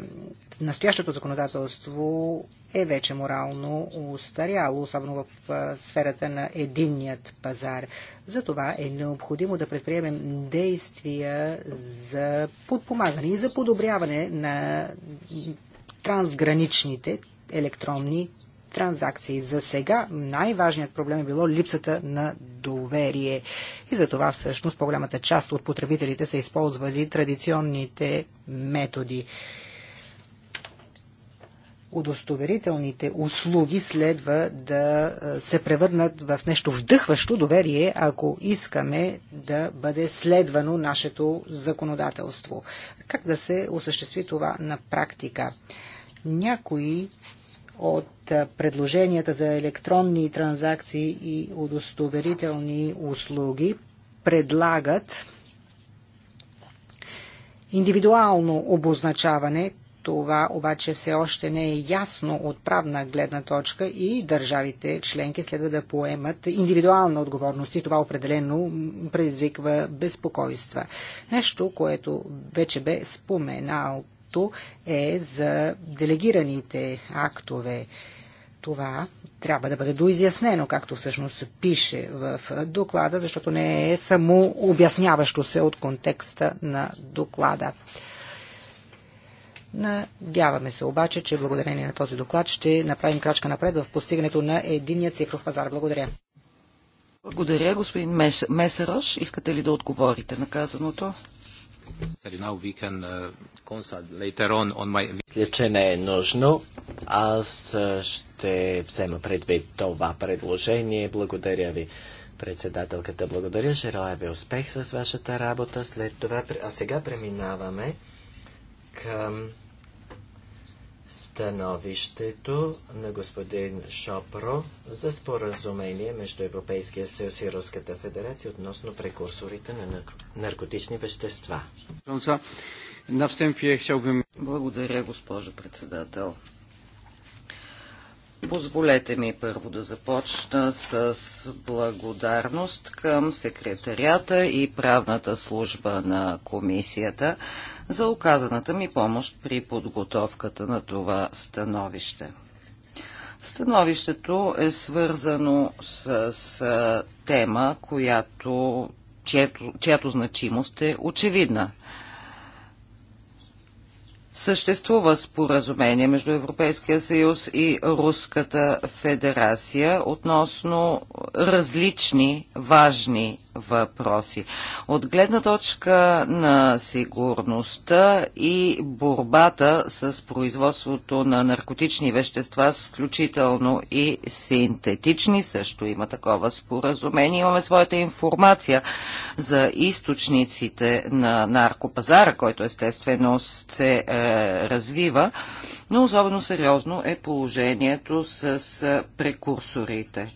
настоящото законодателство е вече морално устаряло, особено в сферата на единният пазар. Затова е необходимо да предприемем действия за подпомагане и за подобряване на трансграничните електронни транзакции. За сега най-важният проблем е било липсата на доверие. И за това всъщност по-голямата част от потребителите са използвали традиционните методи удостоверителните услуги следва да се превърнат в нещо вдъхващо доверие, ако искаме да бъде следвано нашето законодателство. Как да се осъществи това на практика? Някои от предложенията за електронни транзакции и удостоверителни услуги предлагат индивидуално обозначаване, това обаче все още не е ясно от правна гледна точка и държавите членки следва да поемат индивидуална отговорност и това определено предизвиква безпокойства. Нещо, което вече бе споменалто е за делегираните актове. Това трябва да бъде доизяснено, както всъщност пише в доклада, защото не е само обясняващо се от контекста на доклада. Надяваме се обаче, че благодарение на този доклад ще направим крачка напред в постигането на единия цифров пазар. Благодаря. Благодаря, господин Мес... Месерош. Искате ли да отговорите на казаното? Uh, Мисля, че не е нужно. Аз ще взема предвид това предложение. Благодаря ви, председателката. Благодаря. Желая ви успех с вашата работа. След това, а сега преминаваме към становището на господин Шопро за споразумение между Европейския съюз и Руската федерация относно прекурсорите на наркотични вещества. Благодаря, госпожо председател. Позволете ми първо да започна с благодарност към секретарията и правната служба на комисията за оказаната ми помощ при подготовката на това становище. Становището е свързано с, с тема, която, чието, чиято значимост е очевидна. Съществува споразумение между Европейския съюз и Руската федерация относно различни важни въпроси. От гледна точка на сигурността и борбата с производството на наркотични вещества, включително и синтетични, също има такова споразумение. Имаме своята информация за източниците на наркопазара, който естествено се е, развива, но особено сериозно е положението с е, прекурсорите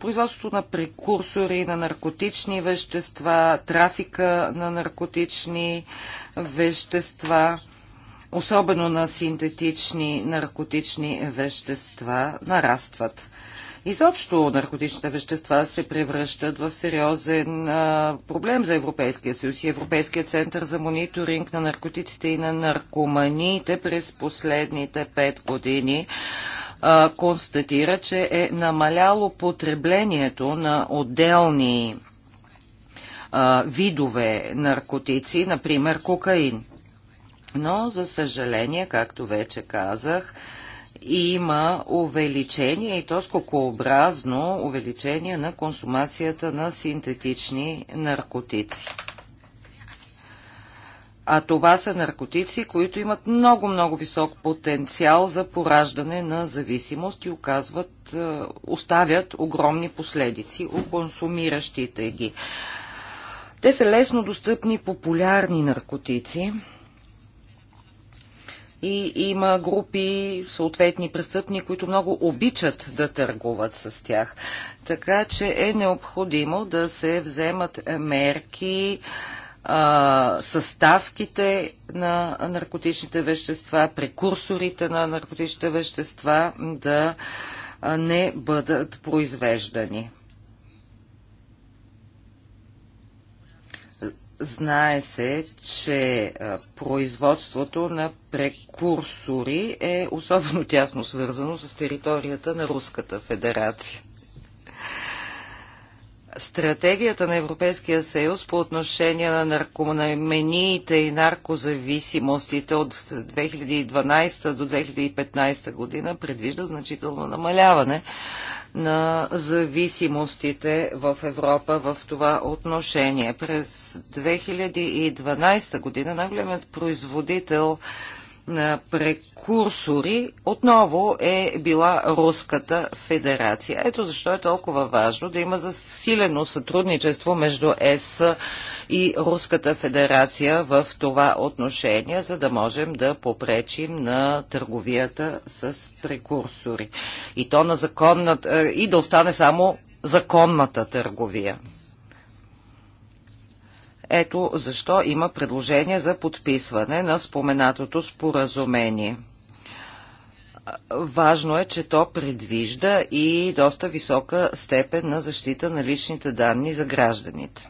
производството на прекурсори на наркотични вещества, трафика на наркотични вещества, особено на синтетични наркотични вещества, нарастват. Изобщо наркотичните вещества се превръщат в сериозен а, проблем за Европейския съюз и Европейския център за мониторинг на наркотиците и на наркоманиите през последните пет години а, констатира, че е намаляло потреблението на отделни а, видове наркотици, например кокаин. Но, за съжаление, както вече казах, има увеличение и то скокообразно увеличение на консумацията на синтетични наркотици. А това са наркотици, които имат много-много висок потенциал за пораждане на зависимост и оказват, е, оставят огромни последици у консумиращите ги. Те са лесно достъпни популярни наркотици и има групи, съответни престъпни, които много обичат да търгуват с тях. Така че е необходимо да се вземат мерки, съставките на наркотичните вещества, прекурсорите на наркотичните вещества да не бъдат произвеждани. Знае се, че производството на прекурсори е особено тясно свързано с територията на Руската федерация стратегията на Европейския съюз по отношение на наркоманиите и наркозависимостите от 2012 до 2015 година предвижда значително намаляване на зависимостите в Европа в това отношение. През 2012 година най-големият производител на прекурсори отново е била Руската федерация. Ето защо е толкова важно да има засилено сътрудничество между ЕС и Руската федерация в това отношение, за да можем да попречим на търговията с прекурсори. И то на законната, и да остане само законната търговия. Ето защо има предложение за подписване на споменатото споразумение. Важно е, че то предвижда и доста висока степен на защита на личните данни за гражданите.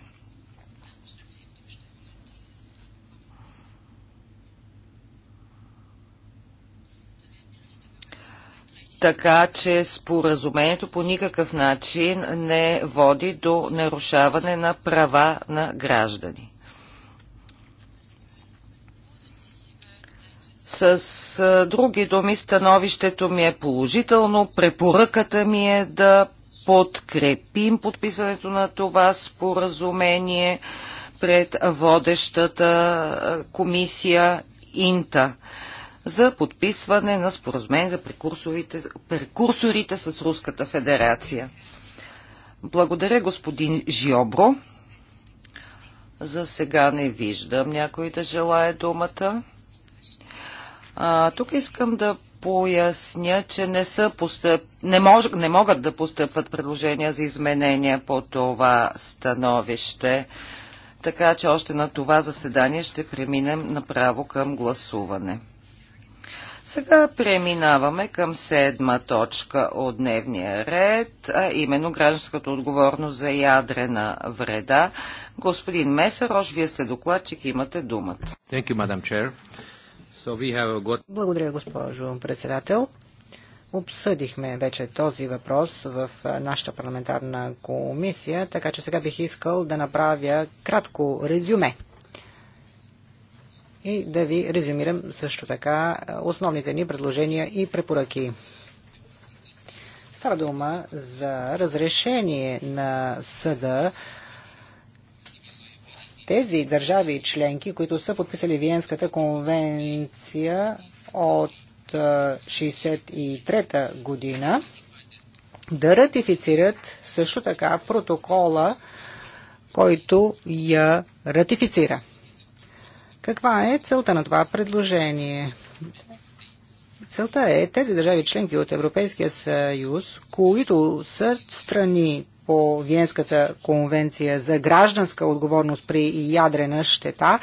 така че споразумението по никакъв начин не води до нарушаване на права на граждани. С други думи, становището ми е положително, препоръката ми е да подкрепим подписването на това споразумение пред водещата комисия Инта за подписване на споразумение за прекурсорите, прекурсорите с Руската федерация. Благодаря, господин Жиобро. За сега не виждам някой да желая думата. А, тук искам да поясня, че не, са постъп... не, мож... не могат да постъпват предложения за изменения по това становище. Така че още на това заседание ще преминем направо към гласуване. Сега преминаваме към седма точка от дневния ред, а именно гражданската отговорност за ядрена вреда. Господин Месарош, вие сте докладчик, имате думата. Thank you, Madam Chair. So we have got... Благодаря, госпожо председател. Обсъдихме вече този въпрос в нашата парламентарна комисия, така че сега бих искал да направя кратко резюме и да ви резюмирам също така е, основните ни предложения и препоръки. Става дума за разрешение на съда тези държави и членки, които са подписали Виенската конвенция от 1963 е, година, да ратифицират също така протокола, който я ратифицира. Каква е целта на това предложение? Целта е тези държави членки от Европейския съюз, които са страни по Виенската конвенция за гражданска отговорност при ядрена щета,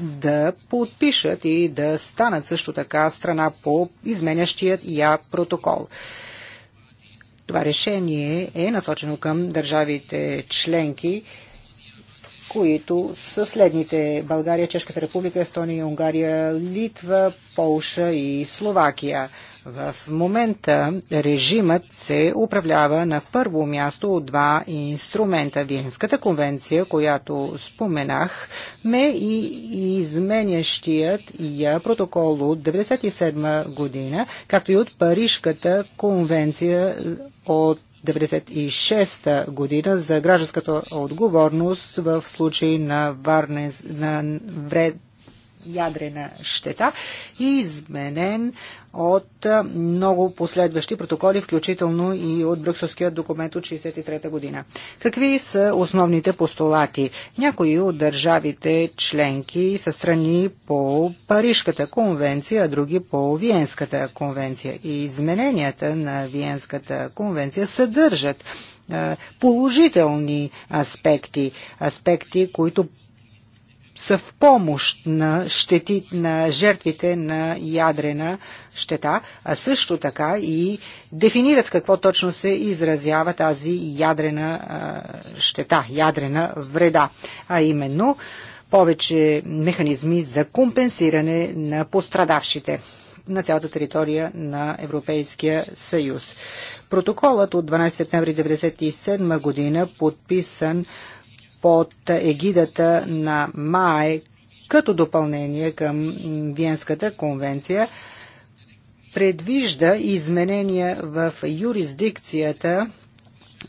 да подпишат и да станат също така страна по изменящият я протокол. Това решение е насочено към държавите членки, които са следните България, Чешката република, Естония, Унгария, Литва, Полша и Словакия. В момента режимът се управлява на първо място от два инструмента. Виенската конвенция, която споменах, ме и изменящият я протокол от 1997 година, както и от Парижката конвенция от 1996 година за гражданската отговорност в случай на, варне на вред, ядрена щета и изменен от много последващи протоколи, включително и от Брюксовския документ от 1963 година. Какви са основните постулати? Някои от държавите членки са страни по Парижката конвенция, а други по Виенската конвенция. И измененията на Виенската конвенция съдържат положителни аспекти, аспекти, които са в помощ на, щети, на жертвите на ядрена щета, а също така и дефинират какво точно се изразява тази ядрена а, щета, ядрена вреда, а именно повече механизми за компенсиране на пострадавшите на цялата територия на Европейския съюз. Протоколът от 12 септември 1997 година, подписан под егидата на МАЕ като допълнение към Виенската конвенция предвижда изменения в юрисдикцията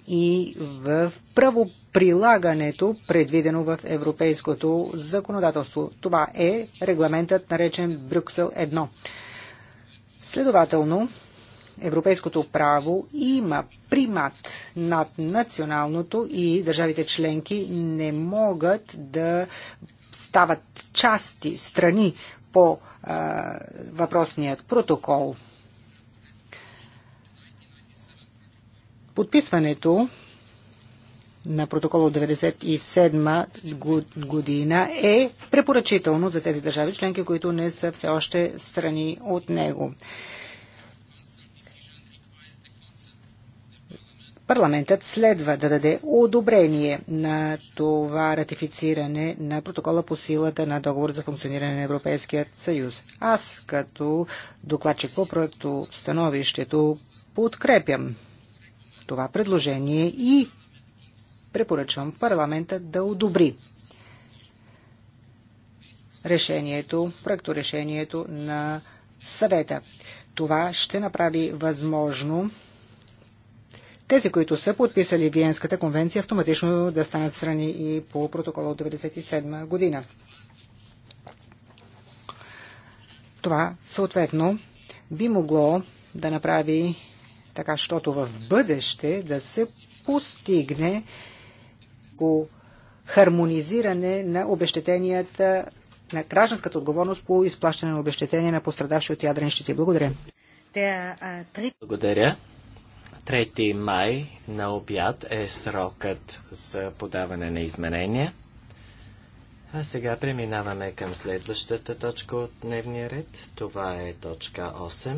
и в правоприлагането, предвидено в европейското законодателство. Това е регламентът, наречен Брюксел 1. Следователно, европейското право има примат над националното и държавите членки не могат да стават части, страни по а, въпросният протокол. Подписването на протокол от 1997 година е препоръчително за тези държави членки, които не са все още страни от него. Парламентът следва да даде одобрение на това ратифициране на протокола по силата на договор за функциониране на Европейският съюз. Аз като докладчик по проекто становището подкрепям това предложение и препоръчвам парламента да одобри решението, проекторешението на съвета. Това ще направи възможно тези, които са подписали Виенската конвенция, автоматично да станат страни и по протокола от 1997 година. Това съответно би могло да направи така, щото в бъдеще да се постигне по хармонизиране на обещетенията на гражданската отговорност по изплащане на обещетения на пострадавши от ядрени щити. Благодаря. Благодаря. 3 май на обяд е срокът за подаване на изменения. А сега преминаваме към следващата точка от дневния ред. Това е точка 8.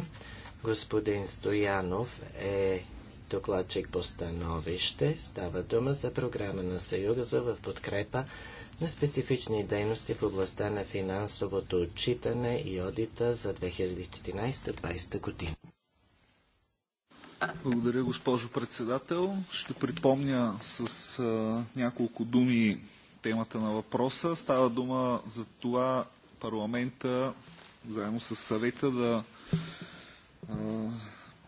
Господин Стоянов е докладчик по становище. Става дума за програма на Съюза в подкрепа на специфични дейности в областта на финансовото отчитане и одита за 2014-2020 година. Благодаря, госпожо председател. Ще припомня с а, няколко думи темата на въпроса. Става дума за това парламента, заедно с съвета, да а,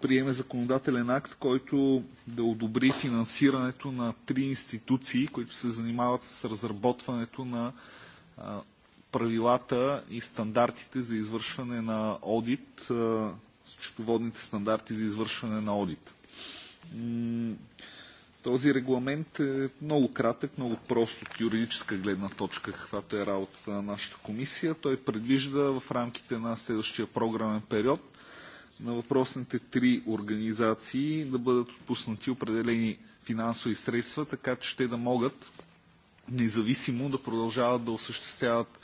приеме законодателен акт, който да одобри финансирането на три институции, които се занимават с разработването на а, правилата и стандартите за извършване на одит счетоводните стандарти за извършване на одит. Този регламент е много кратък, много прост от юридическа гледна точка, каквато е работата на нашата комисия. Той предвижда в рамките на следващия програмен период на въпросните три организации да бъдат отпуснати определени финансови средства, така че те да могат независимо да продължават да осъществяват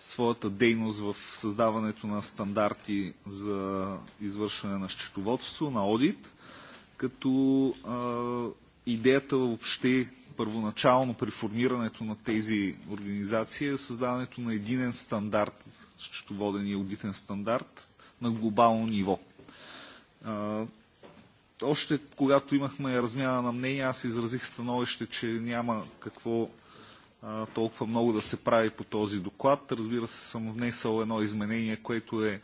своята дейност в създаването на стандарти за извършване на счетоводство, на одит, като а, идеята въобще първоначално при формирането на тези организации е създаването на единен стандарт, счетоводен и аудитен стандарт на глобално ниво. А, още когато имахме размяна на мнение, аз изразих становище, че няма какво толкова много да се прави по този доклад. Разбира се, съм внесъл едно изменение, което е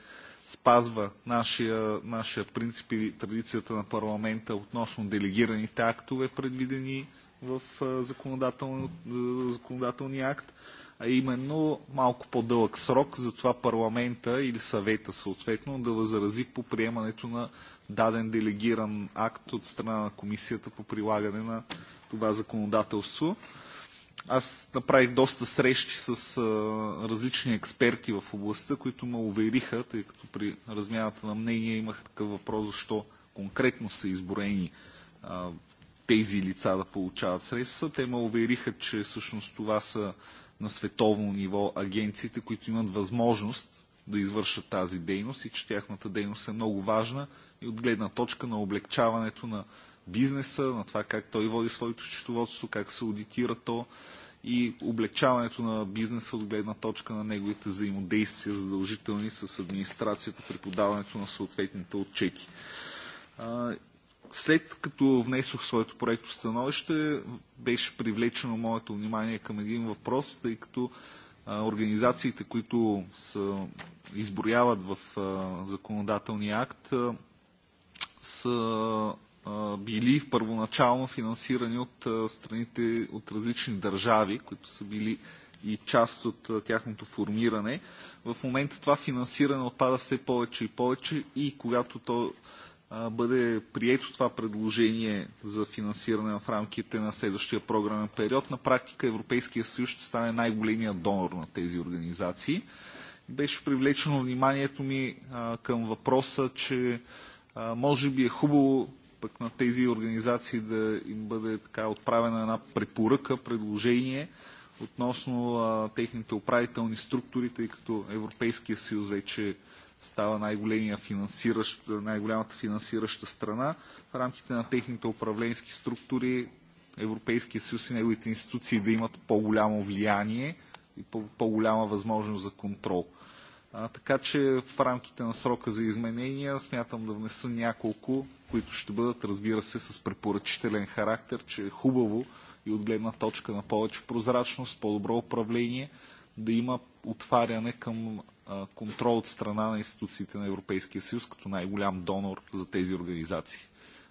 спазва нашия, нашия принцип и традицията на парламента относно делегираните актове, предвидени в законодател, законодателния акт, а именно малко по-дълъг срок за това парламента или съвета съответно да възрази по приемането на даден делегиран акт от страна на комисията по прилагане на това законодателство. Аз направих доста срещи с а, различни експерти в областта, които ме увериха, тъй като при размяната на мнение имах такъв въпрос, защо конкретно са изброени а, тези лица да получават средства. Те ме увериха, че всъщност това са на световно ниво агенциите, които имат възможност да извършат тази дейност и че тяхната дейност е много важна и от гледна точка на облегчаването на бизнеса, на това как той води своето счетоводство, как се аудитира то и облегчаването на бизнеса от гледна точка на неговите взаимодействия задължителни с администрацията при подаването на съответните отчети. След като внесох своето проекто становище, беше привлечено моето внимание към един въпрос, тъй като организациите, които са, изброяват в законодателния акт, са били първоначално финансирани от страните от различни държави, които са били и част от тяхното формиране. В момента това финансиране отпада все повече и повече и когато то бъде прието това предложение за финансиране в рамките на следващия програмен период, на практика Европейския съюз ще стане най-големия донор на тези организации. Беше привлечено вниманието ми към въпроса, че може би е хубаво пък на тези организации да им бъде така отправена една препоръка, предложение относно а, техните управителни структури, тъй като Европейския съюз вече става най финансиращ, най-голямата финансираща страна. В рамките на техните управленски структури Европейския съюз и неговите институции да имат по-голямо влияние и по-голяма възможност за контрол. А, така че в рамките на срока за изменения смятам да внеса няколко които ще бъдат, разбира се, с препоръчителен характер, че е хубаво и от гледна точка на повече прозрачност, по-добро управление, да има отваряне към контрол от страна на институциите на Европейския съюз като най-голям донор за тези организации.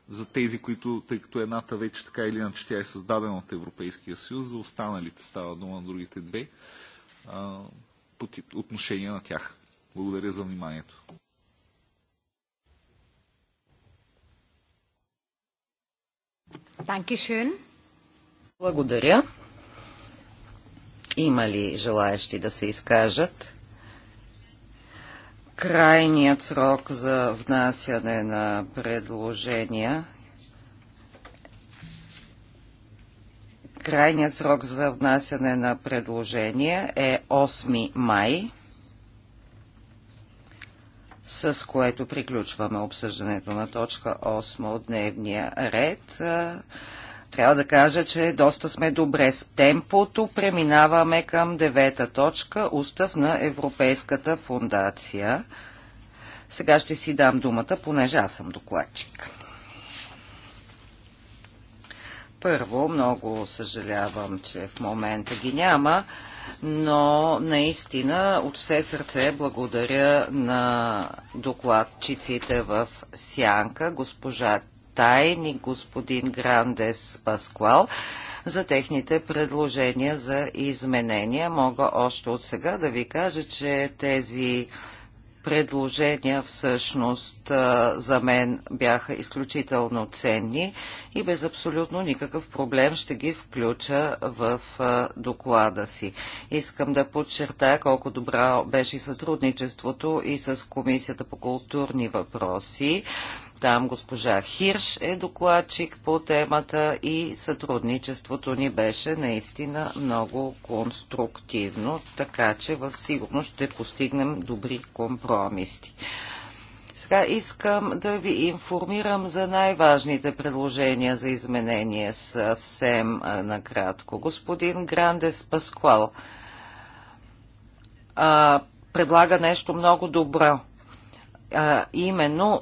За тези, които, тъй като едната вече така или иначе тя е създадена от Европейския съюз, за останалите става дума на другите две, отношения на тях. Благодаря за вниманието. Благодаря. Има ли желаящи да се изкажат? Крайният срок за внасяне на предложения Крайният срок за внасяне на предложения е 8 май с което приключваме обсъждането на точка 8 от дневния ред. Трябва да кажа, че доста сме добре с темпото. Преминаваме към девета точка – Устав на Европейската фундация. Сега ще си дам думата, понеже аз съм докладчик. Първо, много съжалявам, че в момента ги няма но наистина от все сърце благодаря на докладчиците в Сянка, госпожа Тайн и господин Грандес Пасквал, за техните предложения за изменения. Мога още от сега да ви кажа, че тези предложения всъщност за мен бяха изключително ценни и без абсолютно никакъв проблем ще ги включа в доклада си. Искам да подчертая колко добра беше сътрудничеството и с Комисията по културни въпроси. Там госпожа Хирш е докладчик по темата и сътрудничеството ни беше наистина много конструктивно, така че във сигурност ще постигнем добри компромиси. Сега искам да ви информирам за най-важните предложения за изменение съвсем накратко. Господин Грандес Паскуал предлага нещо много добро. А, именно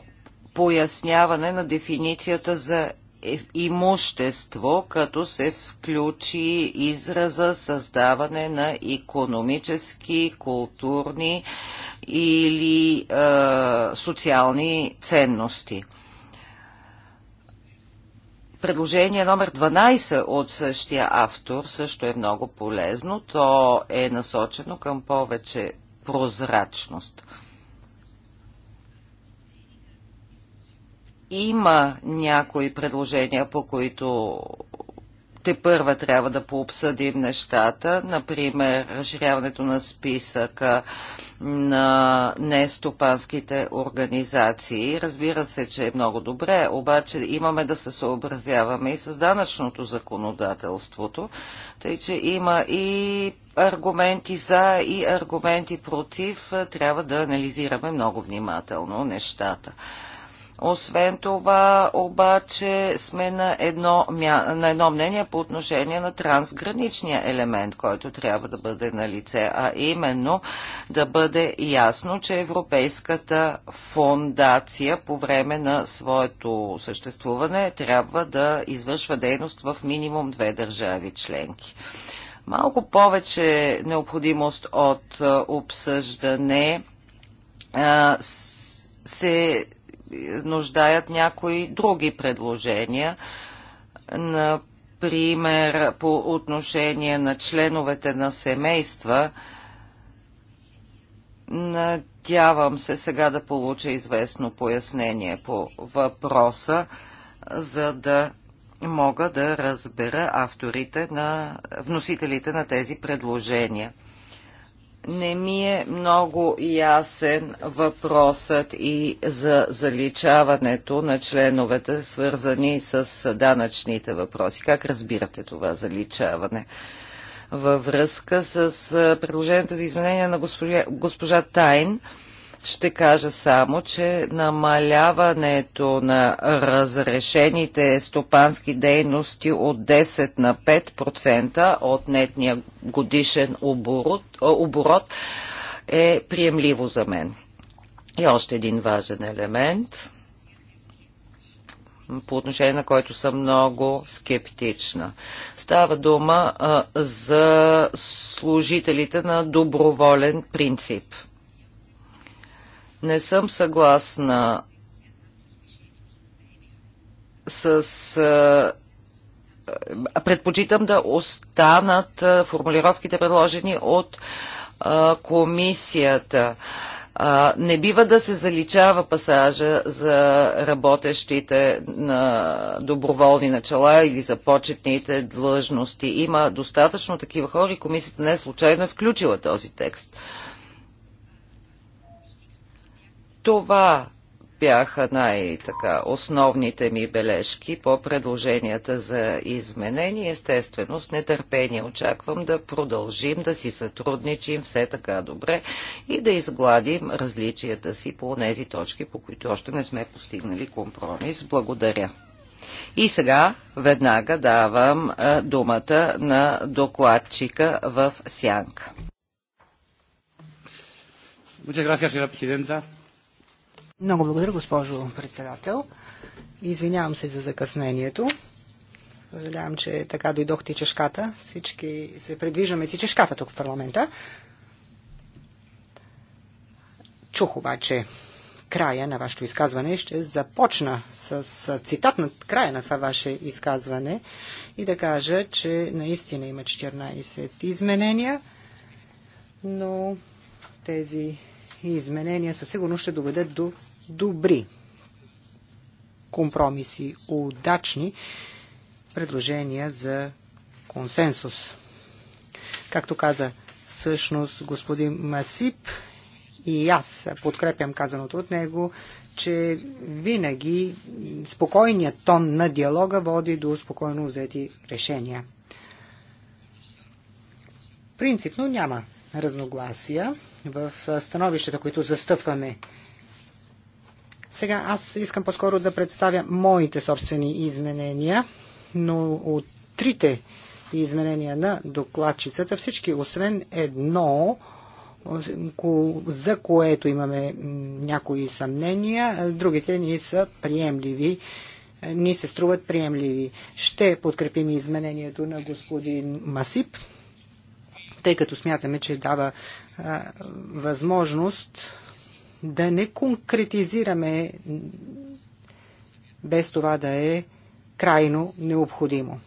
поясняване на дефиницията за е, имущество, като се включи израза създаване на економически, културни или е, социални ценности. Предложение номер 12 от същия автор също е много полезно. То е насочено към повече прозрачност. Има някои предложения, по които те първа трябва да пообсъдим нещата, например разширяването на списъка на нестопанските организации. Разбира се, че е много добре, обаче имаме да се съобразяваме и с данъчното законодателството, тъй че има и аргументи за и аргументи против. Трябва да анализираме много внимателно нещата. Освен това, обаче, сме на едно, на едно мнение по отношение на трансграничния елемент, който трябва да бъде на лице, а именно да бъде ясно, че Европейската фондация по време на своето съществуване трябва да извършва дейност в минимум две държави членки. Малко повече необходимост от обсъждане се нуждаят някои други предложения. Например, по отношение на членовете на семейства, надявам се сега да получа известно пояснение по въпроса, за да мога да разбера авторите на вносителите на тези предложения не ми е много ясен въпросът и за заличаването на членовете, свързани с данъчните въпроси. Как разбирате това заличаване? Във връзка с предложението за изменение на госпожа, госпожа Тайн, ще кажа само, че намаляването на разрешените стопански дейности от 10 на 5% от нетния годишен оборот, оборот е приемливо за мен. И още един важен елемент, по отношение на който съм много скептична. Става дума а, за служителите на доброволен принцип – не съм съгласна с предпочитам да останат формулировките предложени от а, комисията. А, не бива да се заличава пасажа за работещите на доброволни начала или за почетните длъжности. Има достатъчно такива хора и комисията не е случайно е включила този текст. Това бяха най-така основните ми бележки по предложенията за изменение. Естествено, с нетърпение очаквам да продължим да си сътрудничим все така добре и да изгладим различията си по тези точки, по които още не сме постигнали компромис. Благодаря. И сега веднага давам думата на докладчика в Сянка. Muchas gracias, señora presidenta. Много благодаря, госпожо председател. Извинявам се за закъснението. Съжалявам, че така дойдох ти чешката. Всички се предвиждаме ти чешката тук в парламента. Чух обаче края на вашето изказване. Ще започна с цитат на края на това ваше изказване и да кажа, че наистина има 14 изменения, но тези изменения със сигурност ще доведат до добри компромиси, удачни предложения за консенсус. Както каза всъщност господин Масип, и аз подкрепям казаното от него, че винаги спокойният тон на диалога води до спокойно взети решения. Принципно няма разногласия в становищата, които застъпваме сега аз искам по-скоро да представя моите собствени изменения, но от трите изменения на докладчицата, всички освен едно, за което имаме някои съмнения, другите ни са приемливи ни се струват приемливи. Ще подкрепим изменението на господин Масип, тъй като смятаме, че дава възможност да не конкретизираме без това да е крайно необходимо.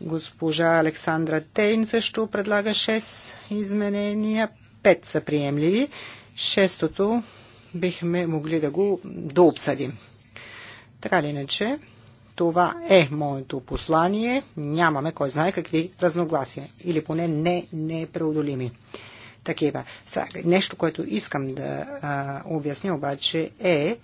Госпожа Александра Тейн също предлага 6 изменения. 5 са приемливи. Шестото бихме могли да го дообсъдим. Така ли иначе, това е моето послание. Нямаме кой знае какви разногласия. Или поне не, не е такива. Сега, нещо, което искам да а, обясня обаче е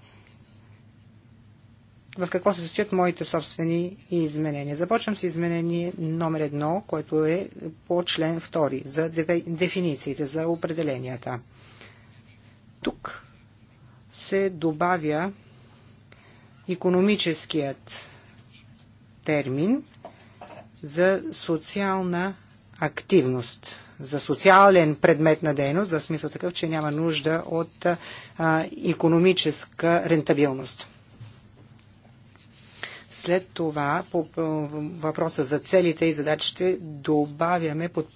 в какво се случат моите собствени изменения. Започвам с изменение номер едно, което е по член 2 за дефинициите, за определенията. Тук се добавя економическият термин за социална активност за социален предмет на дейност, за смисъл такъв, че няма нужда от а, економическа рентабилност. След това, по въпроса за целите и задачите, добавяме под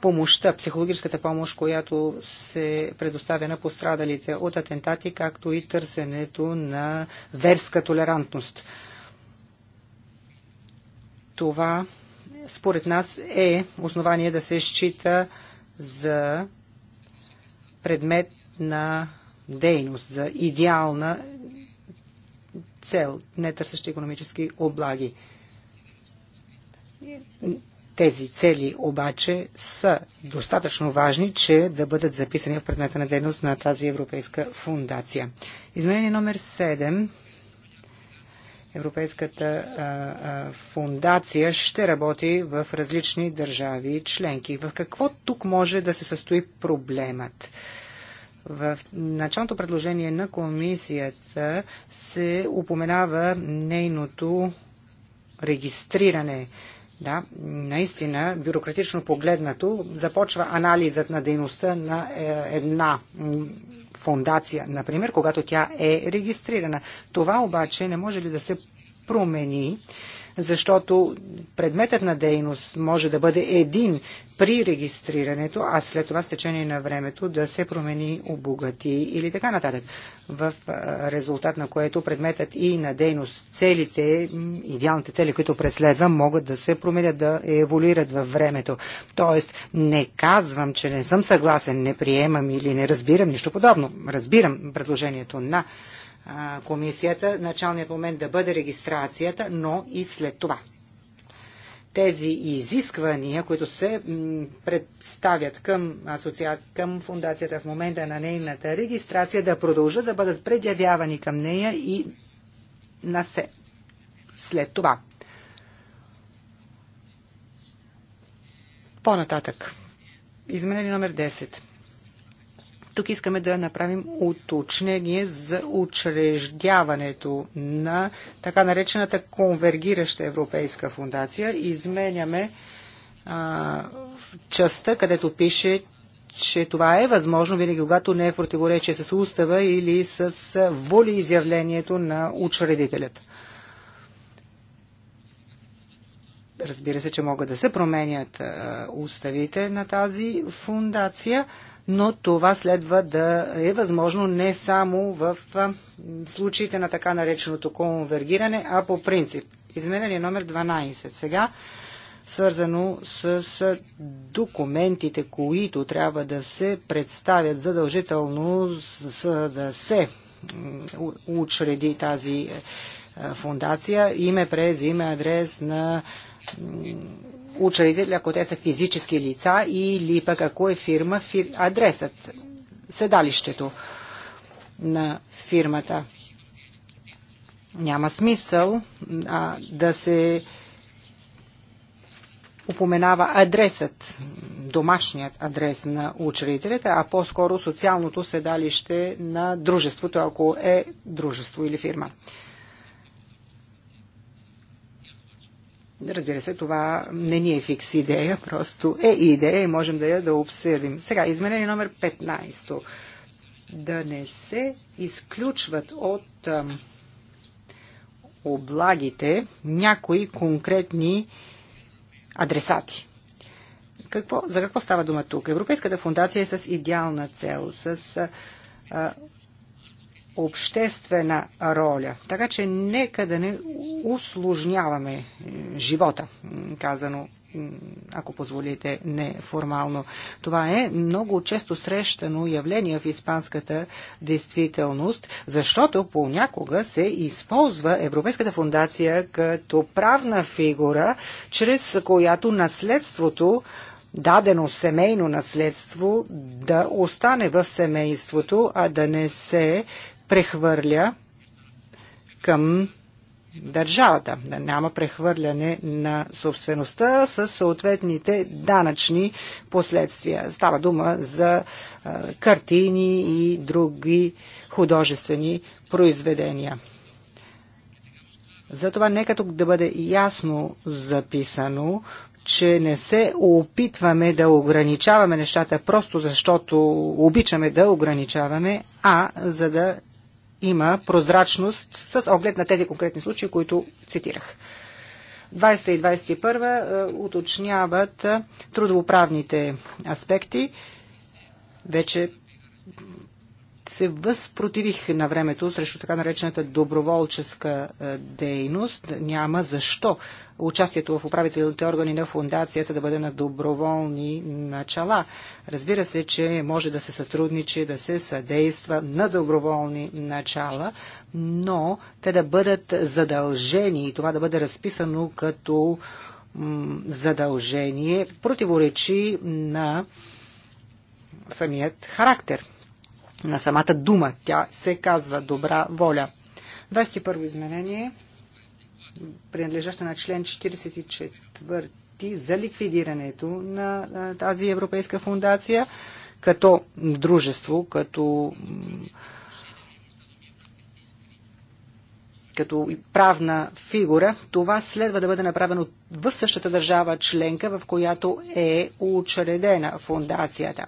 помощта, психологическата помощ, която се предоставя на пострадалите от атентати, както и търсенето на верска толерантност. Това според нас е основание да се счита за предмет на дейност, за идеална цел, не търсещи економически облаги. Тези цели обаче са достатъчно важни, че да бъдат записани в предмета на дейност на тази Европейска фундация. Изменение номер Европейската а, а, фундация ще работи в различни държави и членки. В какво тук може да се състои проблемът? В началното предложение на комисията се упоменава нейното регистриране. Да, наистина, бюрократично погледнато, започва анализът на дейността на е, една фондация, например, когато тя е регистрирана. Това обаче не може ли да се промени защото предметът на дейност може да бъде един при регистрирането, а след това с течение на времето да се промени, обогати или така нататък. В резултат на което предметът и на дейност целите, идеалните цели, които преследва, могат да се променят, да еволюират във времето. Тоест, не казвам, че не съм съгласен, не приемам или не разбирам нищо подобно. Разбирам предложението на комисията, началният момент да бъде регистрацията, но и след това. Тези изисквания, които се представят към, асоция... към фундацията в момента на нейната регистрация, да продължат да бъдат предявявани към нея и на се. След това. По-нататък. Изменение номер 10. Тук искаме да направим уточнение за учреждяването на така наречената конвергираща Европейска фундация. Изменяме а, частта, където пише, че това е възможно винаги, когато не е в противоречие с устава или с волеизявлението на учредителят. Разбира се, че могат да се променят уставите на тази фундация, но това следва да е възможно не само в случаите на така нареченото конвергиране, а по принцип. Изменение номер 12. Сега свързано с документите, които трябва да се представят задължително, за да се учреди тази е, фундация. Име, през име, адрес на учредителя, ако те са физически лица или пък ако е фирма, фир... адресът, седалището на фирмата. Няма смисъл а, да се упоменава адресът, домашният адрес на учредителите, а по-скоро социалното седалище на дружеството, ако е дружество или фирма. Разбира се, това не ни е фикс идея, просто е идея и можем да я да обсъдим. Сега, изменение номер 15. Да не се изключват от ам, облагите някои конкретни адресати. Какво, за какво става дума тук? Европейската фундация е с идеална цел, с а, обществена роля. Така че нека да не усложняваме е, живота, казано, ако позволите, неформално. Това е много често срещано явление в испанската действителност, защото понякога се използва Европейската фундация като правна фигура, чрез която наследството дадено семейно наследство да остане в семейството, а да не се прехвърля към държавата, да няма прехвърляне на собствеността с съответните данъчни последствия. Става дума за а, картини и други художествени произведения. Затова нека тук да бъде ясно записано, че не се опитваме да ограничаваме нещата просто защото обичаме да ограничаваме, а за да има прозрачност с оглед на тези конкретни случаи, които цитирах. 20 и 21 е, уточняват е, трудовоправните аспекти. Вече се възпротивих на времето срещу така наречената доброволческа е, дейност. Няма защо участието в управителните органи на фундацията да бъде на доброволни начала. Разбира се, че може да се сътрудничи, да се съдейства на доброволни начала, но те да бъдат задължени и това да бъде разписано като задължение противоречи на самият характер на самата дума. Тя се казва добра воля. 21 изменение, принадлежаща на член 44 за ликвидирането на тази Европейска фундация като дружество, като като правна фигура, това следва да бъде направено в същата държава членка, в която е учредена фундацията.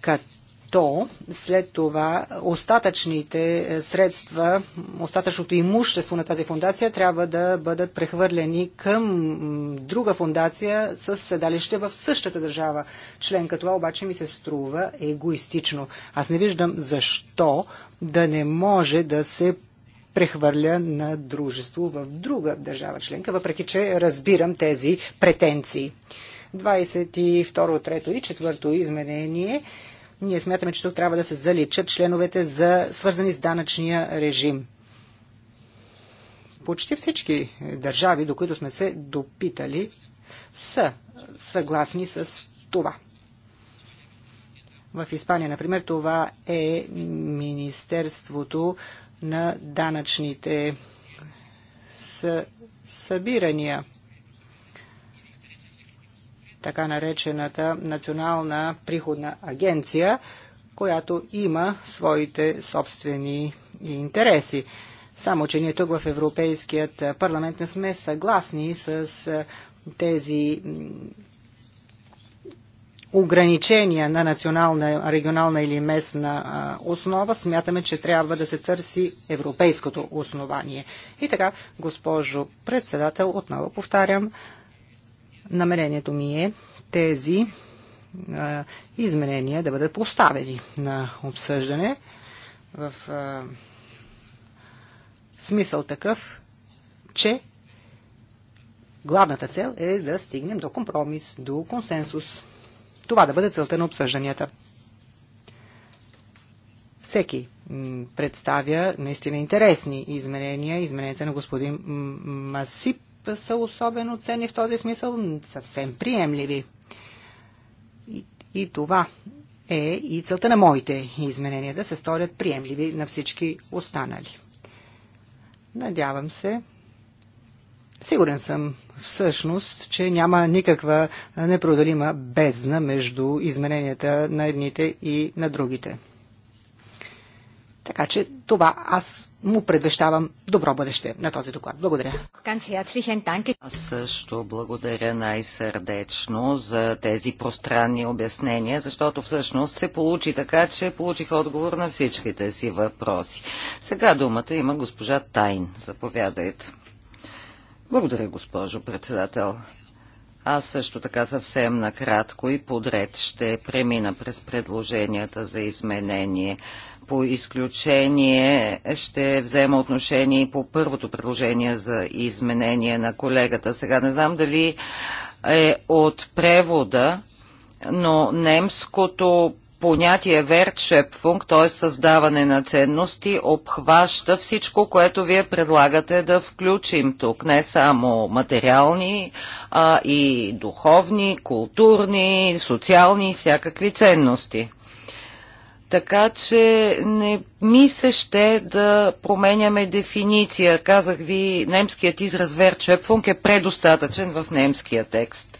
Като то след това остатъчните е, средства, остатъчното имущество на тази фундация трябва да бъдат прехвърлени към друга фундация с седалище в същата държава членка. Това обаче ми се струва егоистично. Аз не виждам защо да не може да се прехвърля на дружество в друга държава членка, въпреки че разбирам тези претенции. 22, 3 и 4 изменение ние смятаме, че тук трябва да се заличат членовете за свързани с данъчния режим. Почти всички държави, до които сме се допитали, са съгласни с това. В Испания, например, това е Министерството на данъчните събирания така наречената Национална приходна агенция, която има своите собствени интереси. Само, че ние тук в Европейският парламент не сме съгласни с тези ограничения на национална, регионална или местна основа, смятаме, че трябва да се търси европейското основание. И така, госпожо председател, отново повтарям, намерението ми е тези а, изменения да бъдат поставени на обсъждане в а, смисъл такъв, че главната цел е да стигнем до компромис, до консенсус. Това да бъде целта на обсъжданията. Всеки представя наистина интересни изменения. Измененията на господин Масип са особено ценни в този смисъл, съвсем приемливи. И, и това е и целта на моите изменения да се сторят приемливи на всички останали. Надявам се, Сигурен съм всъщност, че няма никаква непродалима бездна между измененията на едните и на другите. Така че това аз му предвещавам добро бъдеще на този доклад. Благодаря. Аз също благодаря най-сърдечно за тези пространни обяснения, защото всъщност се получи така, че получих отговор на всичките си въпроси. Сега думата има госпожа Тайн. Заповядайте. Благодаря, госпожо председател. Аз също така съвсем накратко и подред ще премина през предложенията за изменение по изключение ще взема отношение и по първото предложение за изменение на колегата. Сега не знам дали е от превода, но немското понятие Wertschöpfung, т.е. създаване на ценности, обхваща всичко, което вие предлагате да включим тук. Не само материални, а и духовни, културни, социални и всякакви ценности. Така че не ми се ще да променяме дефиниция. Казах ви, немският израз Верчепфунг е предостатъчен в немския текст.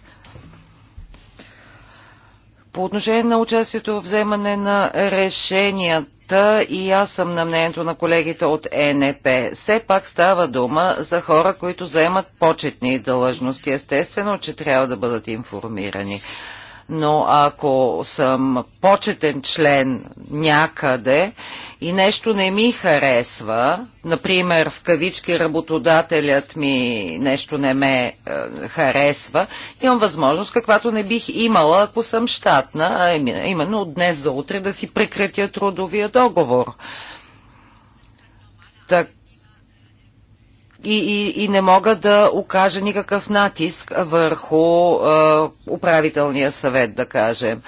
По отношение на участието в вземане на решенията и аз съм на мнението на колегите от ЕНП. Все пак става дума за хора, които заемат почетни длъжности. Естествено, че трябва да бъдат информирани но ако съм почетен член някъде и нещо не ми харесва, например в кавички работодателят ми нещо не ме е, харесва, имам възможност, каквато не бих имала, ако съм щатна, а именно от днес за утре да си прекратя трудовия договор. Така и, и, и не мога да окажа никакъв натиск върху е, управителния съвет, да кажем.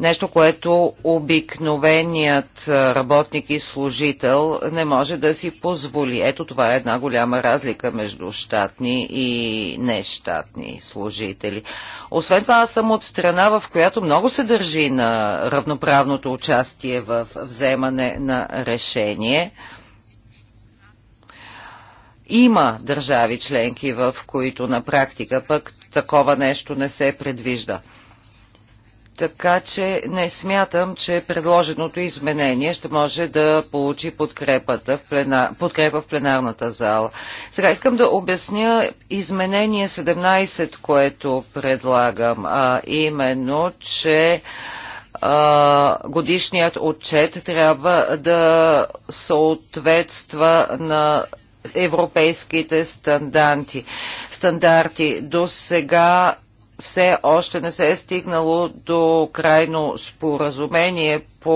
Нещо, което обикновеният работник и служител не може да си позволи. Ето това е една голяма разлика между щатни и нещатни служители. Освен това, аз съм от страна, в която много се държи на равноправното участие в вземане на решение – има държави членки, в които на практика пък такова нещо не се предвижда. Така че не смятам, че предложеното изменение ще може да получи подкрепата в плена... подкрепа в пленарната зала. Сега искам да обясня изменение 17, което предлагам, а именно, че а, годишният отчет трябва да съответства на европейските стандарти. стандарти. До сега все още не се е стигнало до крайно споразумение по,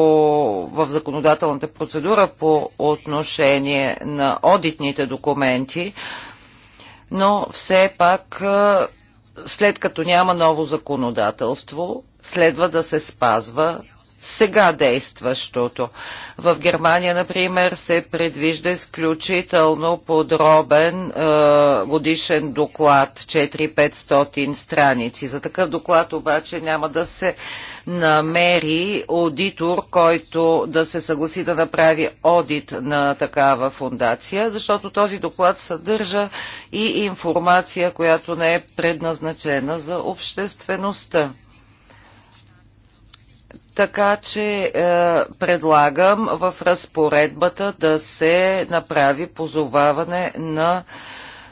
в законодателната процедура по отношение на одитните документи, но все пак след като няма ново законодателство, следва да се спазва сега действащото. В Германия, например, се предвижда изключително подробен е, годишен доклад, 4-500 страници. За такъв доклад обаче няма да се намери аудитор, който да се съгласи да направи одит на такава фундация, защото този доклад съдържа и информация, която не е предназначена за обществеността. Така че е, предлагам в разпоредбата да се направи позоваване на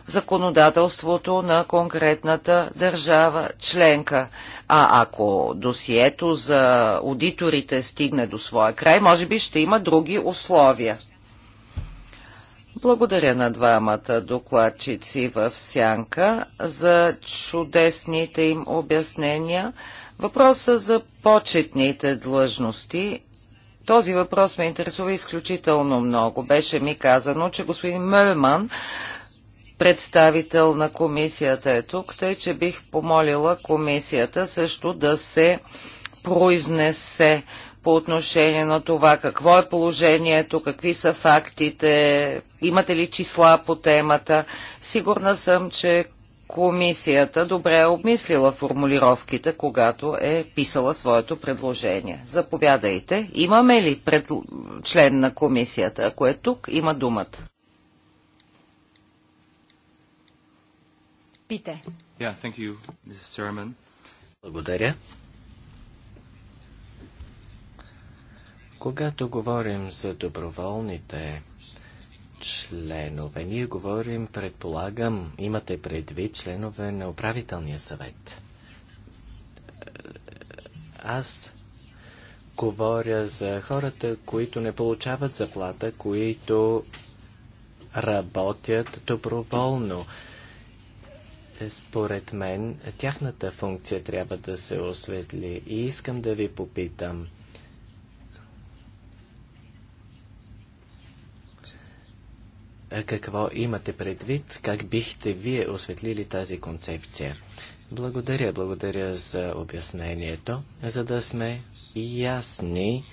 законодателството на конкретната държава членка. А ако досието за аудиторите стигне до своя край, може би ще има други условия. Благодаря на двамата докладчици в Сянка за чудесните им обяснения. Въпроса за почетните длъжности този въпрос ме интересува изключително много. Беше ми казано, че господин Мълман, представител на комисията е тук, тъй че бих помолила комисията също да се произнесе по отношение на това какво е положението, какви са фактите, имате ли числа по темата. Сигурна съм, че комисията добре е обмислила формулировките, когато е писала своето предложение. Заповядайте. Имаме ли пред... член на комисията? Ако е тук, има думата. Пите. Yeah, thank you, Mrs. Chairman. Благодаря. Когато говорим за доброволните членове. Ние говорим, предполагам, имате предвид членове на управителния съвет. Аз говоря за хората, които не получават заплата, които работят доброволно. Според мен, тяхната функция трябва да се осветли и искам да ви попитам – какво имате предвид, как бихте вие осветлили тази концепция. Благодаря, благодаря за обяснението, за да сме ясни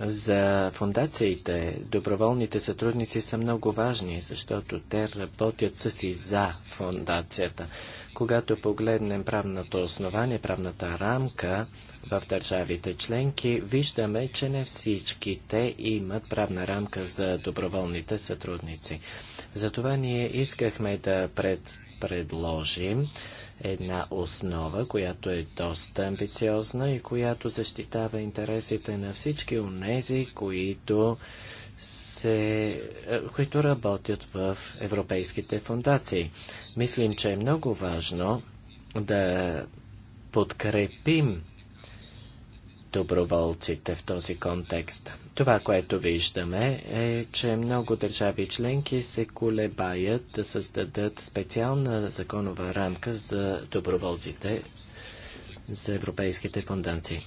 за фундациите. Доброволните сътрудници са много важни, защото те работят с и за фундацията. Когато погледнем правното основание, правната рамка, в държавите членки, виждаме, че не всички те имат правна рамка за доброволните сътрудници. Затова ние искахме да пред, предложим една основа, която е доста амбициозна и която защитава интересите на всички унези, които, се, е, които работят в европейските фундации. Мислим, че е много важно да подкрепим доброволците в този контекст. Това, което виждаме е, че много държави членки се колебаят да създадат специална законова рамка за доброволците за европейските фундации.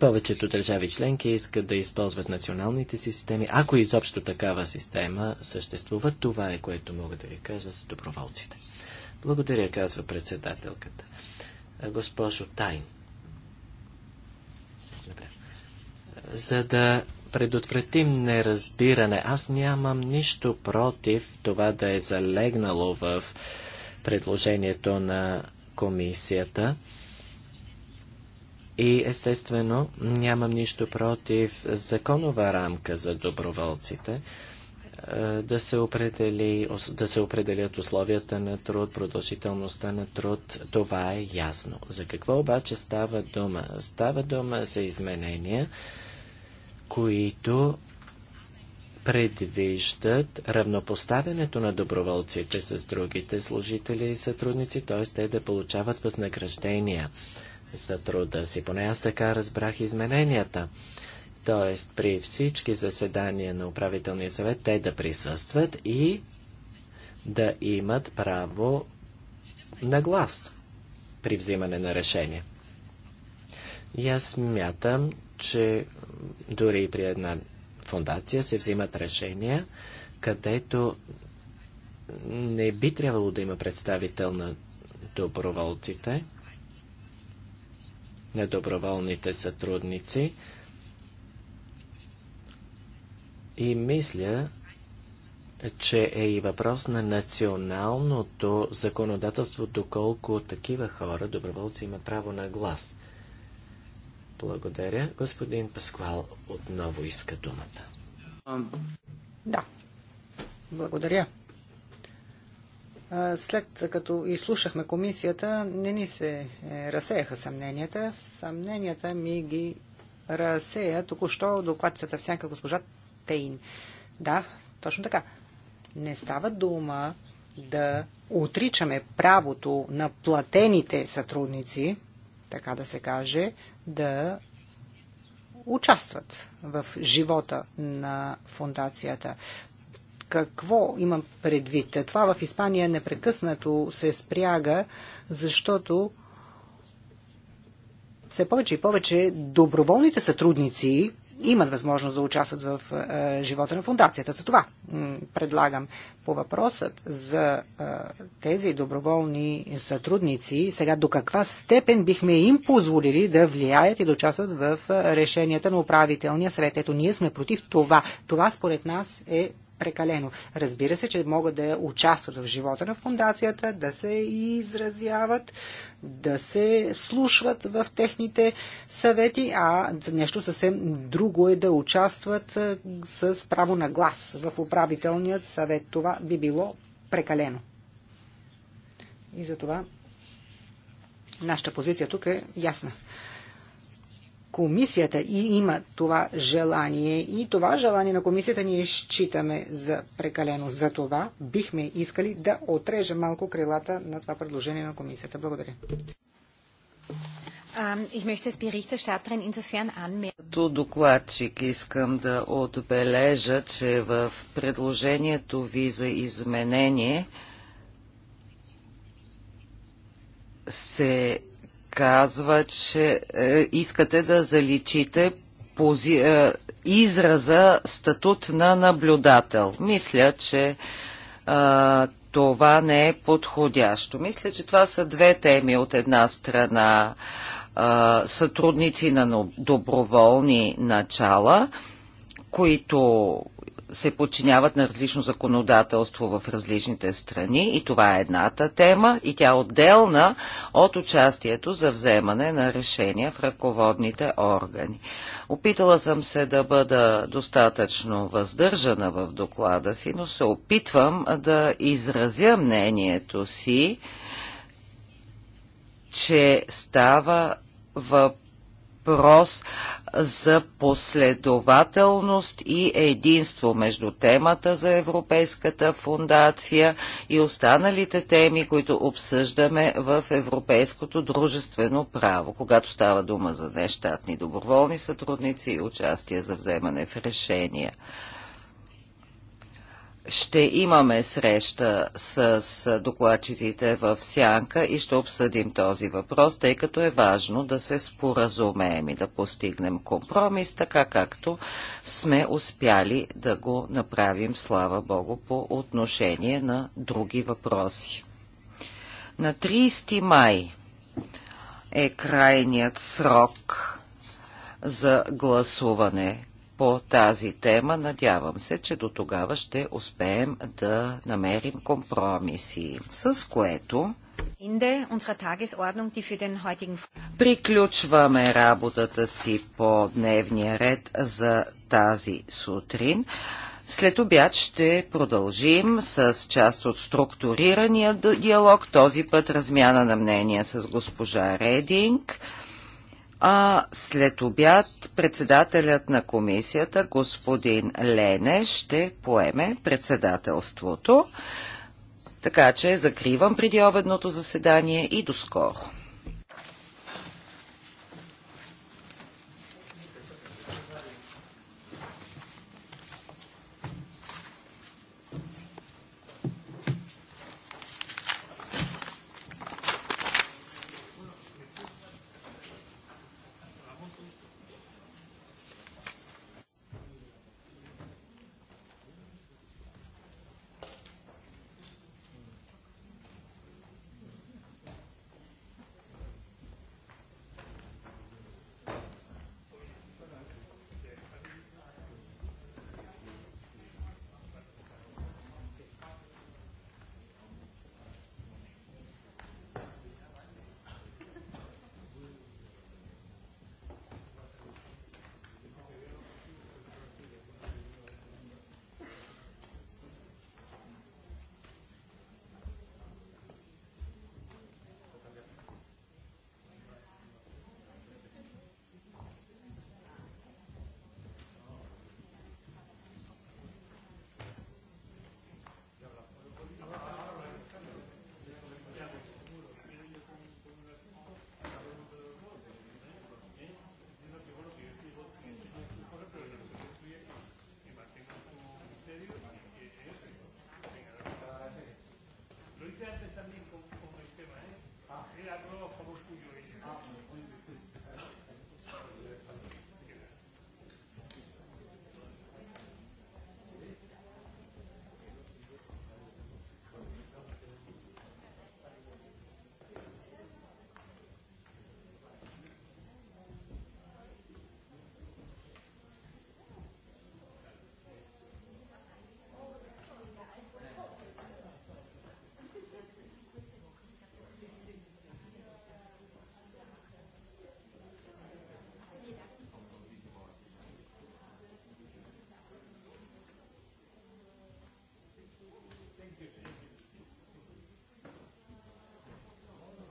Повечето държави членки искат да използват националните си системи. Ако изобщо такава система съществува, това е което мога да ви кажа за доброволците. Благодаря, казва председателката. Госпожо Тайн. за да предотвратим неразбиране. Аз нямам нищо против това да е залегнало в предложението на комисията. И естествено, нямам нищо против законова рамка за доброволците, е, да се, определи, да се определят условията на труд, продължителността на труд, това е ясно. За какво обаче става дума? Става дума за изменения, които предвиждат равнопоставянето на доброволците с другите служители и сътрудници, т.е. те да получават възнаграждения за труда си. Поне аз така разбрах измененията. Т.е. при всички заседания на управителния съвет те да присъстват и да имат право на глас при взимане на решение. И аз смятам, че дори и при една фундация се взимат решения, където не би трябвало да има представител на доброволците, на доброволните сътрудници. И мисля, че е и въпрос на националното законодателство, доколко такива хора, доброволци, има право на глас. Благодаря. Господин Пасквал отново иска думата. Да. Благодаря. След като изслушахме комисията, не ни се е, разсеяха съмненията. Съмненията ми ги разсея току-що докладцата всяка госпожа Тейн. Да, точно така. Не става дума да отричаме правото на платените сътрудници, така да се каже, да участват в живота на фундацията. Какво имам предвид? Това в Испания непрекъснато се спряга, защото все повече и повече доброволните сътрудници имат възможност да участват в е, живота на фундацията. За това предлагам по въпросът за е, тези доброволни сътрудници, сега до каква степен бихме им позволили да влияят и да участват в е, решенията на управителния съвет. Ето, ние сме против това. Това според нас е прекалено. Разбира се, че могат да участват в живота на фундацията, да се изразяват, да се слушват в техните съвети, а нещо съвсем друго е да участват с право на глас в управителният съвет. Това би било прекалено. И затова нашата позиция тук е ясна комисията и има това желание и това желание на комисията ние считаме за прекалено. За това бихме искали да отреже малко крилата на това предложение на комисията. Благодаря. Като докладчик искам да отбележа, че в предложението ви за изменение се казва, че е, искате да заличите пози, е, израза статут на наблюдател. Мисля, че е, това не е подходящо. Мисля, че това са две теми от една страна е, сътрудници на доброволни начала, които се подчиняват на различно законодателство в различните страни и това е едната тема и тя е отделна от участието за вземане на решения в ръководните органи. Опитала съм се да бъда достатъчно въздържана в доклада си, но се опитвам да изразя мнението си, че става въпрос въпрос за последователност и единство между темата за Европейската фундация и останалите теми, които обсъждаме в Европейското дружествено право, когато става дума за нещатни доброволни сътрудници и участие за вземане в решения ще имаме среща с докладчиците в Сянка и ще обсъдим този въпрос, тъй като е важно да се споразумеем и да постигнем компромис, така както сме успяли да го направим, слава Богу, по отношение на други въпроси. На 30 май е крайният срок за гласуване по тази тема. Надявам се, че до тогава ще успеем да намерим компромиси, с което Приключваме работата си по дневния ред за тази сутрин. След обяд ще продължим с част от структурирания диалог, този път размяна на мнения с госпожа Рединг. А след обяд председателят на комисията, господин Лене, ще поеме председателството. Така че закривам преди обедното заседание и до скоро.